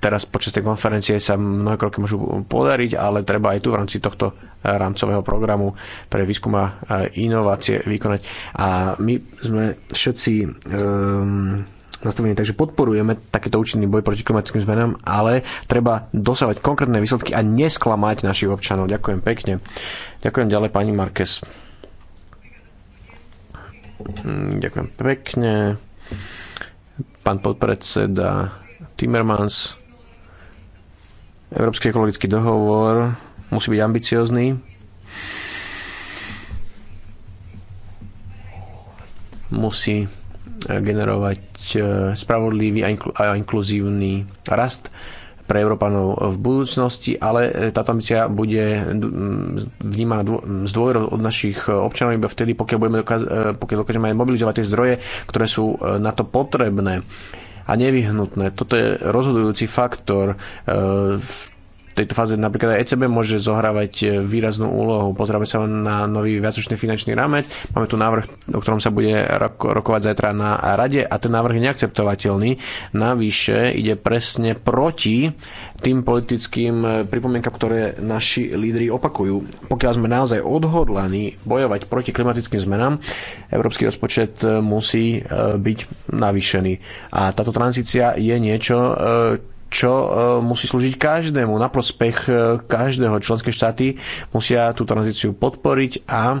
teraz počas tej konferencie sa mnohé kroky môžu podariť, ale treba aj tu v rámci tohto rámcového programu pre výskum a inovácie vykonať. A my sme všetci um, nastavení, takže podporujeme takýto účinný boj proti klimatickým zmenám, ale treba dosávať konkrétne výsledky a nesklamať našich občanov. Ďakujem pekne. Ďakujem ďalej pani Marques. Mm, ďakujem pekne. Pán podpredseda Timmermans, Európsky ekologický dohovor musí byť ambiciozný. Musí eh, generovať eh, spravodlivý a inkluzívny rast pre Európanov v budúcnosti, ale e, táto ambícia bude vnímaná z dôveru od našich e, občanov iba vtedy, pokiaľ, budeme dokáz- e, pokiaľ dokážeme aj mobilizovať tie zdroje, ktoré sú na to potrebné a nevyhnutné. Toto je rozhodujúci faktor v tejto fáze napríklad aj ECB môže zohrávať e, výraznú úlohu. Pozrieme sa na nový viacročný finančný rámec. Máme tu návrh, o ktorom sa bude roko, rokovať zajtra na rade a ten návrh je neakceptovateľný. Navyše ide presne proti tým politickým e, pripomienkam, ktoré naši lídry opakujú. Pokiaľ sme naozaj odhodlaní bojovať proti klimatickým zmenám, európsky rozpočet e, musí byť navýšený. A táto tranzícia je niečo, čo e, musí slúžiť každému, na prospech e, každého. Členské štáty musia tú tranzíciu podporiť a e,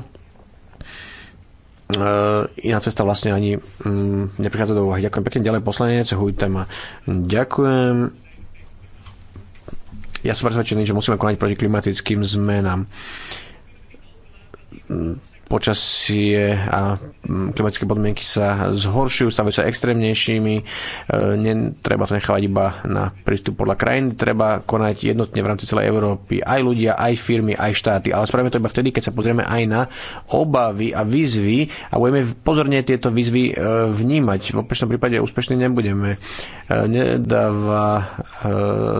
iná cesta vlastne ani mm, neprichádza do úvahy. Ďakujem pekne. Ďalej poslanec Hujtema. Ďakujem. Ja som presvedčený, že musíme konať proti klimatickým zmenám počasie a mm, klimatické podmienky sa zhoršujú, stavajú sa extrémnejšími. E, netreba to nechávať iba na prístup podľa krajín, treba konať jednotne v rámci celej Európy. Aj ľudia, aj firmy, aj štáty. Ale spravíme to iba vtedy, keď sa pozrieme aj na obavy a výzvy a budeme pozorne tieto výzvy e, vnímať. V opačnom prípade úspešní nebudeme. E, nedáva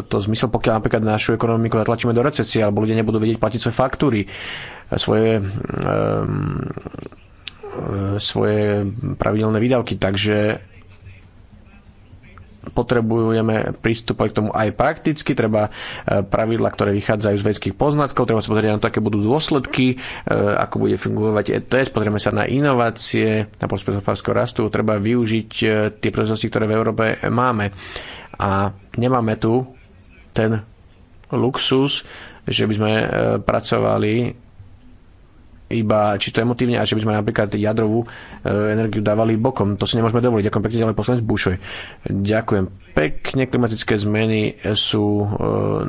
to zmysel, pokiaľ napríklad našu ekonomiku zatlačíme do recesie alebo ľudia nebudú vedieť platiť svoje faktúry svoje svoje pravidelné výdavky, takže potrebujeme pristúpať k tomu aj prakticky, treba e, pravidla, ktoré vychádzajú z vedeckých poznatkov, treba sa pozrieť na to, aké budú dôsledky, e, ako bude fungovať ETS, pozrieme sa na inovácie, na hospodárskeho rastu, treba využiť e, tie príležitosti, ktoré v Európe máme. A nemáme tu ten luxus, že by sme pracovali iba čisto emotívne a že by sme napríklad jadrovú e, energiu dávali bokom. To si nemôžeme dovoliť. Ďakujem pekne ďalej poslanec Bušoj. Ďakujem pekne. Klimatické zmeny sú e,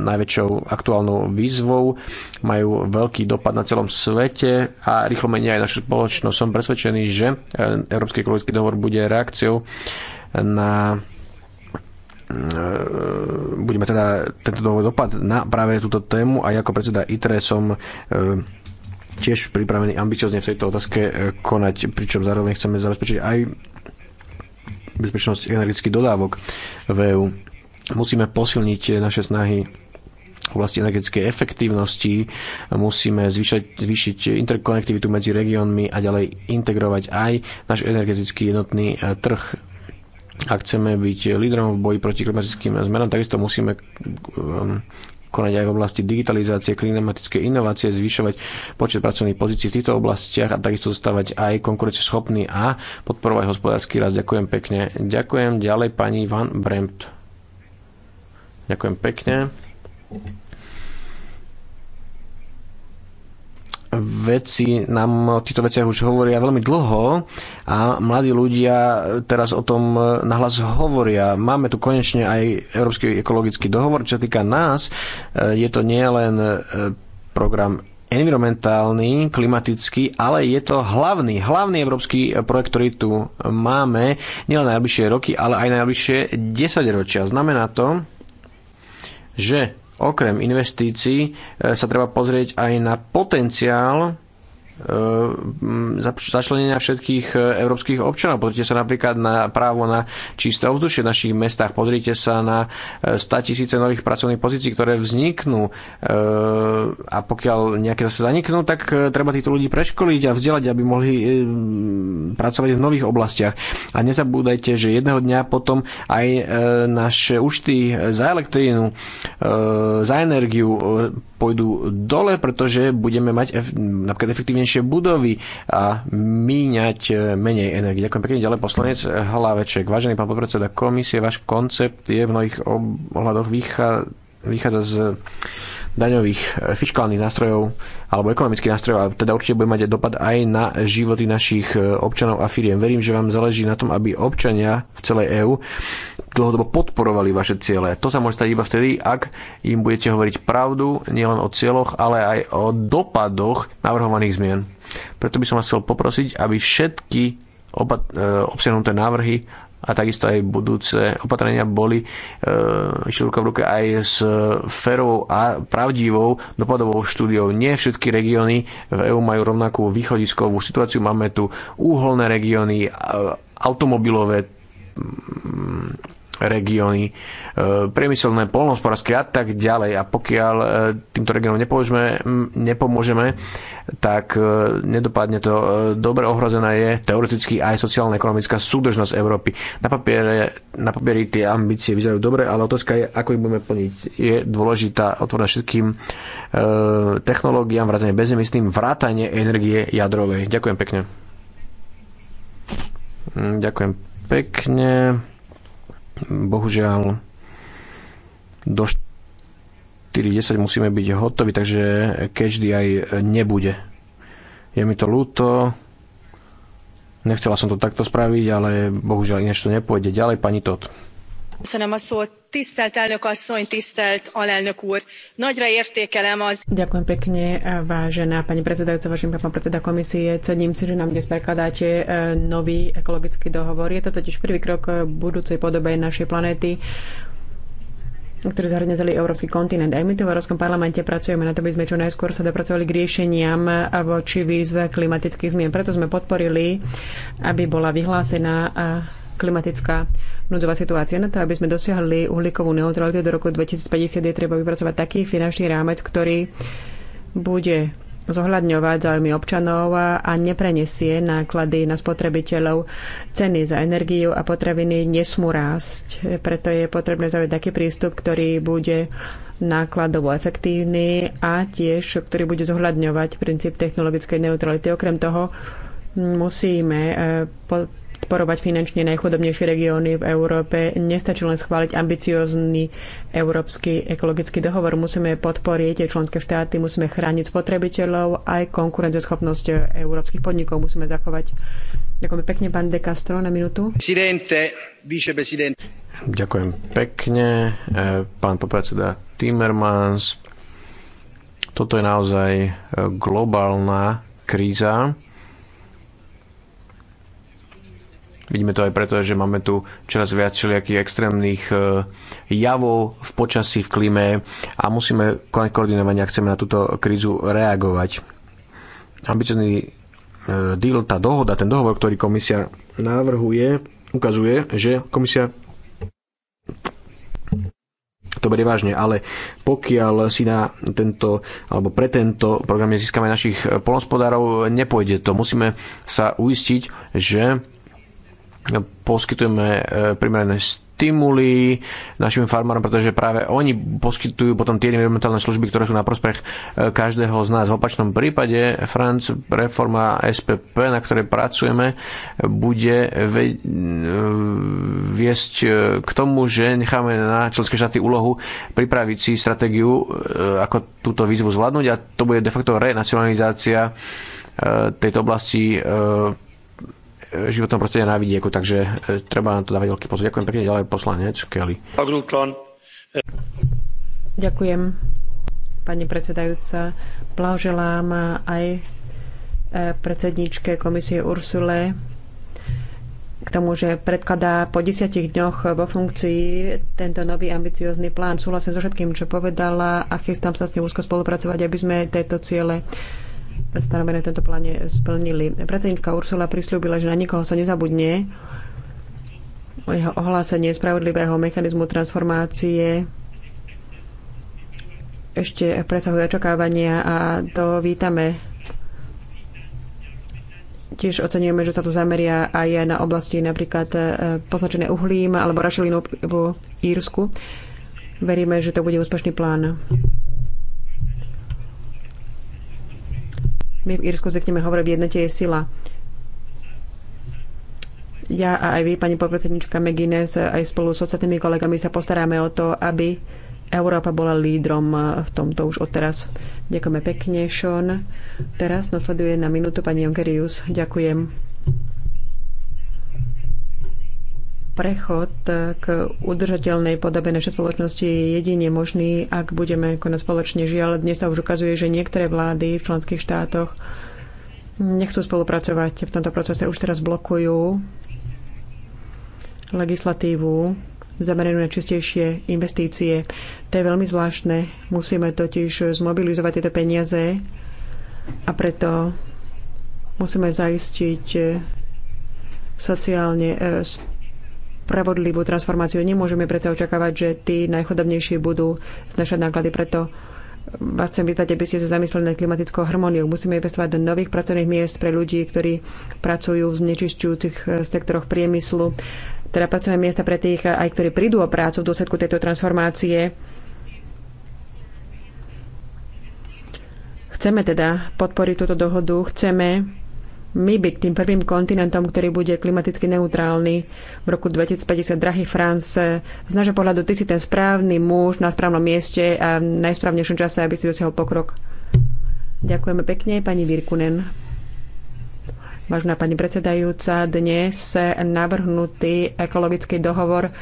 najväčšou aktuálnou výzvou, majú veľký dopad na celom svete a rýchlo menia aj našu spoločnosť. Som presvedčený, že e, Európsky ekologický dohovor bude reakciou na budeme teda tento dôvod dopad na práve túto tému a ako predseda ITRE som tiež pripravení ambiciozne v tejto otázke e, konať, pričom zároveň chceme zabezpečiť aj bezpečnosť energetických dodávok v EU. Musíme posilniť naše snahy v oblasti energetickej efektívnosti, musíme zvýšať, zvýšiť interkonektivitu medzi regiónmi a ďalej integrovať aj náš energetický jednotný e, trh ak chceme byť lídrom v boji proti klimatickým zmenám, takisto musíme e, konať aj v oblasti digitalizácie, klimatické inovácie, zvyšovať počet pracovných pozícií v týchto oblastiach a takisto zostávať aj konkurenceschopný a podporovať hospodársky rast. Ďakujem pekne. Ďakujem ďalej pani Van Bremt. Ďakujem pekne. veci nám o týchto veciach už hovoria veľmi dlho a mladí ľudia teraz o tom nahlas hovoria. Máme tu konečne aj Európsky ekologický dohovor, čo týka nás. E, je to nielen e, program environmentálny, klimatický, ale je to hlavný, hlavný európsky projekt, ktorý tu máme, nielen najbližšie roky, ale aj najbližšie 10 ročia. Znamená to, že Okrem investícií e, sa treba pozrieť aj na potenciál E, začlenenia všetkých e, európskych občanov. Pozrite sa napríklad na právo na čisté ovzdušie v našich mestách, pozrite sa na 100 e, tisíce nových pracovných pozícií, ktoré vzniknú a pokiaľ nejaké zase zaniknú, tak treba týchto ľudí preškoliť a vzdelať, aby mohli pracovať v nových oblastiach. A nezabúdajte, že jedného dňa potom aj naše účty za elektrínu, za energiu pôjdu dole, pretože budeme mať ef- napríklad efektívnejšie budovy a míňať e, menej energie. Ďakujem pekne. Ďalej poslanec Hlaveček. Vážený pán podpredseda komisie, váš koncept je v mnohých ohľadoch vychádza vychádza z daňových e, fiskálnych nástrojov alebo ekonomických nástrojov a teda určite bude mať dopad aj na životy našich e, občanov a firiem. Verím, že vám záleží na tom, aby občania v celej EÚ dlhodobo podporovali vaše ciele. To sa môže stať iba vtedy, ak im budete hovoriť pravdu nielen o cieľoch, ale aj o dopadoch navrhovaných zmien. Preto by som vás chcel poprosiť, aby všetky e, obsiahnuté návrhy a takisto aj budúce opatrenia boli ešte ruka v ruke aj s ferovou a pravdivou dopadovou štúdiou. Nie všetky regióny v EÚ majú rovnakú východiskovú situáciu. Máme tu úholné regióny, e, automobilové regióny, e, priemyselné, polnohospodárske a tak ďalej. A pokiaľ e, týmto regiónom nepomôžeme, nepomôžeme, tak e, nedopadne to. Dobre ohrozená je teoreticky aj sociálna-ekonomická súdržnosť Európy. Na, papiere, na papieri tie ambície vyzerajú dobre, ale otázka je, ako ich budeme plniť. Je dôležitá otvorená všetkým technológiám, vrátane bezemistným, vrátanie energie jadrovej. Ďakujem pekne. Hm, ďakujem pekne bohužiaľ do 4.10 musíme byť hotoví, takže catch aj nebude. Je mi to ľúto, nechcela som to takto spraviť, ale bohužiaľ inéč to nepôjde. Ďalej pani Todd. Ďakujem pekne, vážená pani predsedajúca, vážený pán predseda komisie. Cením si, že nám dnes prekladáte e, nový ekologický dohovor. Je to totiž prvý krok e, budúcej podobe našej planéty ktorý zahrňa celý európsky kontinent. Aj my tu v Európskom parlamente pracujeme na to, aby sme čo najskôr sa dopracovali k riešeniam voči výzve klimatických zmien. Preto sme podporili, aby bola vyhlásená e, klimatická núdzová situácia. Na to, aby sme dosiahli uhlíkovú neutralitu do roku 2050, je treba vypracovať taký finančný rámec, ktorý bude zohľadňovať záujmy občanov a neprenesie náklady na spotrebiteľov. Ceny za energiu a potraviny nesmú rásť, preto je potrebné zaujať taký prístup, ktorý bude nákladovo efektívny a tiež, ktorý bude zohľadňovať princíp technologickej neutrality. Okrem toho musíme eh, podporovať finančne najchudobnejšie regióny v Európe. Nestačí len schváliť ambiciózny európsky ekologický dohovor. Musíme podporiť členské štáty, musíme chrániť spotrebiteľov aj konkurenceschopnosť európskych podnikov musíme zachovať. Ďakujem pekne, pán De Castro, na minútu. Ďakujem pekne, e, pán podpredseda Timmermans. Toto je naozaj e, globálna kríza Vidíme to aj preto, že máme tu čoraz viac všelijakých extrémnych e, javov v počasí, v klíme a musíme konať koordinovanie, ak chceme na túto krízu reagovať. Ambiciozný e, deal, tá dohoda, ten dohovor, ktorý komisia návrhuje, ukazuje, že komisia to berie vážne, ale pokiaľ si na tento, alebo pre tento program nezískame našich polnospodárov, nepôjde to. Musíme sa uistiť, že poskytujeme e, primerané stimuly našim farmárom, pretože práve oni poskytujú potom tie environmentálne služby, ktoré sú na prospech e, každého z nás. V opačnom prípade Franc reforma SPP, na ktorej pracujeme, bude e, viesť k tomu, že necháme na členské štáty úlohu pripraviť si stratégiu, ako túto výzvu zvládnuť a to bude de facto renacionalizácia tejto oblasti Životnom prostredia na vidieku, takže e, treba na to dávať veľký pozor. Ďakujem pekne ďalej poslanec Kelly. Ďakujem, pani predsedajúca. Blahoželám aj e, predsedničke komisie Ursule k tomu, že predkladá po desiatich dňoch vo funkcii tento nový ambiciózny plán. Súhlasím so všetkým, čo povedala a chystám sa s ňou úzko spolupracovať, aby sme tieto ciele stanovené tento tomto pláne splnili. Predsednička Ursula prislúbila, že na nikoho sa nezabudne. Jeho ohlásenie spravodlivého mechanizmu transformácie ešte presahuje očakávania a to vítame. Tiež oceňujeme, že sa to zameria aj na oblasti napríklad e, poznačené uhlím alebo rašelinou v Írsku. Veríme, že to bude úspešný plán. My v Írsku zvykneme hovoriť, jednote je sila. Ja a aj vy, pani podpredsednička McGuinness, aj spolu s ostatnými kolegami sa postaráme o to, aby Európa bola lídrom v tomto už odteraz. Ďakujeme pekne, Sean. Teraz nasleduje na minútu pani Jonkerius. Ďakujem. prechod e, k udržateľnej podobe našej spoločnosti je jedine možný, ak budeme konať spoločne. Žiaľ, dnes sa už ukazuje, že niektoré vlády v členských štátoch nechcú spolupracovať v tomto procese, už teraz blokujú legislatívu zameranú na čistejšie investície. To je veľmi zvláštne. Musíme totiž zmobilizovať tieto peniaze a preto musíme zaistiť sociálne e, spravodlivú transformáciu. Nemôžeme preto očakávať, že tí najchodobnejší budú znašať náklady. Preto vás chcem vyzvať, aby ste sa zamysleli nad klimatickou harmóniou. Musíme investovať do nových pracovných miest pre ľudí, ktorí pracujú v znečišťujúcich eh, sektoroch priemyslu. Teda pracovné miesta pre tých, eh, aj ktorí prídu o prácu v dôsledku tejto transformácie. Chceme teda podporiť túto dohodu, chceme my byť tým prvým kontinentom, ktorý bude klimaticky neutrálny v roku 2050. Drahý France, z nášho pohľadu ty si ten správny muž na správnom mieste a v najsprávnejšom čase, aby si dosiahol pokrok. Ďakujeme pekne, pani Virkunen. Vážená pani predsedajúca, dnes navrhnutý ekologický dohovor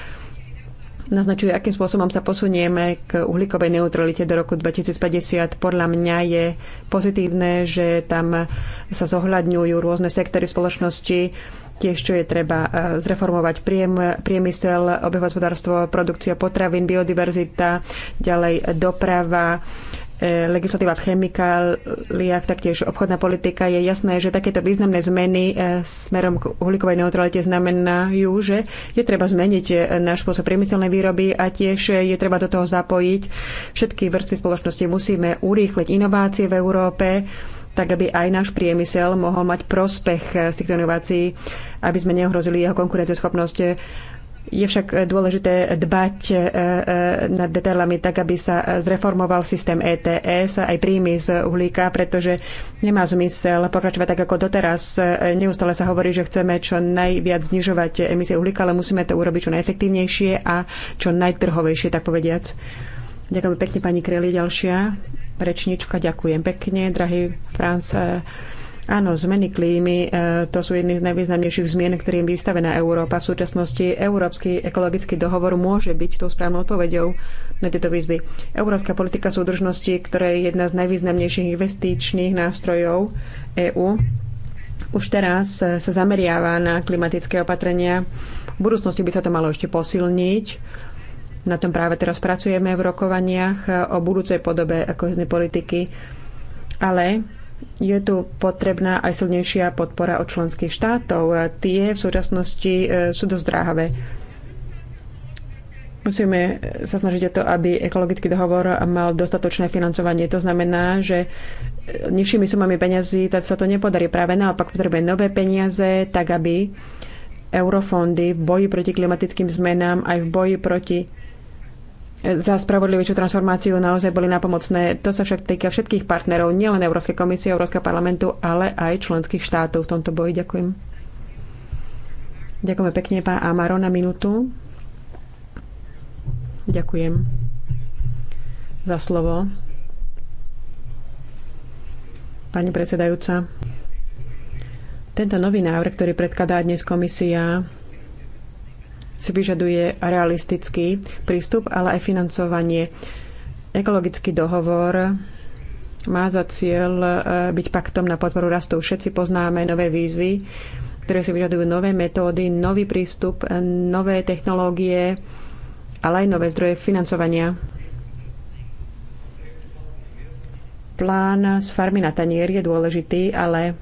naznačuje, akým spôsobom sa posunieme k uhlíkovej neutralite do roku 2050. Podľa mňa je pozitívne, že tam sa zohľadňujú rôzne sektory spoločnosti, tiež čo je treba e, zreformovať priem, priemysel, obyhospodárstvo, produkcia potravín, biodiverzita, ďalej doprava, E, legislatíva v chemikáliách, taktiež obchodná politika, je jasné, že takéto významné zmeny e, smerom k uhlíkovej neutralite znamenajú, že je treba zmeniť e, náš spôsob priemyselnej výroby a tiež je treba do toho zapojiť všetky vrstvy spoločnosti. Musíme urýchliť inovácie v Európe, tak aby aj náš priemysel mohol mať prospech z týchto inovácií, aby sme neohrozili jeho konkurenceschopnosť. Je však dôležité dbať e, e, nad detailami tak, aby sa zreformoval systém ETS a aj príjmy z uhlíka, pretože nemá zmysel pokračovať tak ako doteraz. E, neustále sa hovorí, že chceme čo najviac znižovať emisie uhlíka, ale musíme to urobiť čo najefektívnejšie a čo najtrhovejšie, tak povediac. Ďakujem pekne pani Kreli, ďalšia rečnička. Ďakujem pekne, drahý Franz Áno, zmeny klímy, e, to sú jedny z najvýznamnejších zmien, ktorým vystavená Európa. V súčasnosti Európsky ekologický dohovor môže byť tou správnou odpoveďou na tieto výzvy. Európska politika súdržnosti, ktorá je jedna z najvýznamnejších investičných nástrojov EÚ, už teraz e, sa zameriava na klimatické opatrenia. V budúcnosti by sa to malo ešte posilniť. Na tom práve teraz pracujeme v rokovaniach e, o budúcej podobe koheznej politiky. Ale je tu potrebná aj silnejšia podpora od členských štátov. Tie v súčasnosti e, sú dosť dráhavé. Musíme sa snažiť o to, aby ekologický dohovor mal dostatočné financovanie. To znamená, že nižšími sumami peňazí tak sa to nepodarí. Práve naopak potrebuje nové peniaze, tak aby eurofondy v boji proti klimatickým zmenám aj v boji proti za spravodlivejšiu transformáciu naozaj boli napomocné. To sa však týka všetkých partnerov, nielen Európskej komisie, Európskeho parlamentu, ale aj členských štátov v tomto boji. Ďakujem. Ďakujeme pekne, pán Amaro, na minútu. Ďakujem za slovo. Pani predsedajúca, tento nový návrh, ktorý predkladá dnes komisia, si vyžaduje realistický prístup, ale aj financovanie. Ekologický dohovor má za cieľ e, byť paktom na podporu rastu. Všetci poznáme nové výzvy, ktoré si vyžadujú nové metódy, nový prístup, e, nové technológie, ale aj nové zdroje financovania. Plán z farmy na tanier je dôležitý, ale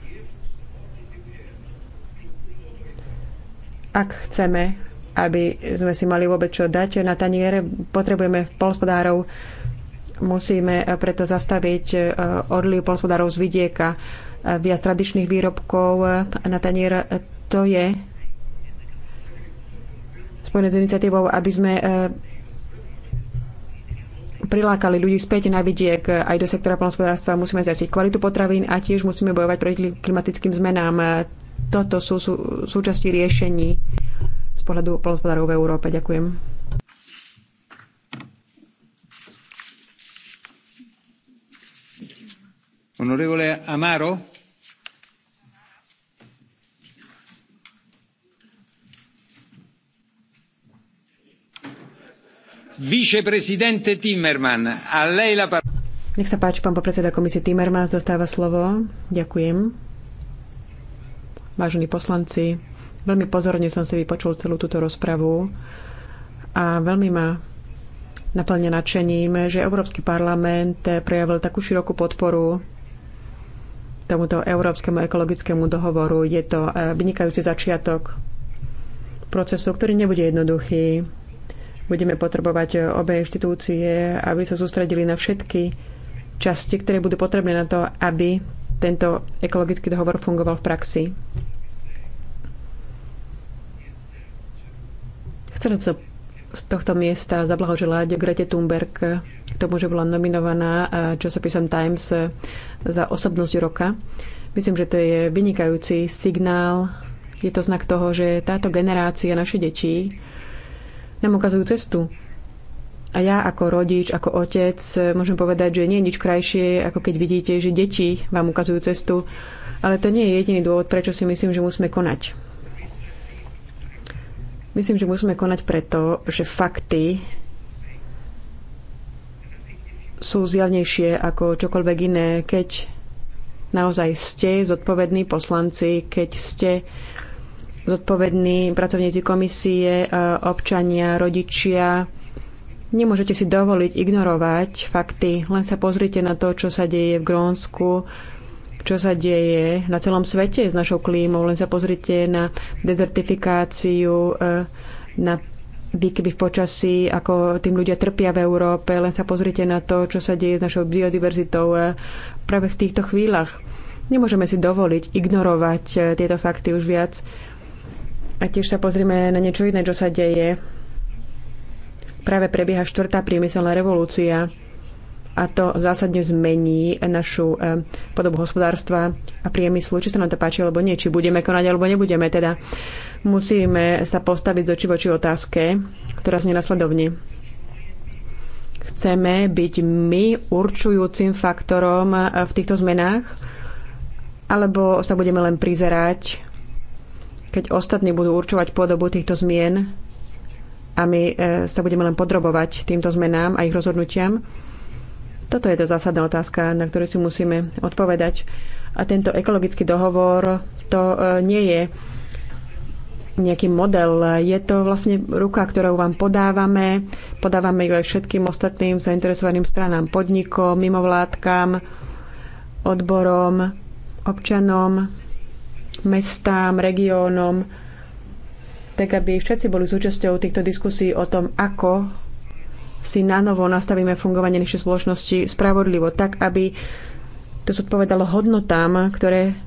ak chceme aby sme si mali vôbec čo dať na taniere, potrebujeme polospodárov, musíme eh, preto zastaviť eh, odliv polospodárov z vidieka, eh, viac tradičných výrobkov na taniere. To je spojené s iniciatívou, aby sme prilákali ľudí späť na vidiek aj do sektora polnospodárstva. Musíme zajistiť kvalitu potravín a tiež musíme bojovať proti klimatickým zmenám. Toto sú, sú súčasti riešení pohľadu polospodárov v Európe. Ďakujem. Honorevole Amaro. Viceprezidente Timmerman, a lei la parola. Nech sa páči, pán podpredseda komisie Timmermans dostáva slovo. Ďakujem. Vážení poslanci, Veľmi pozorne som si vypočul celú túto rozpravu a veľmi ma naplne nadšením, že Európsky parlament prejavil takú širokú podporu tomuto Európskemu ekologickému dohovoru. Je to eh, vynikajúci začiatok procesu, ktorý nebude jednoduchý. Budeme potrebovať eh, obe inštitúcie, aby sa sústredili na všetky časti, ktoré budú potrebné na to, aby tento ekologický dohovor fungoval v praxi. Chcem sa z tohto miesta zablahoželať Grete Thunberg k tomu, že bola nominovaná časopisom Times e, za osobnosť roka. Myslím, že to je vynikajúci signál. Je to znak toho, že táto generácia naše detí nám ukazujú cestu. A ja ako rodič, ako otec e, môžem povedať, že nie je nič krajšie, ako keď vidíte, že deti vám ukazujú cestu. Ale to nie je jediný dôvod, prečo si myslím, že musíme konať Myslím, že musíme konať preto, že fakty sú zjavnejšie ako čokoľvek iné, keď naozaj ste zodpovední poslanci, keď ste zodpovední pracovníci komisie, e, občania, rodičia. Nemôžete si dovoliť ignorovať fakty. Len sa pozrite na to, čo sa deje v Grónsku, čo sa deje na celom svete s našou klímou. Len sa pozrite na dezertifikáciu, e, na výkyvy v počasí, ako tým ľudia trpia v Európe. Len sa pozrite na to, čo sa deje s našou biodiverzitou e, práve v týchto chvíľach. Nemôžeme si dovoliť ignorovať e, tieto fakty už viac. A tiež sa pozrieme na niečo iné, čo sa deje. Práve prebieha štvrtá priemyselná revolúcia a to zásadne zmení našu e, podobu hospodárstva a priemyslu, či sa nám to páči alebo nie, či budeme konať alebo nebudeme. Teda musíme sa postaviť z oči voči otázke, ktorá znie nasledovne. Chceme byť my určujúcim faktorom e, v týchto zmenách, alebo sa budeme len prizerať, keď ostatní budú určovať podobu týchto zmien a my e, sa budeme len podrobovať týmto zmenám a ich rozhodnutiam. Toto je tá zásadná otázka, na ktorú si musíme odpovedať. A tento ekologický dohovor to e, nie je nejaký model. Je to vlastne ruka, ktorou vám podávame. Podávame ju aj všetkým ostatným zainteresovaným stranám, podnikom, mimovládkam, odborom, občanom, mestám, regiónom, tak aby všetci boli súčasťou týchto diskusí o tom, ako si nanovo nastavíme fungovanie našej spoločnosti spravodlivo, tak aby to zodpovedalo hodnotám, ktoré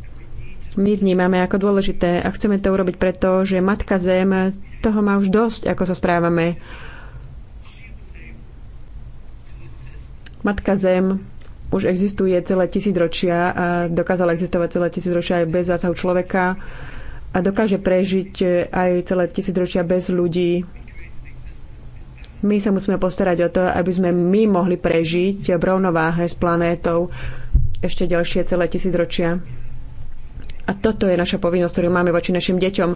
my vnímame ako dôležité a chceme to urobiť preto, že Matka Zem toho má už dosť, ako sa správame. Matka Zem už existuje celé ročia a dokázala existovať celé tisícročia aj bez zásahu človeka a dokáže prežiť aj celé ročia bez ľudí, my sa musíme postarať o to, aby sme my mohli prežiť v rovnováhe s planétou ešte ďalšie celé tisícročia. A toto je naša povinnosť, ktorú máme voči našim deťom.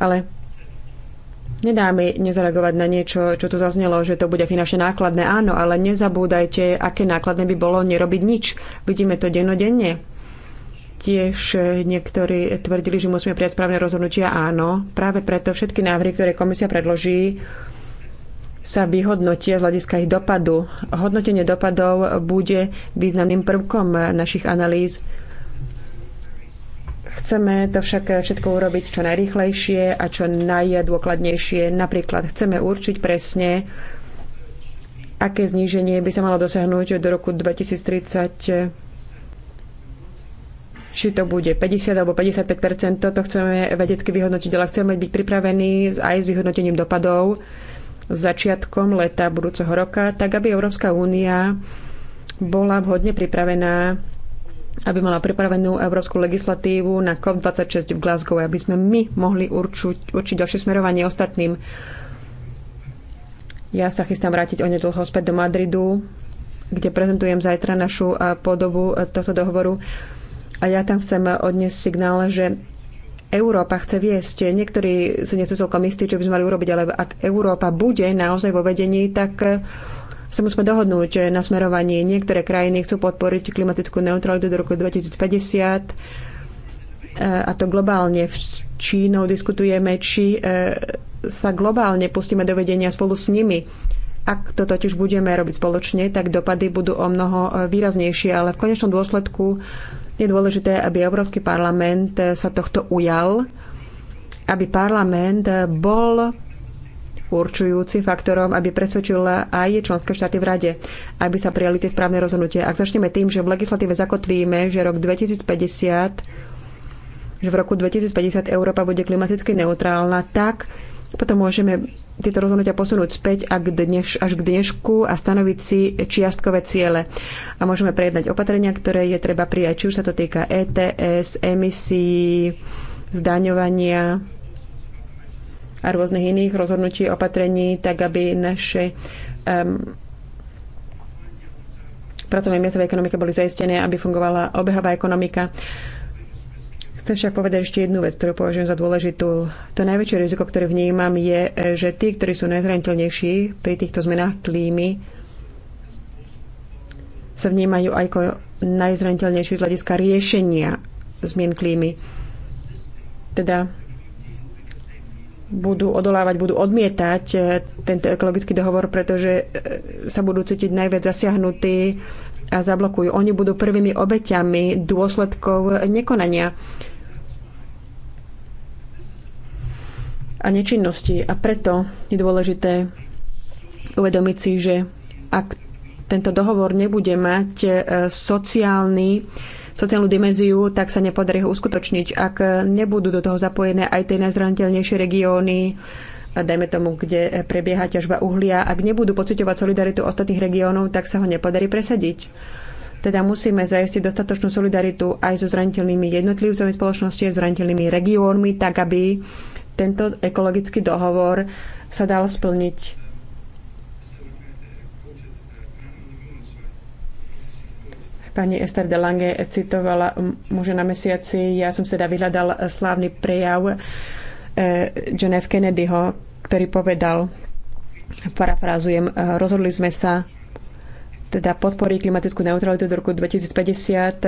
Ale Nedá mi nezareagovať na niečo, čo tu zaznelo, že to bude finančne nákladné. Áno, ale nezabúdajte, aké nákladné by bolo nerobiť nič. Vidíme to denodenne. Tiež niektorí tvrdili, že musíme prijať správne rozhodnutia. Áno, práve preto všetky návrhy, ktoré komisia predloží, sa vyhodnotia z hľadiska ich dopadu. Hodnotenie dopadov bude významným prvkom našich analýz. Chceme to však všetko urobiť čo najrychlejšie a čo najdôkladnejšie. Napríklad chceme určiť presne, aké zníženie by sa malo dosiahnuť do roku 2030 či to bude 50 alebo 55 toto chceme vedecky vyhodnotiť, ale chceme byť pripravení aj s vyhodnotením dopadov začiatkom leta budúceho roka, tak aby Európska únia bola vhodne pripravená aby mala pripravenú európsku legislatívu na COP26 v Glasgow, aby sme my mohli určiť, určiť ďalšie smerovanie ostatným. Ja sa chystám vrátiť o nedlho späť do Madridu, kde prezentujem zajtra našu podobu e, tohto dohovoru. A ja tam chcem odniesť signál, že Európa chce viesť. Niektorí sú nie sú celkom istí, čo by sme mali urobiť, ale ak Európa bude naozaj vo vedení, tak eh, sa musíme dohodnúť eh, na smerovaní. Niektoré krajiny chcú podporiť klimatickú neutralitu do roku 2050 eh, a to globálne. S Čínou diskutujeme, či sa globálne pustíme do vedenia spolu s nimi. Ak to totiž budeme robiť spoločne, tak dopady budú o mnoho výraznejšie, ale v konečnom dôsledku je dôležité, aby Európsky parlament eh, sa tohto ujal, aby parlament eh, bol určujúci faktorom, aby presvedčil aj členské štáty v Rade, aby sa prijali tie správne rozhodnutia. Ak začneme tým, že v legislatíve zakotvíme, že rok 2050 že v roku 2050 Európa bude klimaticky neutrálna, tak potom môžeme tieto rozhodnutia posunúť späť a k dneš, až k dnešku a stanoviť si čiastkové ciele. A môžeme prejednať opatrenia, ktoré je treba prijať, či už sa to týka ETS, emisí, zdaňovania a rôznych iných rozhodnutí, opatrení, tak aby naše um, pracovné miesta v ekonomike boli zaistené, aby fungovala obehová ekonomika. Um, Chcem však povedať ešte jednu vec, ktorú považujem za dôležitú. To najväčšie riziko, ktoré vnímam, je, že tí, ktorí sú najzraniteľnejší pri týchto zmenách klímy, sa vnímajú aj ako najzraniteľnejší z hľadiska riešenia zmien klímy. Teda budú odolávať, budú odmietať eh, tento ekologický dohovor, pretože eh, sa budú cítiť najviac zasiahnutí a zablokujú. Oni budú prvými obeťami dôsledkov nekonania. a nečinnosti. A preto je dôležité uvedomiť si, že ak tento dohovor nebude mať e, sociálny, sociálnu dimenziu, tak sa nepodarí ho uskutočniť. Ak nebudú do toho zapojené aj tie najzraniteľnejšie regióny, dajme tomu, kde e, prebieha ťažba uhlia, ak nebudú pociťovať solidaritu ostatných regiónov, tak sa ho nepodarí presadiť. Teda musíme zajistiť dostatočnú solidaritu aj so zraniteľnými jednotlivcami spoločnosti, zraniteľnými regiónmi, tak aby tento ekologický dohovor sa dal splniť. Pani Esther de Lange citovala muže na mesiaci. Ja som teda vyhľadal slávny prejav e, John F. Kennedyho, ktorý povedal, parafrázujem, e, rozhodli sme sa teda podporí klimatickú neutralitu do roku 2050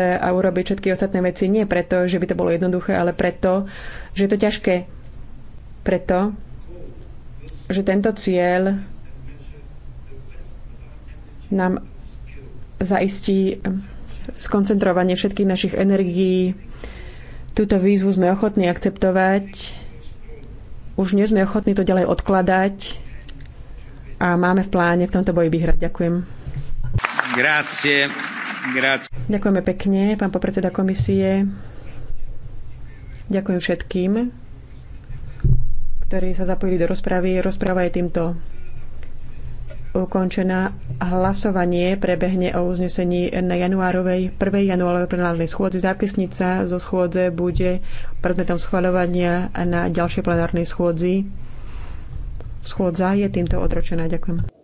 a urobiť všetky ostatné veci nie preto, že by to bolo jednoduché, ale preto, že je to ťažké. Preto, že tento cieľ nám zaistí skoncentrovanie všetkých našich energií. Túto výzvu sme ochotní akceptovať. Už nie sme ochotní to ďalej odkladať a máme v pláne v tomto boji vyhrať. Ďakujem. Grazie. Grazie. Ďakujeme pekne, pán popredseda komisie. Ďakujem všetkým ktorí sa zapojili do rozpravy. Rozprava je týmto ukončená. Hlasovanie prebehne o uznesení na januárovej, 1. januárovej plenárnej schôdze. Zápisnica zo schôdze bude predmetom schvaľovania na ďalšej plenárnej schôdzi. Schôdza je týmto odročená. Ďakujem.